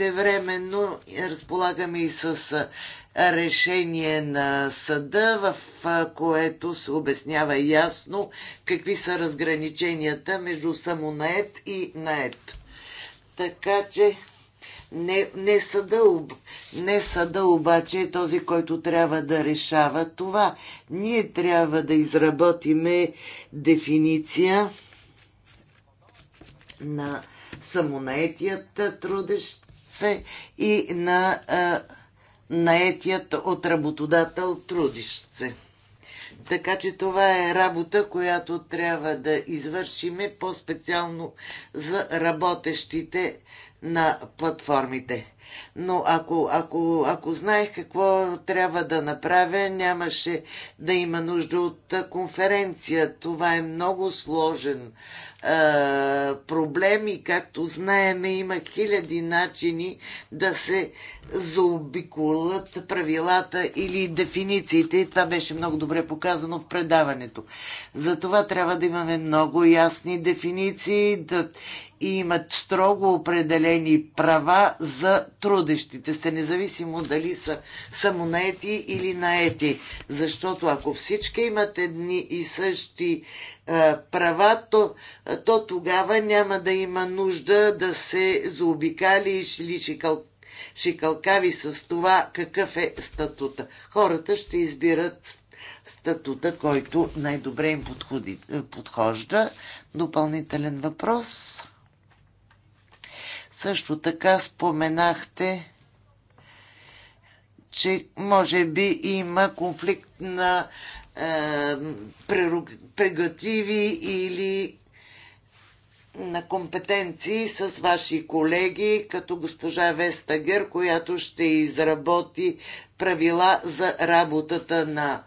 времено е, разполагаме и с решение на съда, в което се обяснява ясно какви са разграниченията между самонает и наед. Така че не, не съда не съда обаче е този, който трябва да решава това. Ние трябва да изработиме дефиниция на самонаетият трудещ се и на а, наетият от работодател трудещ се. Така че това е работа, която трябва да извършиме по-специално за работещите на платформите. Но ако, ако, ако знаех какво трябва да направя, нямаше да има нужда от конференция. Това е много сложен е, проблем и както знаем, има хиляди начини да се заобиколат правилата или дефинициите. това беше много добре показано в предаването. Затова трябва да имаме много ясни дефиниции да, и имат строго определени права за трудещите се, независимо дали са самонаети или наети. Защото ако всички имат едни и същи а, е, права, то, то тогава няма да има нужда да се заобикали или шикал, шикалкави с това какъв е статута. Хората ще избират статута, който най-добре им подходи, е, подхожда. Допълнителен въпрос. Също така споменахте, че може би има конфликт на е, прегативи или на компетенции с ваши колеги, като госпожа Вестагер, която ще изработи правила за работата на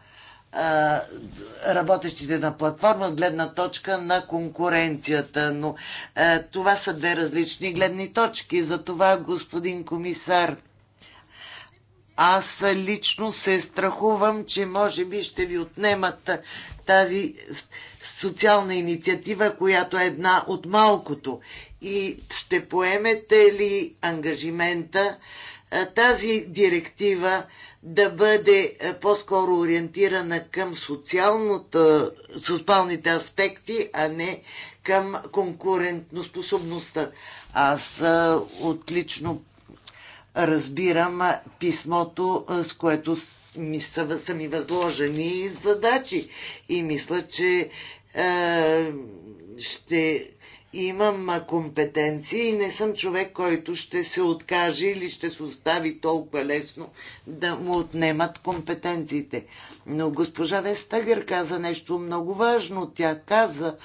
работещите на платформа от гледна точка на конкуренцията. Но а, това са две различни гледни точки. Затова, господин комисар, аз лично се страхувам, че може би ще ви отнемат тази социална инициатива, която е една от малкото. И ще поемете ли ангажимента тази директива да бъде е, по-скоро ориентирана към е, социалните аспекти, а не към конкурентноспособността. Аз е, отлично разбирам писмото, с което ми са, са ми възложени задачи. И мисля, че ще имам компетенции и не съм човек, който ще се откаже или ще се остави толкова лесно да му отнемат компетенциите. Но госпожа Вестагър каза нещо много важно. Тя каза,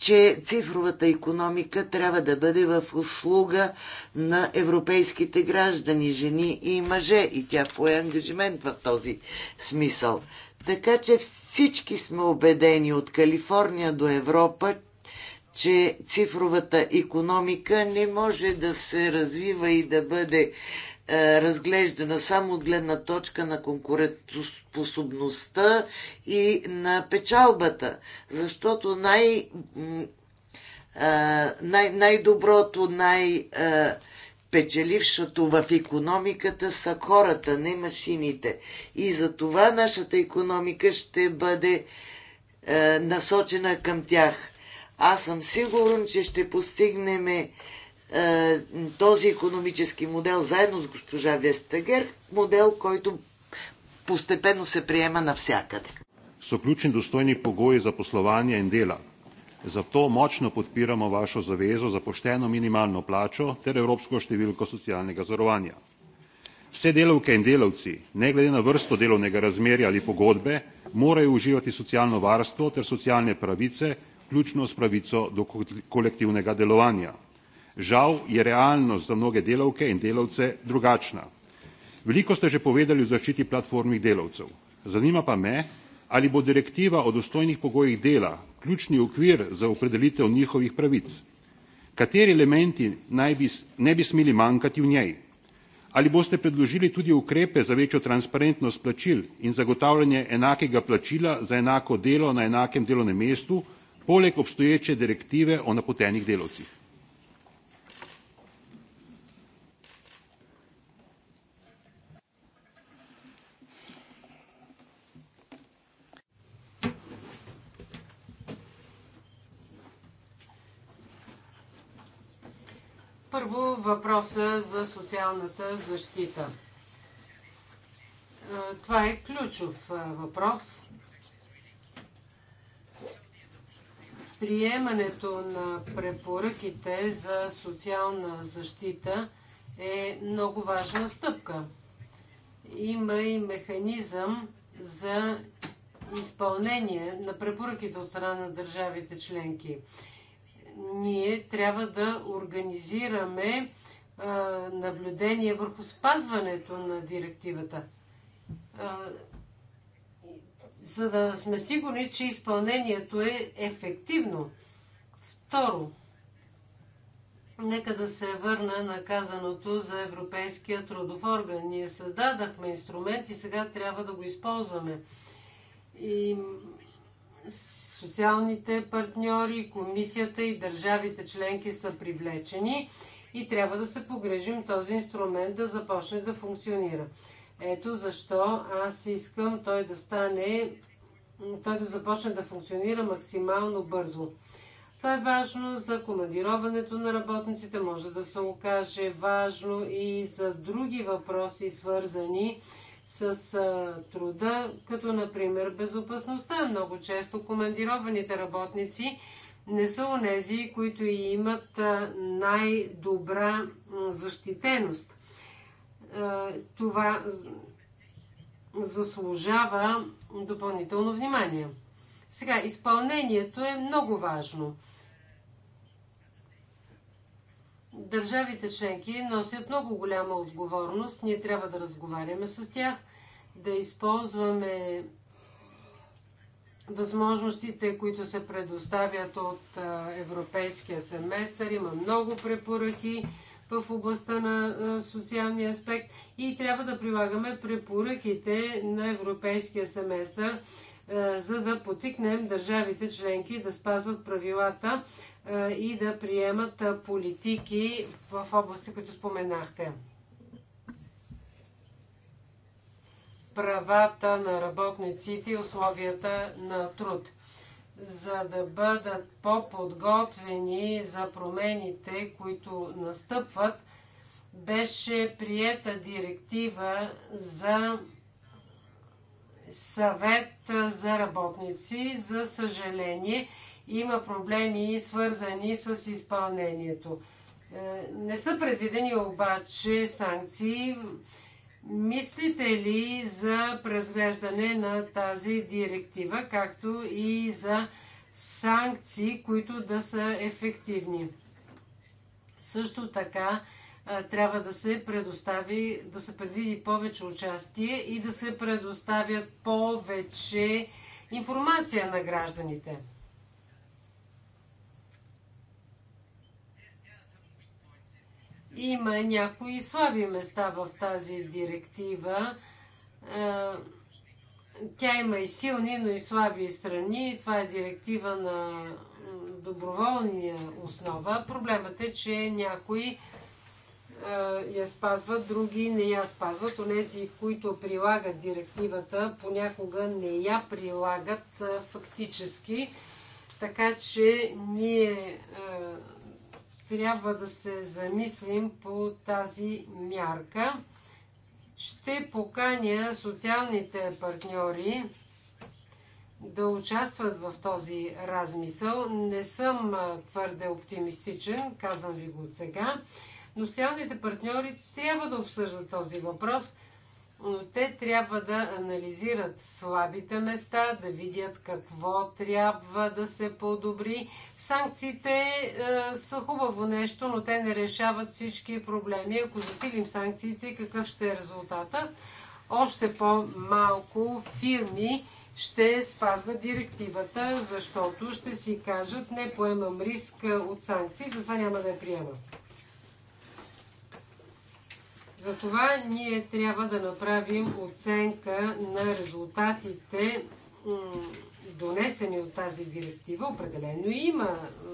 че цифровата економика трябва да бъде в услуга на европейските граждани, жени и мъже. И тя пое ангажимент в този смисъл. Така че всички сме убедени от Калифорния до Европа, че цифровата економика не може да се развива и да бъде е, разглеждана само от гледна точка на конкурентоспособността и на печалбата, защото най- е, най- най-доброто, най-, най е, печелившото в економиката са хората, не машините. И за това нашата економика ще бъде насочена към тях. Аз съм сигурен, че ще постигнем е, този економически модел заедно с госпожа Вестагер, модел, който постепенно се приема навсякъде. So ključni dostojni pogoji za poslovanje in dela. Zato močno podpiramo vašo zavezo za pošteno minimalno plačo ter evropsko številko socialnega zavarovanja. Vse delavke in delavci, ne glede na vrsto delovnega razmerja ali pogodbe, morajo uživati socialno varstvo ter socialne pravice vključno s pravico do kolektivnega delovanja. Žal je realnost za mnoge delavke in delavce drugačna. Veliko ste že povedali o zaščiti platformnih delavcev. Zanima pa me, ali bo direktiva o dostojnih pogojih dela ključni okvir za opredelitev njihovih pravic. Kateri elementi naj bi, ne bi smeli manjkati v njej? Ali boste predložili tudi ukrepe za večjo transparentnost plačil in zagotavljanje enakega plačila za enako delo na enakem delovnem mestu poleg obstoječe direktive o napotenih delavcih. Първо въпроса за социалната защита. Е, това е ключов е, въпрос. Приемането на препоръките за социална защита е много важна стъпка. Има и механизъм за изпълнение на препоръките от страна на държавите членки. Ние трябва да организираме наблюдение върху спазването на директивата за да сме сигурни, че изпълнението е ефективно. Второ, нека да се върна на казаното за Европейския трудов орган. Ние създадахме инструмент и сега трябва да го използваме. И социалните партньори, комисията и държавите членки са привлечени и трябва да се погрежим този инструмент да започне да функционира. Ето защо аз искам той да стане, той да започне да функционира максимално бързо. Това е важно за командироването на работниците, може да се окаже важно и за други въпроси, свързани с а, труда, като например безопасността. Много често командированите работници не са онези, които имат най-добра защитеност. Е, това заслужава допълнително внимание. Сега, изпълнението е много важно. Държавите членки носят много голяма отговорност. Ние трябва да разговаряме с тях, да използваме възможностите, които се предоставят от е, европейския семестър. Има много препоръки в областта на социалния аспект и трябва да прилагаме препоръките на европейския семестър, за да потикнем държавите членки да спазват правилата и да приемат политики в области, които споменахте. Правата на работниците и условията на труд – за да бъдат по-подготвени за промените, които настъпват, беше приета директива за съвет за работници. За съжаление, има проблеми свързани с изпълнението. Е, не са предвидени обаче санкции. Мислите ли за преразглеждане на тази директива, както и за санкции, които да са ефективни? Също така трябва да се предостави, да се предвиди повече участие и да се предоставят повече информация на гражданите. Има някои слаби места в тази директива. Е, тя има и силни, но и слаби страни. Това е директива на доброволния основа. Проблемът е, че някои е, я спазват, други не я спазват. Онези, които прилагат директивата, понякога не я прилагат е, фактически. Така че ние трябва да се замислим по тази мярка. Ще поканя социалните партньори да участват в този размисъл. Не съм твърде оптимистичен, казвам ви го от сега, но социалните партньори трябва да обсъждат този въпрос – но те трябва да анализират слабите места, да видят какво трябва да се подобри. Санкциите е, са хубаво нещо, но те не решават всички проблеми. Ако засилим санкциите, какъв ще е резултата? Още по-малко фирми ще спазват директивата, защото ще си кажат не поемам риск от санкции, затова няма да я приема. Затова ние трябва да направим оценка на резултатите, донесени от тази директива. Определено има е,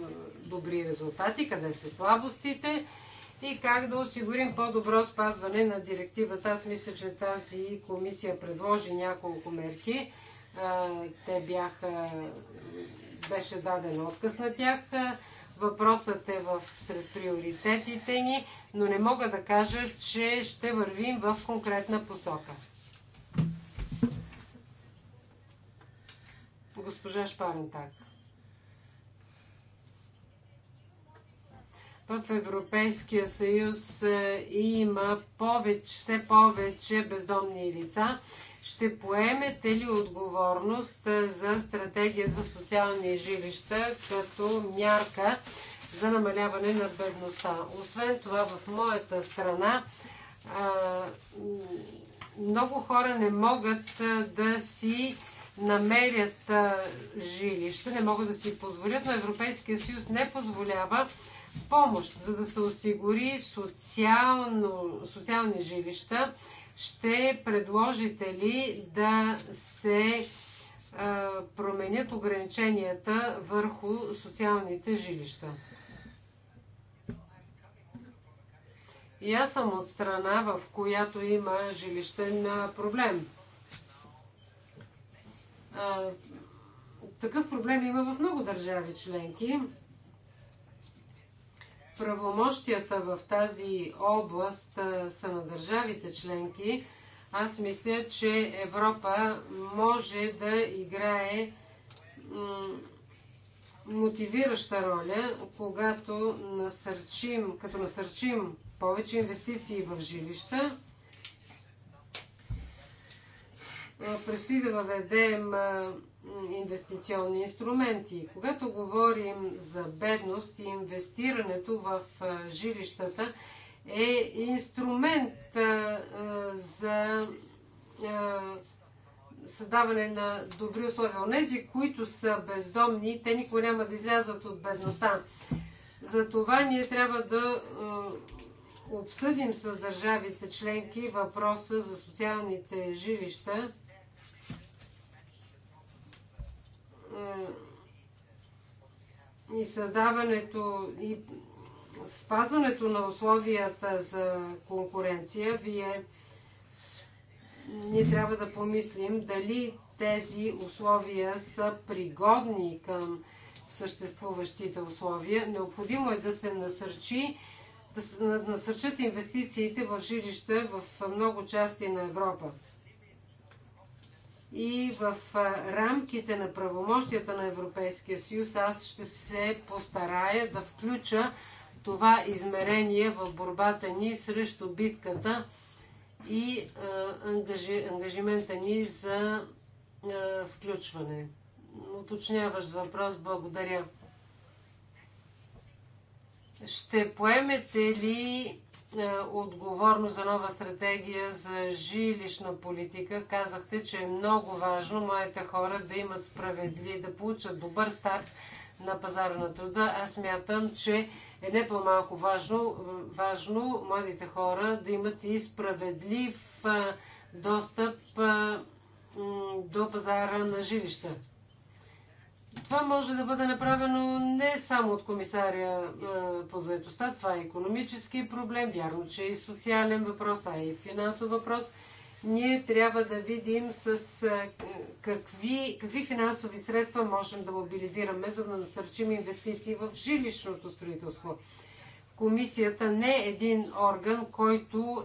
добри резултати, къде са слабостите и как да осигурим по-добро спазване на директивата. Аз мисля, че тази комисия предложи няколко мерки. Е, те бяха, беше даден отказ на тях. Е, въпросът е в сред приоритетите ни но не мога да кажа, че ще вървим в конкретна посока. Госпожа Шпарентак. в Европейския съюз е, има повече, все повече бездомни лица. Ще поемете ли отговорност е, за стратегия за социални жилища като мярка за намаляване на бедността. Освен това, в моята страна много хора не могат да си намерят жилище, не могат да си позволят, но Европейския съюз не позволява помощ, за да се осигури социално, социални жилища. Ще предложите ли да се променят ограниченията върху социалните жилища? И аз съм от страна, в която има жилищен проблем. такъв проблем има в много държави членки. Правомощията в тази област са на държавите членки. Аз мисля, че Европа може да играе мотивираща роля, когато насърчим, като насърчим повече инвестиции в жилища. Е, предстои да въведем е, инвестиционни инструменти. Когато говорим за бедност, инвестирането в е, жилищата е инструмент за създаване на добри условия. Онези, които са бездомни, те никога няма да излязат от бедността. Затова ние трябва да обсъдим с държавите членки въпроса за социалните жилища. Е, и създаването и спазването на условията за конкуренция, вие ние трябва да помислим дали тези условия са пригодни към съществуващите условия. Необходимо е да се насърчи да се насърчат инвестициите в жилища в много части на Европа. И в рамките на правомощията на Европейския съюз аз ще се постарая да включа това измерение в борбата ни срещу битката и ангажи, ангажимента ни за включване. Уточняваш въпрос. Благодаря. Ще поемете ли е, отговорно за нова стратегия за жилищна политика. Казахте, че е много важно моите хора да имат справедли, да получат добър старт на пазара на труда. Аз мятам, че е не по-малко важно, важно младите хора да имат и справедлив е, достъп е, до пазара на жилища. Това може да бъде направено не само от комисаря е, по заедостта, това е економически проблем, вярно, че е и социален въпрос, това е и финансов въпрос. Ние трябва да видим с е, какви, какви финансови средства можем да мобилизираме, за да насърчим инвестиции в жилищното строителство. Комисията не е един орган, който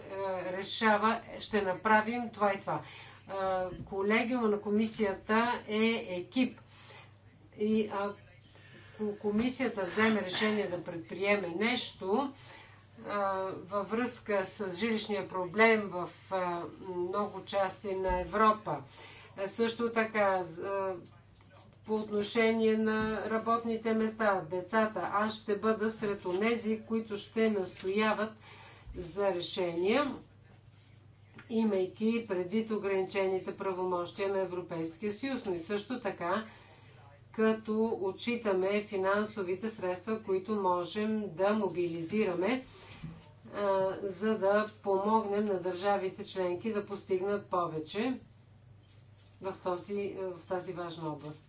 решава ще направим това и това. Колегиума на комисията е екип – и ако комисията вземе решение да предприеме нещо във връзка с жилищния проблем в много части на Европа, също така по отношение на работните места, децата, аз ще бъда сред онези, които ще настояват за решения, имайки предвид ограничените правомощия на Европейския съюз, но и също така като отчитаме финансовите средства, които можем да мобилизираме, за да помогнем на държавите членки да постигнат повече в, този, в тази важна област.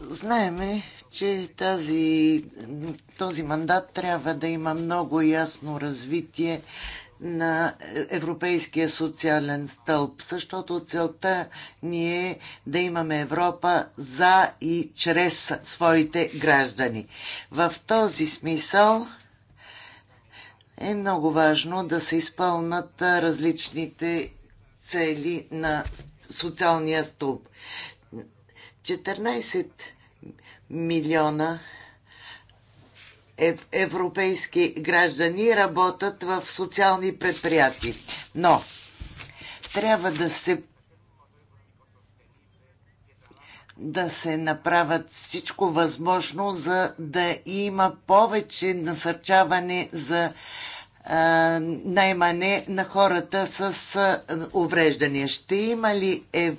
Знаеме, че тази, този мандат трябва да има много ясно развитие на Европейския социален стълб, защото целта ни е да имаме Европа за и чрез своите граждани. В този смисъл е много важно да се изпълнат различните цели на социалния стълб. 14 милиона европейски граждани работят в социални предприятия. Но трябва да се да се направят всичко възможно, за да има повече насърчаване за а, наймане на хората с а, увреждания. Ще има ли е,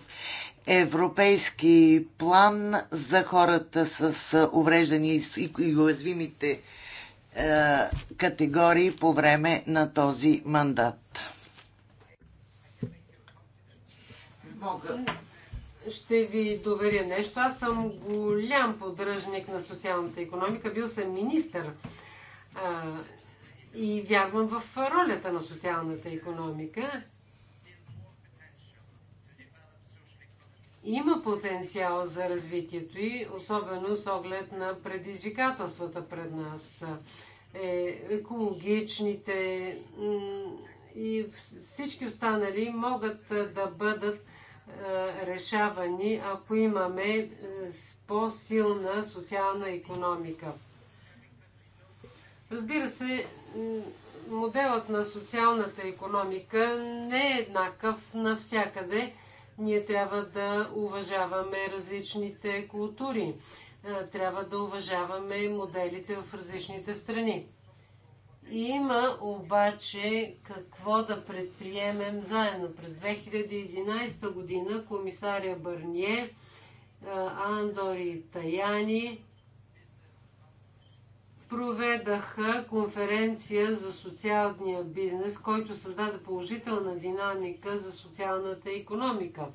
европейски план за хората с увреждания и уязвимите е, категории по време на този мандат. Мога. Ще ви доверя нещо. Аз съм голям поддръжник на социалната економика. Бил съм министър е, и вярвам в ролята на социалната економика. има потенциал за развитието и особено с оглед на предизвикателствата пред нас, е, екологичните и всички останали могат да бъдат е, решавани, ако имаме е, по-силна социална економика. Разбира се, моделът на социалната економика не е еднакъв навсякъде ние трябва да уважаваме различните култури. Е, трябва да уважаваме моделите в различните страни. Има обаче какво да предприемем заедно. През 2011 година комисаря Бърние, е, Андори Таяни проведаха конференция за социалния бизнес, който създаде положителна динамика за социалната економика.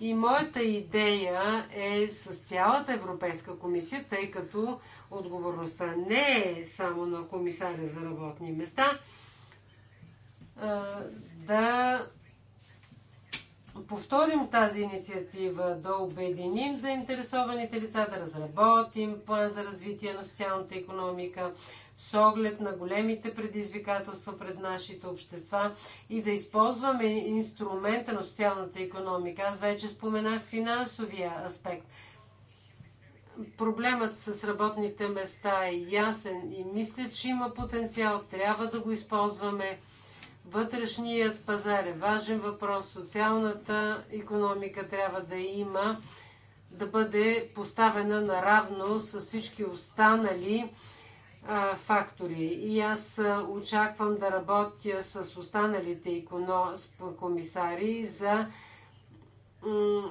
И моята идея е с цялата Европейска комисия, тъй като отговорността не е само на комисаря за работни места, да повторим тази инициатива, да обединим заинтересованите лица, да разработим план за развитие на социалната економика с оглед на големите предизвикателства пред нашите общества и да използваме инструмента на социалната економика. Аз вече споменах финансовия аспект. Проблемът с работните места е ясен и мисля, че има потенциал. Трябва да го използваме Вътрешният пазар е важен въпрос. Социалната економика трябва да има, да бъде поставена наравно с всички останали а, фактори. И аз очаквам да работя с останалите комисари за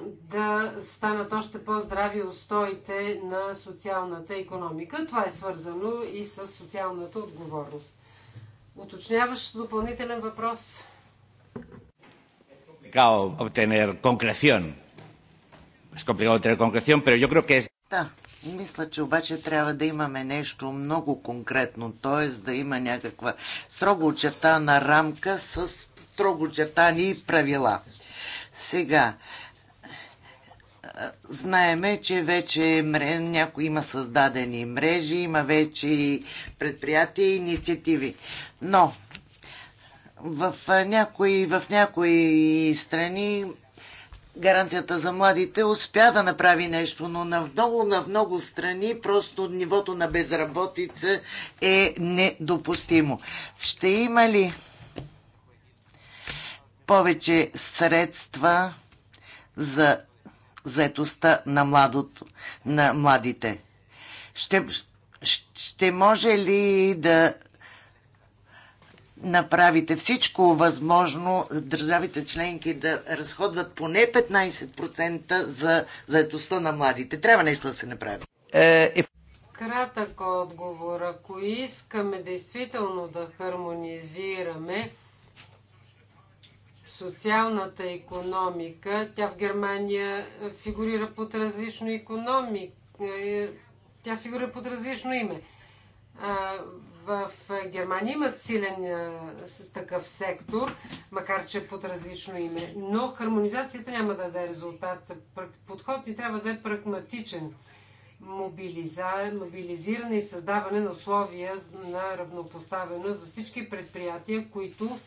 да станат още по-здрави устоите на социалната економика. Това е свързано и с социалната отговорност. Уточняваш допълнителен въпрос. Е obtener concreción. Es complicado obtener concreción, pero yo creo que es... Да, мисля, че обаче трябва да имаме нещо много конкретно, т.е. да има някаква строго очертана рамка с строго очертани правила. Сега, Знаеме, че вече някой има създадени мрежи, има вече и предприятия и инициативи. Но в някои, в някои страни гаранцията за младите успя да направи нещо, но на много, на много страни просто нивото на безработица е недопустимо. Ще има ли повече средства за заетостта на, младото, на младите. Ще, ще може ли да направите всичко възможно държавите членки да разходват поне 15% за заетостта на младите? Трябва нещо да се направи. Е, Кратък отговор. Ако искаме действително да хармонизираме, социалната економика, тя в Германия е, фигурира под различно економик, е, тя фигурира под различно име. В Германия имат силен е, такъв сектор, макар че под различно име. Но хармонизацията няма да даде резултат. Подход ни трябва да е прагматичен. Мобилиза... мобилизиране и създаване на условия на равнопоставеност за всички предприятия, които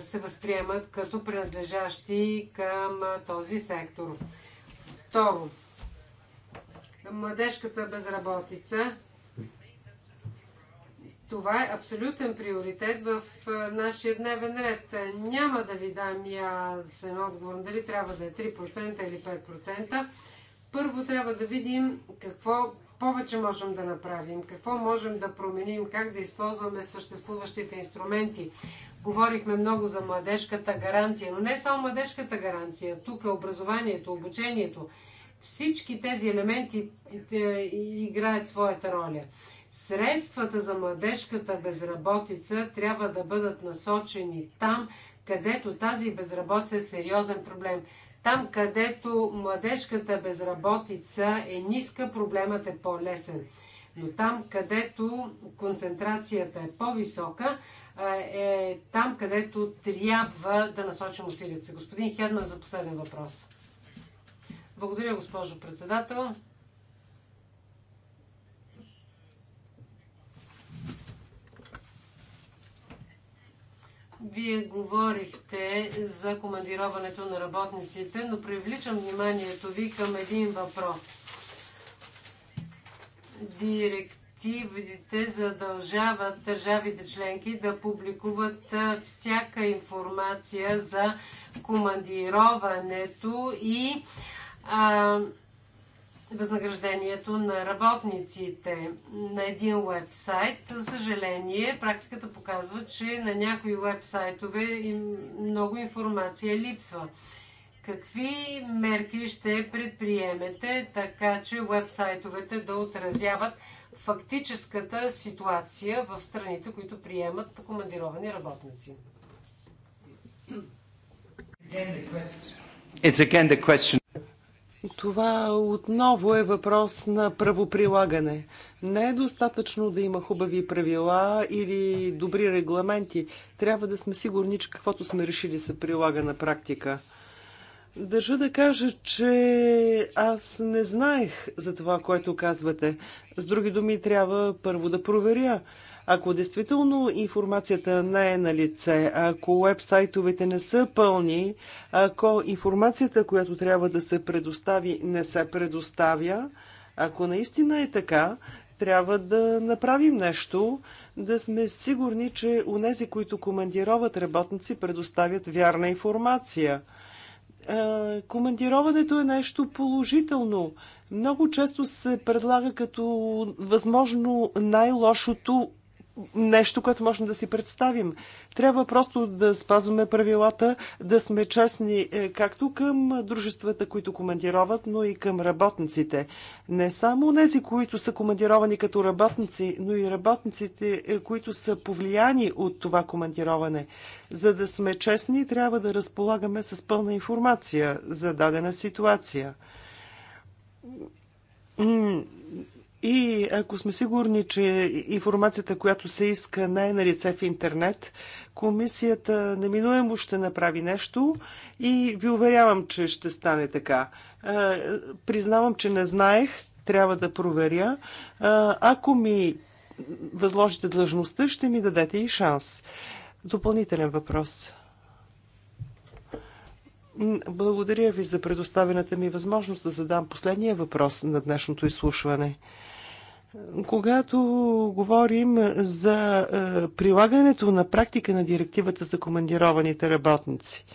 се възприемат като принадлежащи към този сектор. Второ, младежката безработица. Това е абсолютен приоритет в нашия дневен ред. Няма да ви дам едно отговор дали трябва да е 3% или 5%. Първо трябва да видим какво повече можем да направим, какво можем да променим, как да използваме съществуващите инструменти, Говорихме много за младежката гаранция, но не само младежката гаранция. Тук е образованието, обучението. Всички тези елементи е, играят своята роля. Средствата за младежката безработица трябва да бъдат насочени там, където тази безработица е сериозен проблем. Там, където младежката безработица е ниска, проблемът е по-лесен. Но там, където концентрацията е по-висока, е там, където трябва да насочим усилията си. Господин Хедман за последен въпрос. Благодаря, госпожо председател. Вие говорихте за командироването на работниците, но привличам вниманието ви към един въпрос – Директивите задължават държавите членки да публикуват всяка информация за командироването и а, възнаграждението на работниците на един вебсайт. За съжаление, практиката показва, че на някои вебсайтове много информация липсва. Какви мерки ще предприемете, така че вебсайтовете да отразяват фактическата ситуация в страните, които приемат командировани работници? Това отново е въпрос на правоприлагане. Не е достатъчно да има хубави правила или добри регламенти. Трябва да сме сигурни, че каквото сме решили се прилага на практика. Държа да кажа, че аз не знаех за това, което казвате. С други думи, трябва първо да проверя. Ако действително информацията не е на лице, ако вебсайтовете не са пълни, ако информацията, която трябва да се предостави, не се предоставя, ако наистина е така, трябва да направим нещо, да сме сигурни, че нези, които командироват работници, предоставят вярна информация – Командироването е нещо положително. Много често се предлага като възможно най-лошото нещо, което можем да си представим. Трябва просто да спазваме правилата, да сме честни е, както към дружествата, които командироват, но и към работниците. Не само тези, които са командировани като работници, но и работниците, е, които са повлияни от това командироване. За да сме честни, трябва да разполагаме с пълна информация за дадена ситуация и ако сме сигурни, че информацията, която се иска, не е на лице в интернет, комисията неминуемо ще направи нещо и ви уверявам, че ще стане така. Е, признавам, че не знаех, трябва да проверя. Е, ако ми възложите длъжността, ще ми дадете и шанс. Допълнителен въпрос. Благодаря ви за предоставената ми възможност да задам последния въпрос на днешното изслушване. Когато говорим за е, прилагането на практика на директивата за командированите работници,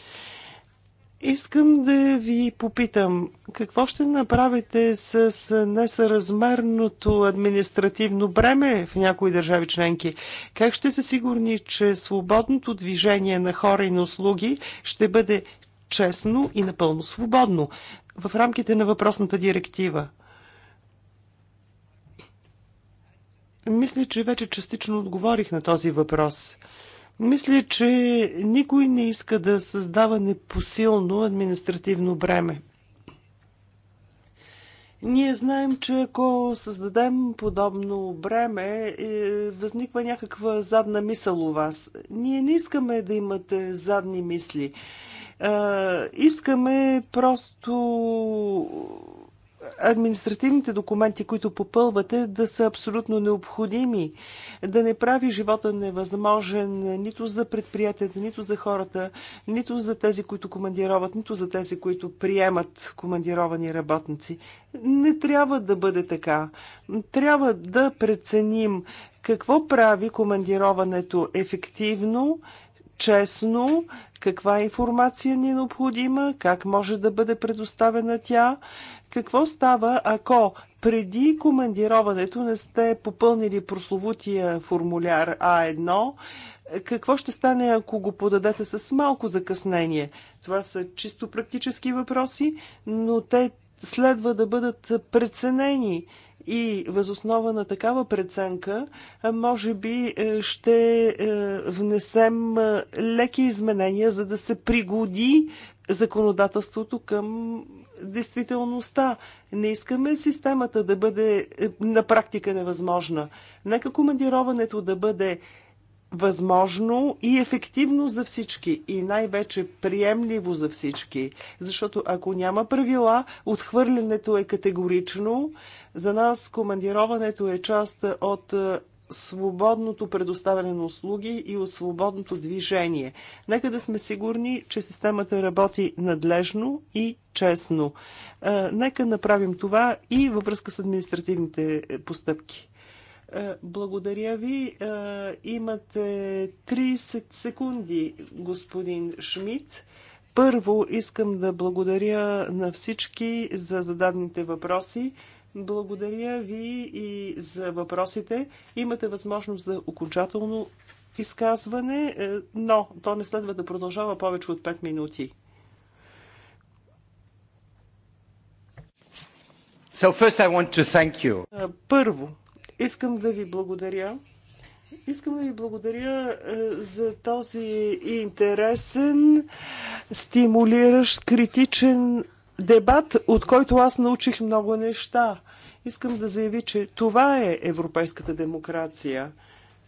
Искам да ви попитам, какво ще направите с несъразмерното административно бреме в някои държави членки? Как ще се сигурни, че свободното движение на хора и на услуги ще бъде честно и напълно свободно в рамките на въпросната директива? Мисля, че вече частично отговорих на този въпрос. Мисля, че никой не иска да създава непосилно административно бреме. Ние знаем, че ако създадем подобно бреме, е, възниква някаква задна мисъл у вас. Ние не искаме да имате задни мисли. Е, искаме просто административните документи, които попълвате, да са абсолютно необходими, да не прави живота невъзможен нито за предприятията, нито за хората, нито за тези, които командироват, нито за тези, които приемат командировани работници. Не трябва да бъде така. Трябва да преценим какво прави командироването ефективно, честно, каква информация ни е необходима, как може да бъде предоставена тя какво става, ако преди командироването не сте попълнили прословутия формуляр А1? Какво ще стане, ако го подадете с малко закъснение? Това са чисто практически въпроси, но те следва да бъдат преценени и възоснова на такава преценка, може би е, ще е, внесем е, леки изменения, за да се пригоди законодателството към действителността. Не искаме системата да бъде е, на практика невъзможна. Нека командироването да бъде възможно и ефективно за всички и най-вече приемливо за всички. Защото ако няма правила, отхвърлянето е категорично. За нас командироването е част от е, свободното предоставяне на услуги и от свободното движение. Нека да сме сигурни, че системата работи надлежно и честно. Е, нека направим това и във връзка с административните е, постъпки. Е, благодаря ви. Имате 30 секунди, господин Шмидт. Първо искам да благодаря на всички за зададените въпроси. Благодаря ви и за въпросите. Имате възможност за окончателно изказване, е, но то не следва да продължава повече от 5 минути. So first I want to thank you. Е, първо, искам да ви благодаря. Искам да ви благодаря е, за този интересен, стимулиращ, критичен дебат, от който аз научих много неща. Искам да заяви, че това е европейската демокрация.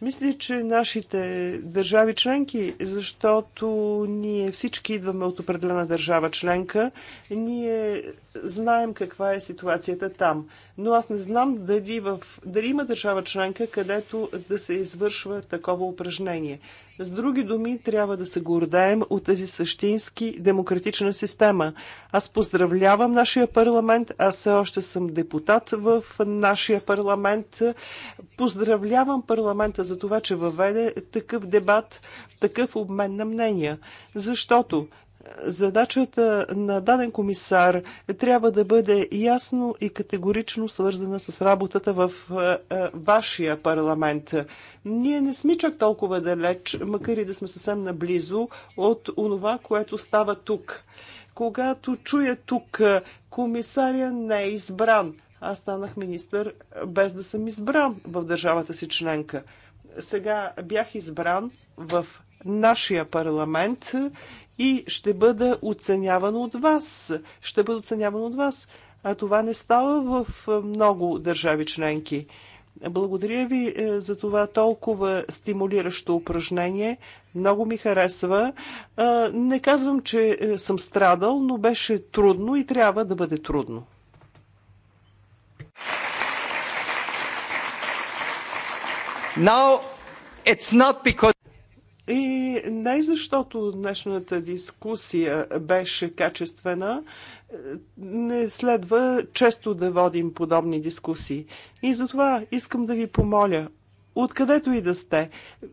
Мисля, че нашите държави членки, защото ние всички идваме от определена държава членка, ние знаем каква е ситуацията там но аз не знам дали, в, дали има държава членка, където да се извършва такова упражнение. С други думи, трябва да се гордаем от тази същински демократична система. Аз поздравлявам нашия парламент, аз все още съм депутат в нашия парламент. Поздравлявам парламента за това, че въведе такъв дебат, такъв обмен на мнения. Защото задачата на даден комисар трябва да бъде ясно и категорично свързана с работата в е, е, вашия парламент. Ние не сме чак толкова далеч, макар и да сме съвсем наблизо от онова, което става тук. Когато чуя тук, е, комисаря не е избран. Аз станах министър без да съм избран в държавата си членка. Сега бях избран в нашия парламент и ще бъда оценяван от вас. Ще бъда оценяван от вас. А това не става в много държави членки. Благодаря ви е, за това толкова стимулиращо упражнение. Много ми харесва. Не казвам, че е, съм страдал, но беше трудно и трябва да бъде трудно. Now, it's not because... И не защото днешната дискусия беше качествена, не следва често да водим подобни дискусии. И затова искам да ви помоля, откъдето и да сте,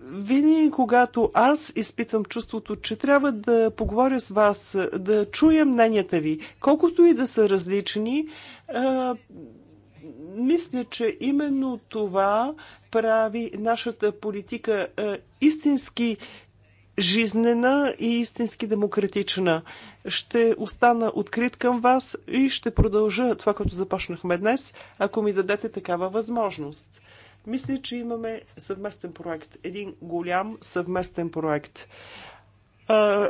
винаги когато аз изпитвам чувството, че трябва да поговоря с вас, да чуя мненията ви, колкото и да са различни, мисля, че именно това прави нашата политика е, истински жизнена и истински демократична. Ще остана открит към вас и ще продължа това, което започнахме днес, ако ми дадете такава възможност. Мисля, че имаме съвместен проект. Един голям съвместен проект. Е,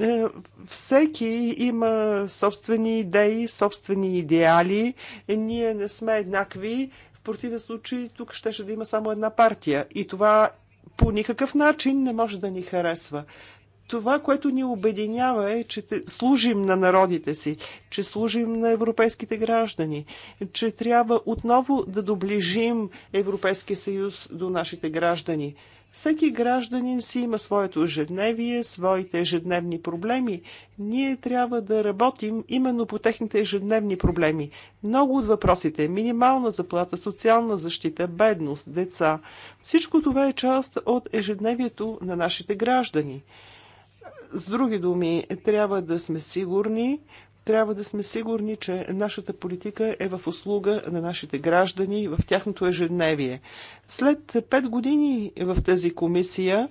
е, всеки има собствени идеи, собствени идеали. Ние не сме еднакви. В противен случай тук щеше да има само една партия. И това по никакъв начин не може да ни харесва. Това, което ни обединява е, че служим на народите си, че служим на европейските граждани, че трябва отново да доближим Европейския съюз до нашите граждани – всеки гражданин си има своето ежедневие, своите ежедневни проблеми. Ние трябва да работим именно по техните ежедневни проблеми. Много от въпросите – минимална заплата, социална защита, бедност, деца – всичко това е част от ежедневието на нашите граждани. С други думи, трябва да сме сигурни, трябва да сме сигурни, че нашата политика е в услуга на нашите граждани в тяхното ежедневие. След пет години в тази комисия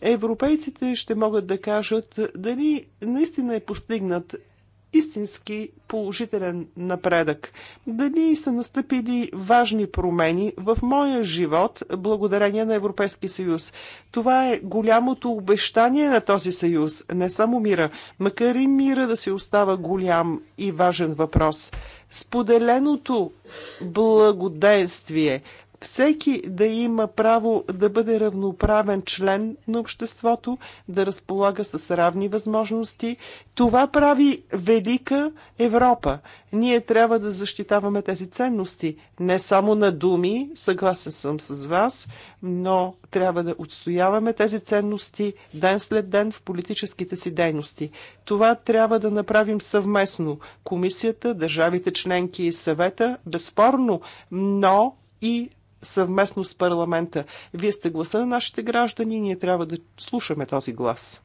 европейците ще могат да кажат дали наистина е постигнат истински положителен напредък. Дали са настъпили важни промени в моя живот благодарение на Европейския съюз? Това е голямото обещание на този съюз, не само мира, макар и мира да си остава голям и важен въпрос. Споделеното благоденствие, всеки да има право да бъде равноправен член на обществото, да разполага с равни възможности. Това прави велика Европа. Ние трябва да защитаваме тези ценности. Не само на думи, съгласен съм с вас, но трябва да отстояваме тези ценности ден след ден в политическите си дейности. Това трябва да направим съвместно. Комисията, държавите членки и съвета, безспорно, но и съвместно с парламента. Вие сте гласа на нашите граждани и ние трябва да слушаме този глас.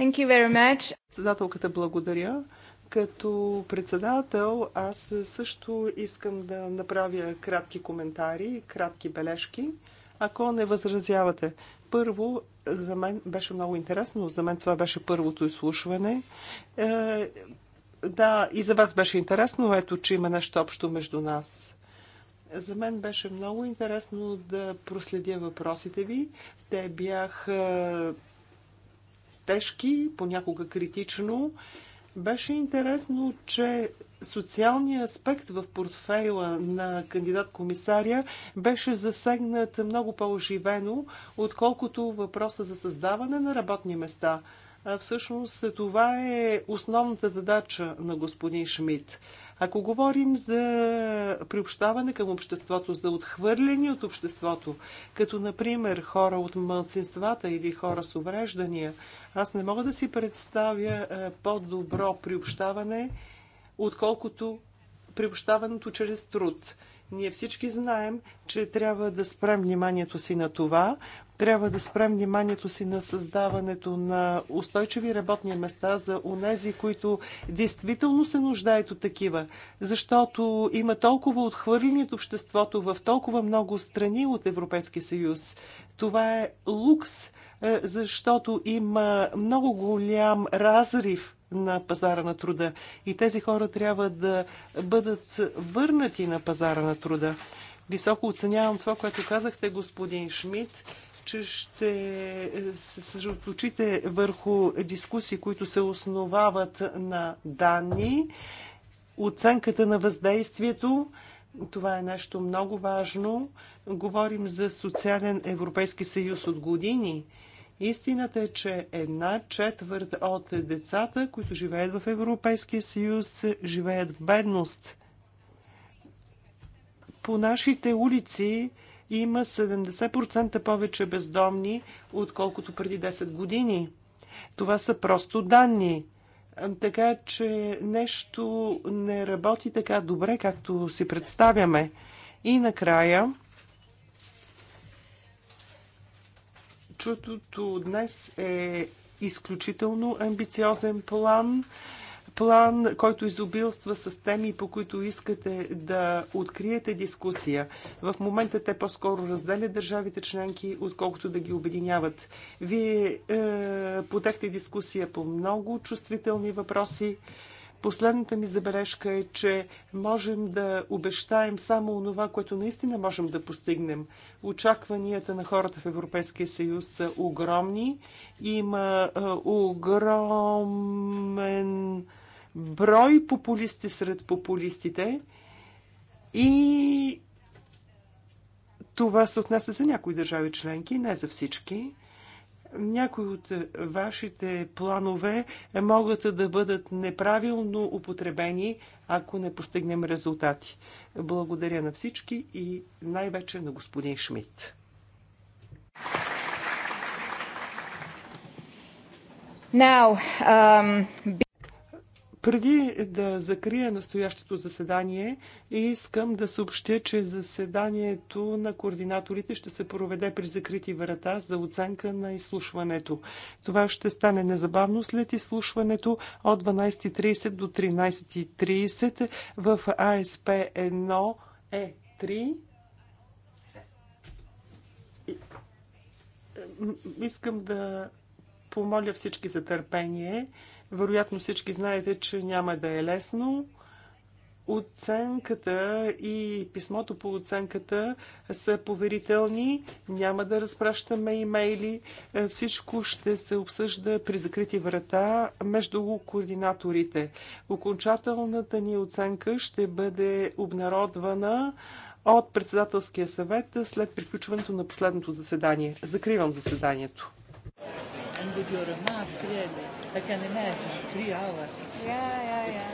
Thank you very much. Председателката благодаря. Като председател аз също искам да направя кратки коментари, кратки бележки ако не възразявате. Първо, за мен беше много интересно, за мен това беше първото изслушване. Е, да, и за вас беше интересно, ето, че има нещо общо между нас. За мен беше много интересно да проследя въпросите ви. Те бяха тежки, понякога критично. Беше интересно, че социалният аспект в портфейла на кандидат-комисаря беше засегнат много по-оживено, отколкото въпроса за създаване на работни места. Всъщност това е основната задача на господин Шмидт. Ако говорим за приобщаване към обществото, за отхвърляне от обществото, като например хора от мълцинствата или хора с увреждания, аз не мога да си представя по-добро приобщаване отколкото приобщаването чрез труд. Ние всички знаем, че трябва да спрем вниманието си на това, трябва да спрем вниманието си на създаването на устойчиви работни места за онези, които действително се нуждаят от такива, защото има толкова отхвърлени от обществото в толкова много страни от Европейския съюз. Това е лукс, е, защото има много голям разрив на пазара на труда. И тези хора трябва да бъдат върнати на пазара на труда. Високо оценявам това, което казахте, господин Шмидт, че ще се съсредоточите върху дискусии, които се основават на данни, оценката на въздействието. Това е нещо много важно. Говорим за социален Европейски съюз от години – Истината е, че една четвърт от децата, които живеят в Европейския съюз, живеят в бедност. По нашите улици има 70% повече бездомни, отколкото преди 10 години. Това са просто данни. Така че нещо не работи така добре, както си представяме. И накрая, Чутото днес е изключително амбициозен план план, който изобилства с теми, по които искате да откриете дискусия. В момента те по-скоро разделят държавите членки, отколкото да ги обединяват. Вие е, подехте дискусия по много чувствителни въпроси. Последната ми забележка е, че можем да обещаем само онова, което наистина можем да постигнем. Очакванията на хората в Европейския съюз са огромни. Има огромен брой популисти сред популистите и това се отнася за някои държави членки, не за всички някои от вашите планове могат да бъдат неправилно употребени, ако не постигнем резултати. Благодаря на всички и най-вече на господин Шмидт. Now, um... Преди да закрия настоящото заседание, искам да съобщя, че заседанието на координаторите ще се проведе при закрити врата за оценка на изслушването. Това ще стане незабавно след изслушването от 12.30 до 13.30 в АСП 1 Е3. Искам да помоля всички за търпение. Вероятно всички знаете, че няма да е лесно. Оценката и писмото по оценката са поверителни, няма да разпращаме имейли. Е, всичко ще се обсъжда при закрити врата между координаторите. Окончателната ни оценка ще бъде обнародвана от председателския съвет след приключването на последното заседание. Закривам заседанието and with your remarks, really, I can imagine three hours. Yeah, yeah, yeah.